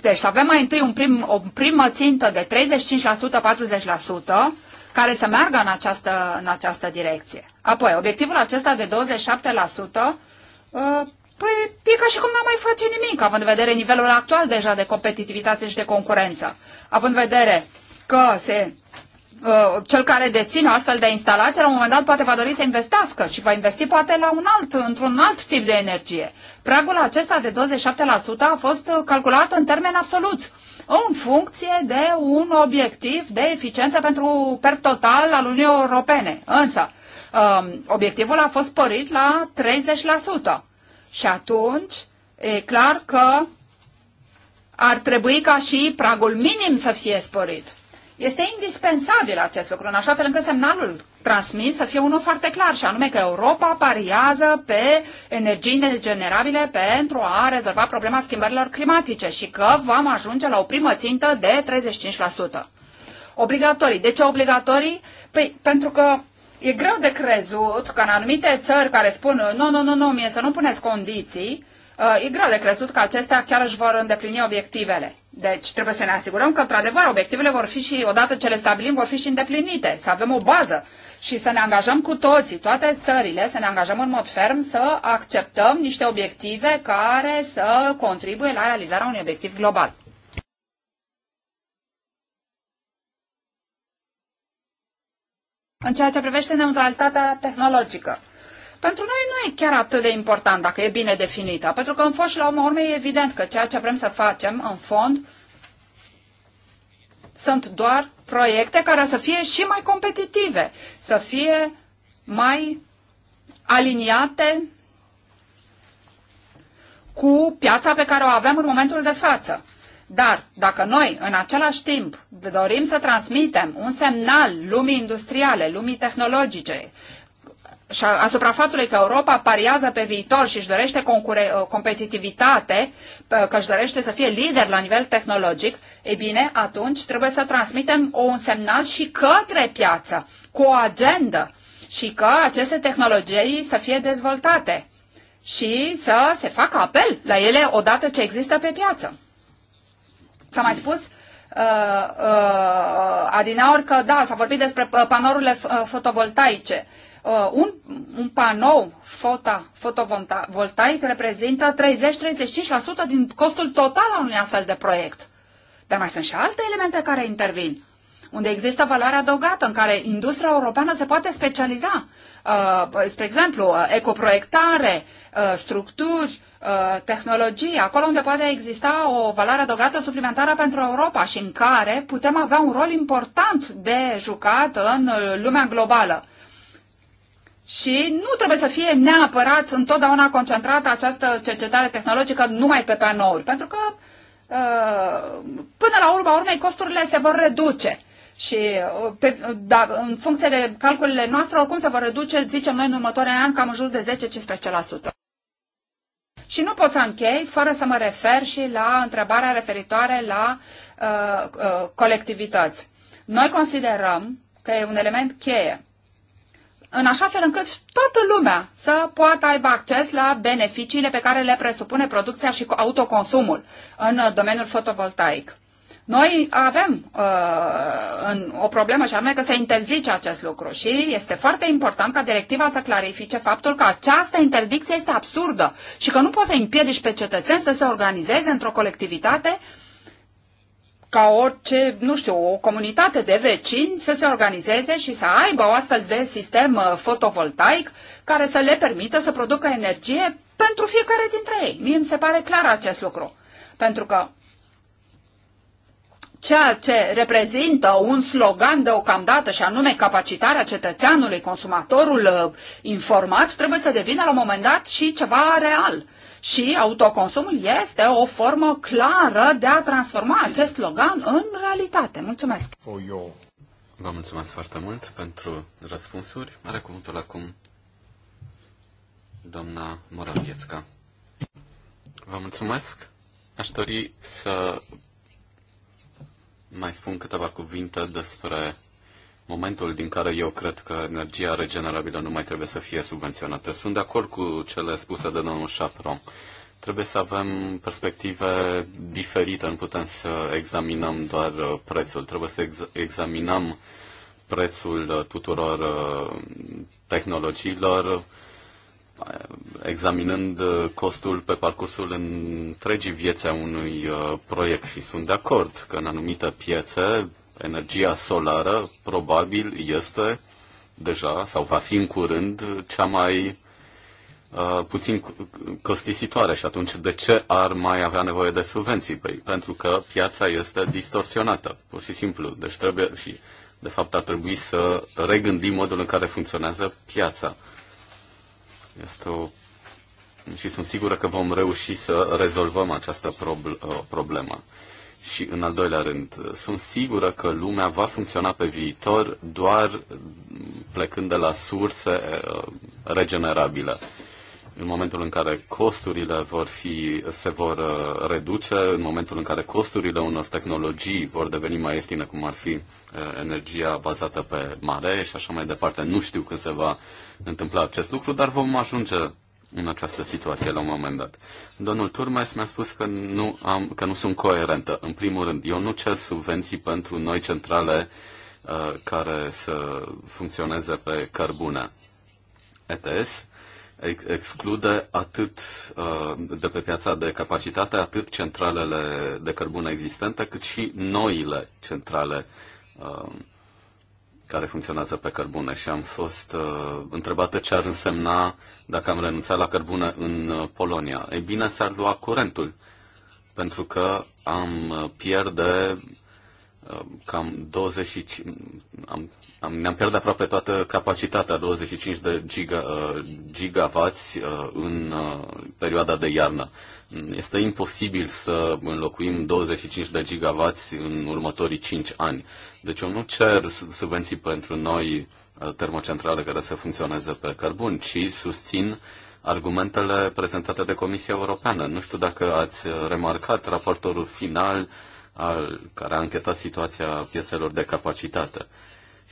Speaker 4: Deci să avem mai întâi un prim, o primă țintă de 35%, 40%, care să meargă în această, în această direcție. Apoi, obiectivul acesta de 27% Păi e ca și cum n-am mai face nimic, având în vedere nivelul actual deja de competitivitate și de concurență. Având în vedere că se, uh, cel care deține astfel de instalație, la un moment dat poate va dori să investească și va investi poate la un alt, într-un alt tip de energie. Pragul acesta de 27% a fost uh, calculat în termen absolut, în funcție de un obiectiv de eficiență pentru per total al Uniunii Europene. Însă, um, obiectivul a fost sporit la 30%. Și atunci, e clar că ar trebui ca și pragul minim să fie sporit. Este indispensabil acest lucru, în așa fel încât semnalul transmis să fie unul foarte clar, și anume că Europa pariază pe energii generabile pentru a rezolva problema schimbărilor climatice și că vom ajunge la o primă țintă de 35%. Obligatorii. De ce obligatorii? Păi, pentru că E greu de crezut că în anumite țări care spun nu, nu, nu, nu, mie să nu puneți condiții, uh, e greu de crezut că acestea chiar își vor îndeplini obiectivele. Deci trebuie să ne asigurăm că, într-adevăr, obiectivele vor fi și, odată ce le stabilim, vor fi și îndeplinite, să avem o bază și să ne angajăm cu toții, toate țările, să ne angajăm în mod ferm să acceptăm niște obiective care să contribuie la realizarea unui obiectiv global. în ceea ce privește neutralitatea tehnologică. Pentru noi nu e chiar atât de important dacă e bine definită, pentru că în foș la urmă urmei e evident că ceea ce vrem să facem în fond sunt doar proiecte care să fie și mai competitive, să fie mai aliniate cu piața pe care o avem în momentul de față. Dar dacă noi, în același timp, dorim să transmitem un semnal lumii industriale, lumii tehnologice, și asupra faptului că Europa pariază pe viitor și își dorește uh, competitivitate, că își dorește să fie lider la nivel tehnologic, e bine, atunci trebuie să transmitem un semnal și către piață, cu o agendă, și că aceste tehnologii să fie dezvoltate și să se facă apel la ele odată ce există pe piață. S-a mai spus uh, uh, Adinaur că da, s-a vorbit despre uh, panourile uh, fotovoltaice. Uh, un, un panou fota, fotovoltaic reprezintă 30-35% din costul total al unui astfel de proiect. Dar mai sunt și alte elemente care intervin, unde există valoare adăugată, în care industria europeană se poate specializa. Uh, spre exemplu, uh, ecoproiectare, uh, structuri, Uh, tehnologie, acolo unde poate exista o valoare adăugată suplimentară pentru Europa și în care putem avea un rol important de jucat în lumea globală. Și nu trebuie să fie neapărat întotdeauna concentrată această cercetare tehnologică numai pe panouri, pentru că uh, până la urma urmei costurile se vor reduce. Și uh, pe, da, în funcție de calculele noastre, oricum se vor reduce, zicem noi, în următoarea an cam în jur de 10-15%. Și nu pot să închei fără să mă refer și la întrebarea referitoare la uh, uh, colectivități. Noi considerăm că e un element cheie în așa fel încât toată lumea să poată aibă acces la beneficiile pe care le presupune producția și autoconsumul în domeniul fotovoltaic. Noi avem uh, în, o problemă și anume că se interzice acest lucru și este foarte important ca directiva să clarifice faptul că această interdicție este absurdă și că nu poți să împiedici pe cetățeni să se organizeze într-o colectivitate ca orice, nu știu, o comunitate de vecini să se organizeze și să aibă o astfel de sistem uh, fotovoltaic care să le permită să producă energie pentru fiecare dintre ei. Mie îmi se pare clar acest lucru. Pentru că ceea ce reprezintă un slogan deocamdată și anume capacitarea cetățeanului, consumatorul uh, informat, trebuie să devină la un moment dat și ceva real. Și autoconsumul este o formă clară de a transforma acest slogan în realitate. Mulțumesc!
Speaker 3: Vă mulțumesc foarte mult pentru răspunsuri. Are cuvântul acum doamna Moraviețca. Vă mulțumesc! Aș dori să mai spun câteva cuvinte despre momentul din care eu cred că energia regenerabilă nu mai trebuie să fie subvenționată. Sunt de acord cu cele spuse de domnul Șapron. Trebuie să avem perspective diferite, nu putem să examinăm doar uh, prețul, trebuie să ex- examinăm prețul uh, tuturor uh, tehnologiilor, examinând uh, costul pe parcursul întregii vieți a unui uh, proiect și sunt de acord că în anumite piețe energia solară probabil este deja sau va fi în curând cea mai uh, puțin costisitoare și atunci de ce ar mai avea nevoie de subvenții? Păi, pentru că piața este distorsionată, pur și simplu. Deci trebuie și, de fapt, ar trebui să regândim modul în care funcționează piața. Este o... Și sunt sigură că vom reuși să rezolvăm această problemă. Și în al doilea rând, sunt sigură că lumea va funcționa pe viitor doar plecând de la surse regenerabile. În momentul în care costurile vor fi, se vor reduce, în momentul în care costurile unor tehnologii vor deveni mai ieftine, cum ar fi energia bazată pe mare și așa mai departe, nu știu când se va întâmpla acest lucru, dar vom ajunge în această situație la un moment dat. Domnul Turmes mi-a spus că nu, am, că nu sunt coerentă. În primul rând, eu nu cer subvenții pentru noi centrale uh, care să funcționeze pe cărbune. ETS exclude atât uh, de pe piața de capacitate atât centralele de cărbune existente, cât și noile centrale uh, care funcționează pe cărbune și am fost uh, întrebată ce ar însemna dacă am renunțat la cărbune în uh, Polonia. E bine, s-ar lua curentul, pentru că am uh, pierde uh, cam 25, am, am, ne-am pierdut aproape toată capacitatea, 25 de giga, uh, gigawatts uh, în uh, perioada de iarnă. Uh, este imposibil să înlocuim 25 de gigawatts în următorii 5 ani. Deci eu nu cer subvenții pentru noi uh, termocentrale care să funcționeze pe cărbun, ci susțin argumentele prezentate de Comisia Europeană. Nu știu dacă ați remarcat raportorul final al, care a închetat situația piețelor de capacitate.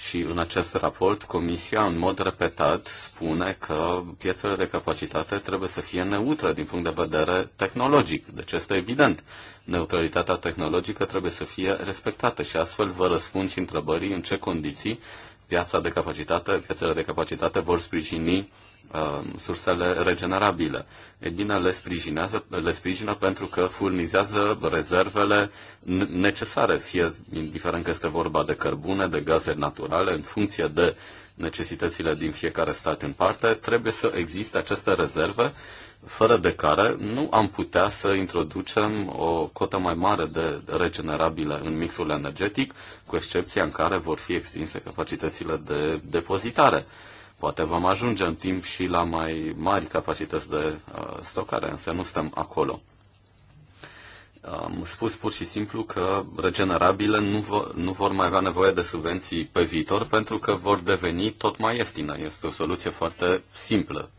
Speaker 3: Și în acest raport, Comisia, în mod repetat, spune că piețele de capacitate trebuie să fie neutre din punct de vedere tehnologic. Deci este evident. Neutralitatea tehnologică trebuie să fie respectată și astfel vă răspund și întrebării în ce condiții piața de capacitate, piețele de capacitate vor sprijini Uh, sursele regenerabile. E bine, le, sprijinează, le sprijină pentru că furnizează rezervele necesare, fie indiferent că este vorba de cărbune, de gaze naturale, în funcție de necesitățile din fiecare stat în parte, trebuie să existe aceste rezerve fără de care nu am putea să introducem o cotă mai mare de regenerabile în mixul energetic, cu excepția în care vor fi extinse capacitățile de depozitare. Poate vom ajunge în timp și la mai mari capacități de uh, stocare, însă nu stăm acolo. Am spus pur și simplu că regenerabile nu, vo- nu vor mai avea nevoie de subvenții pe viitor pentru că vor deveni tot mai ieftine. Este o soluție foarte simplă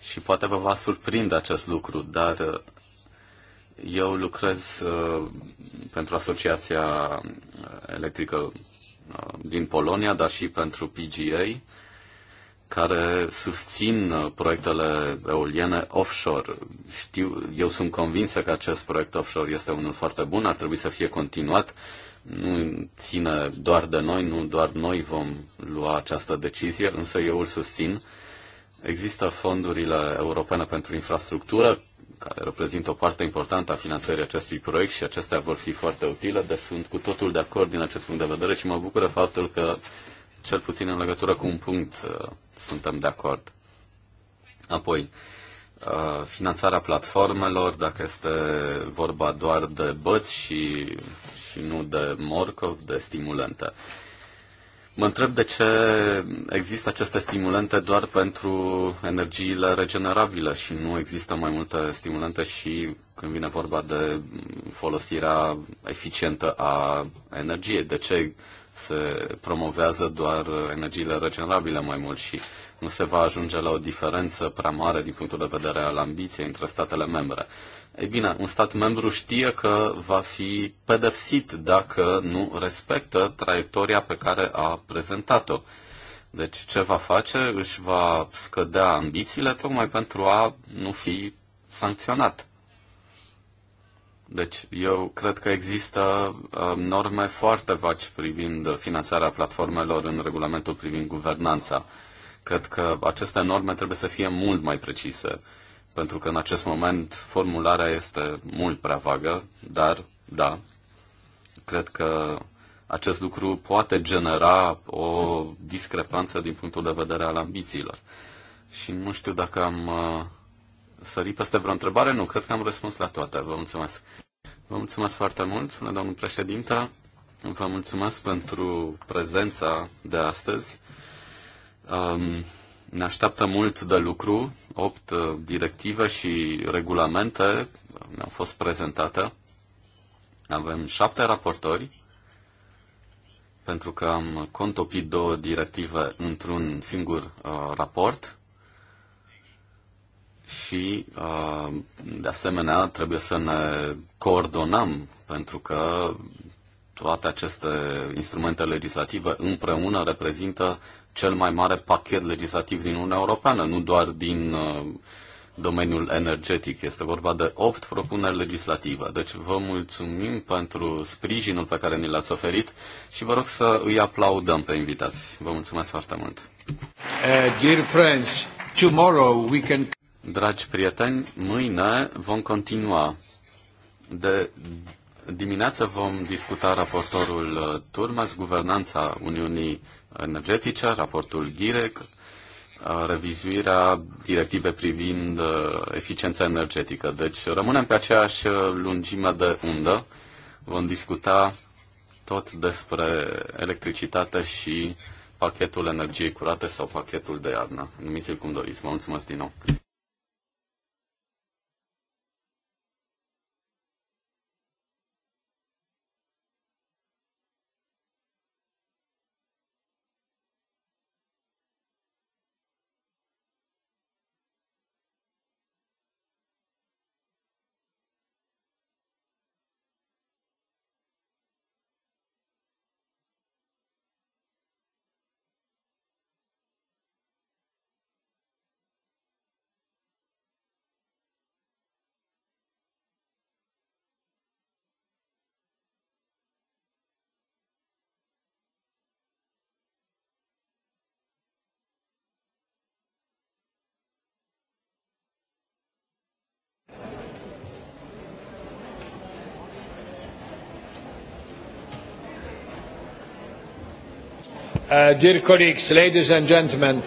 Speaker 3: și poate vă va surprinde acest lucru, dar uh, eu lucrez uh, pentru Asociația Electrică uh, din Polonia, dar și pentru PGA care susțin uh, proiectele eoliene offshore. Știu, eu sunt convinsă că acest proiect offshore este unul foarte bun, ar trebui să fie continuat. Nu ține doar de noi, nu doar noi vom lua această decizie, însă eu îl susțin. Există fondurile europene pentru infrastructură, care reprezintă o parte importantă a finanțării acestui proiect și acestea vor fi foarte utile, deci sunt cu totul de acord din acest punct de vedere și mă bucură faptul că cel puțin în legătură cu un punct uh, suntem de acord. Apoi, uh, finanțarea platformelor, dacă este vorba doar de băți și, și nu de morcov, de stimulente. Mă întreb de ce există aceste stimulente doar pentru energiile regenerabile și nu există mai multe stimulente și când vine vorba de folosirea eficientă a energiei. De ce se promovează doar energiile regenerabile mai mult și nu se va ajunge la o diferență prea mare din punctul de vedere al ambiției între statele membre. Ei bine, un stat membru știe că va fi pedepsit dacă nu respectă traiectoria pe care a prezentat-o. Deci ce va face? Își va scădea ambițiile tocmai pentru a nu fi sancționat. Deci, eu cred că există uh, norme foarte vagi privind finanțarea platformelor în regulamentul privind guvernanța. Cred că aceste norme trebuie să fie mult mai precise, pentru că în acest moment formularea este mult prea vagă, dar, da, cred că acest lucru poate genera o discrepanță din punctul de vedere al ambițiilor. Și nu știu dacă am uh, sări peste vreo întrebare? Nu, cred că am răspuns la toate. Vă mulțumesc. Vă mulțumesc foarte mult, spune domnul președinte. Vă mulțumesc pentru prezența de astăzi. Um, ne așteaptă mult de lucru. Opt uh, directive și regulamente ne-au fost prezentate. Avem șapte raportori, pentru că am contopit două directive într-un singur uh, raport și, uh, de asemenea, trebuie să ne coordonăm, pentru că toate aceste instrumente legislative împreună reprezintă cel mai mare pachet legislativ din Uniunea Europeană, nu doar din uh, domeniul energetic. Este vorba de opt propuneri legislative. Deci vă mulțumim pentru sprijinul pe care ni l-ați oferit și vă rog să îi aplaudăm pe invitați. Vă mulțumesc foarte mult. Uh, dear friends, tomorrow we can Dragi prieteni, mâine vom continua. De dimineață vom discuta raportorul uh, Turmes, guvernanța Uniunii Energetice, raportul Girec, uh, revizuirea directivei privind uh, eficiența energetică. Deci rămânem pe aceeași lungime de undă. Vom discuta tot despre electricitate și pachetul energiei curate sau pachetul de iarnă. Numiți-l cum doriți. Vă mulțumesc din nou.
Speaker 1: Uh, dear colleagues, ladies and gentlemen,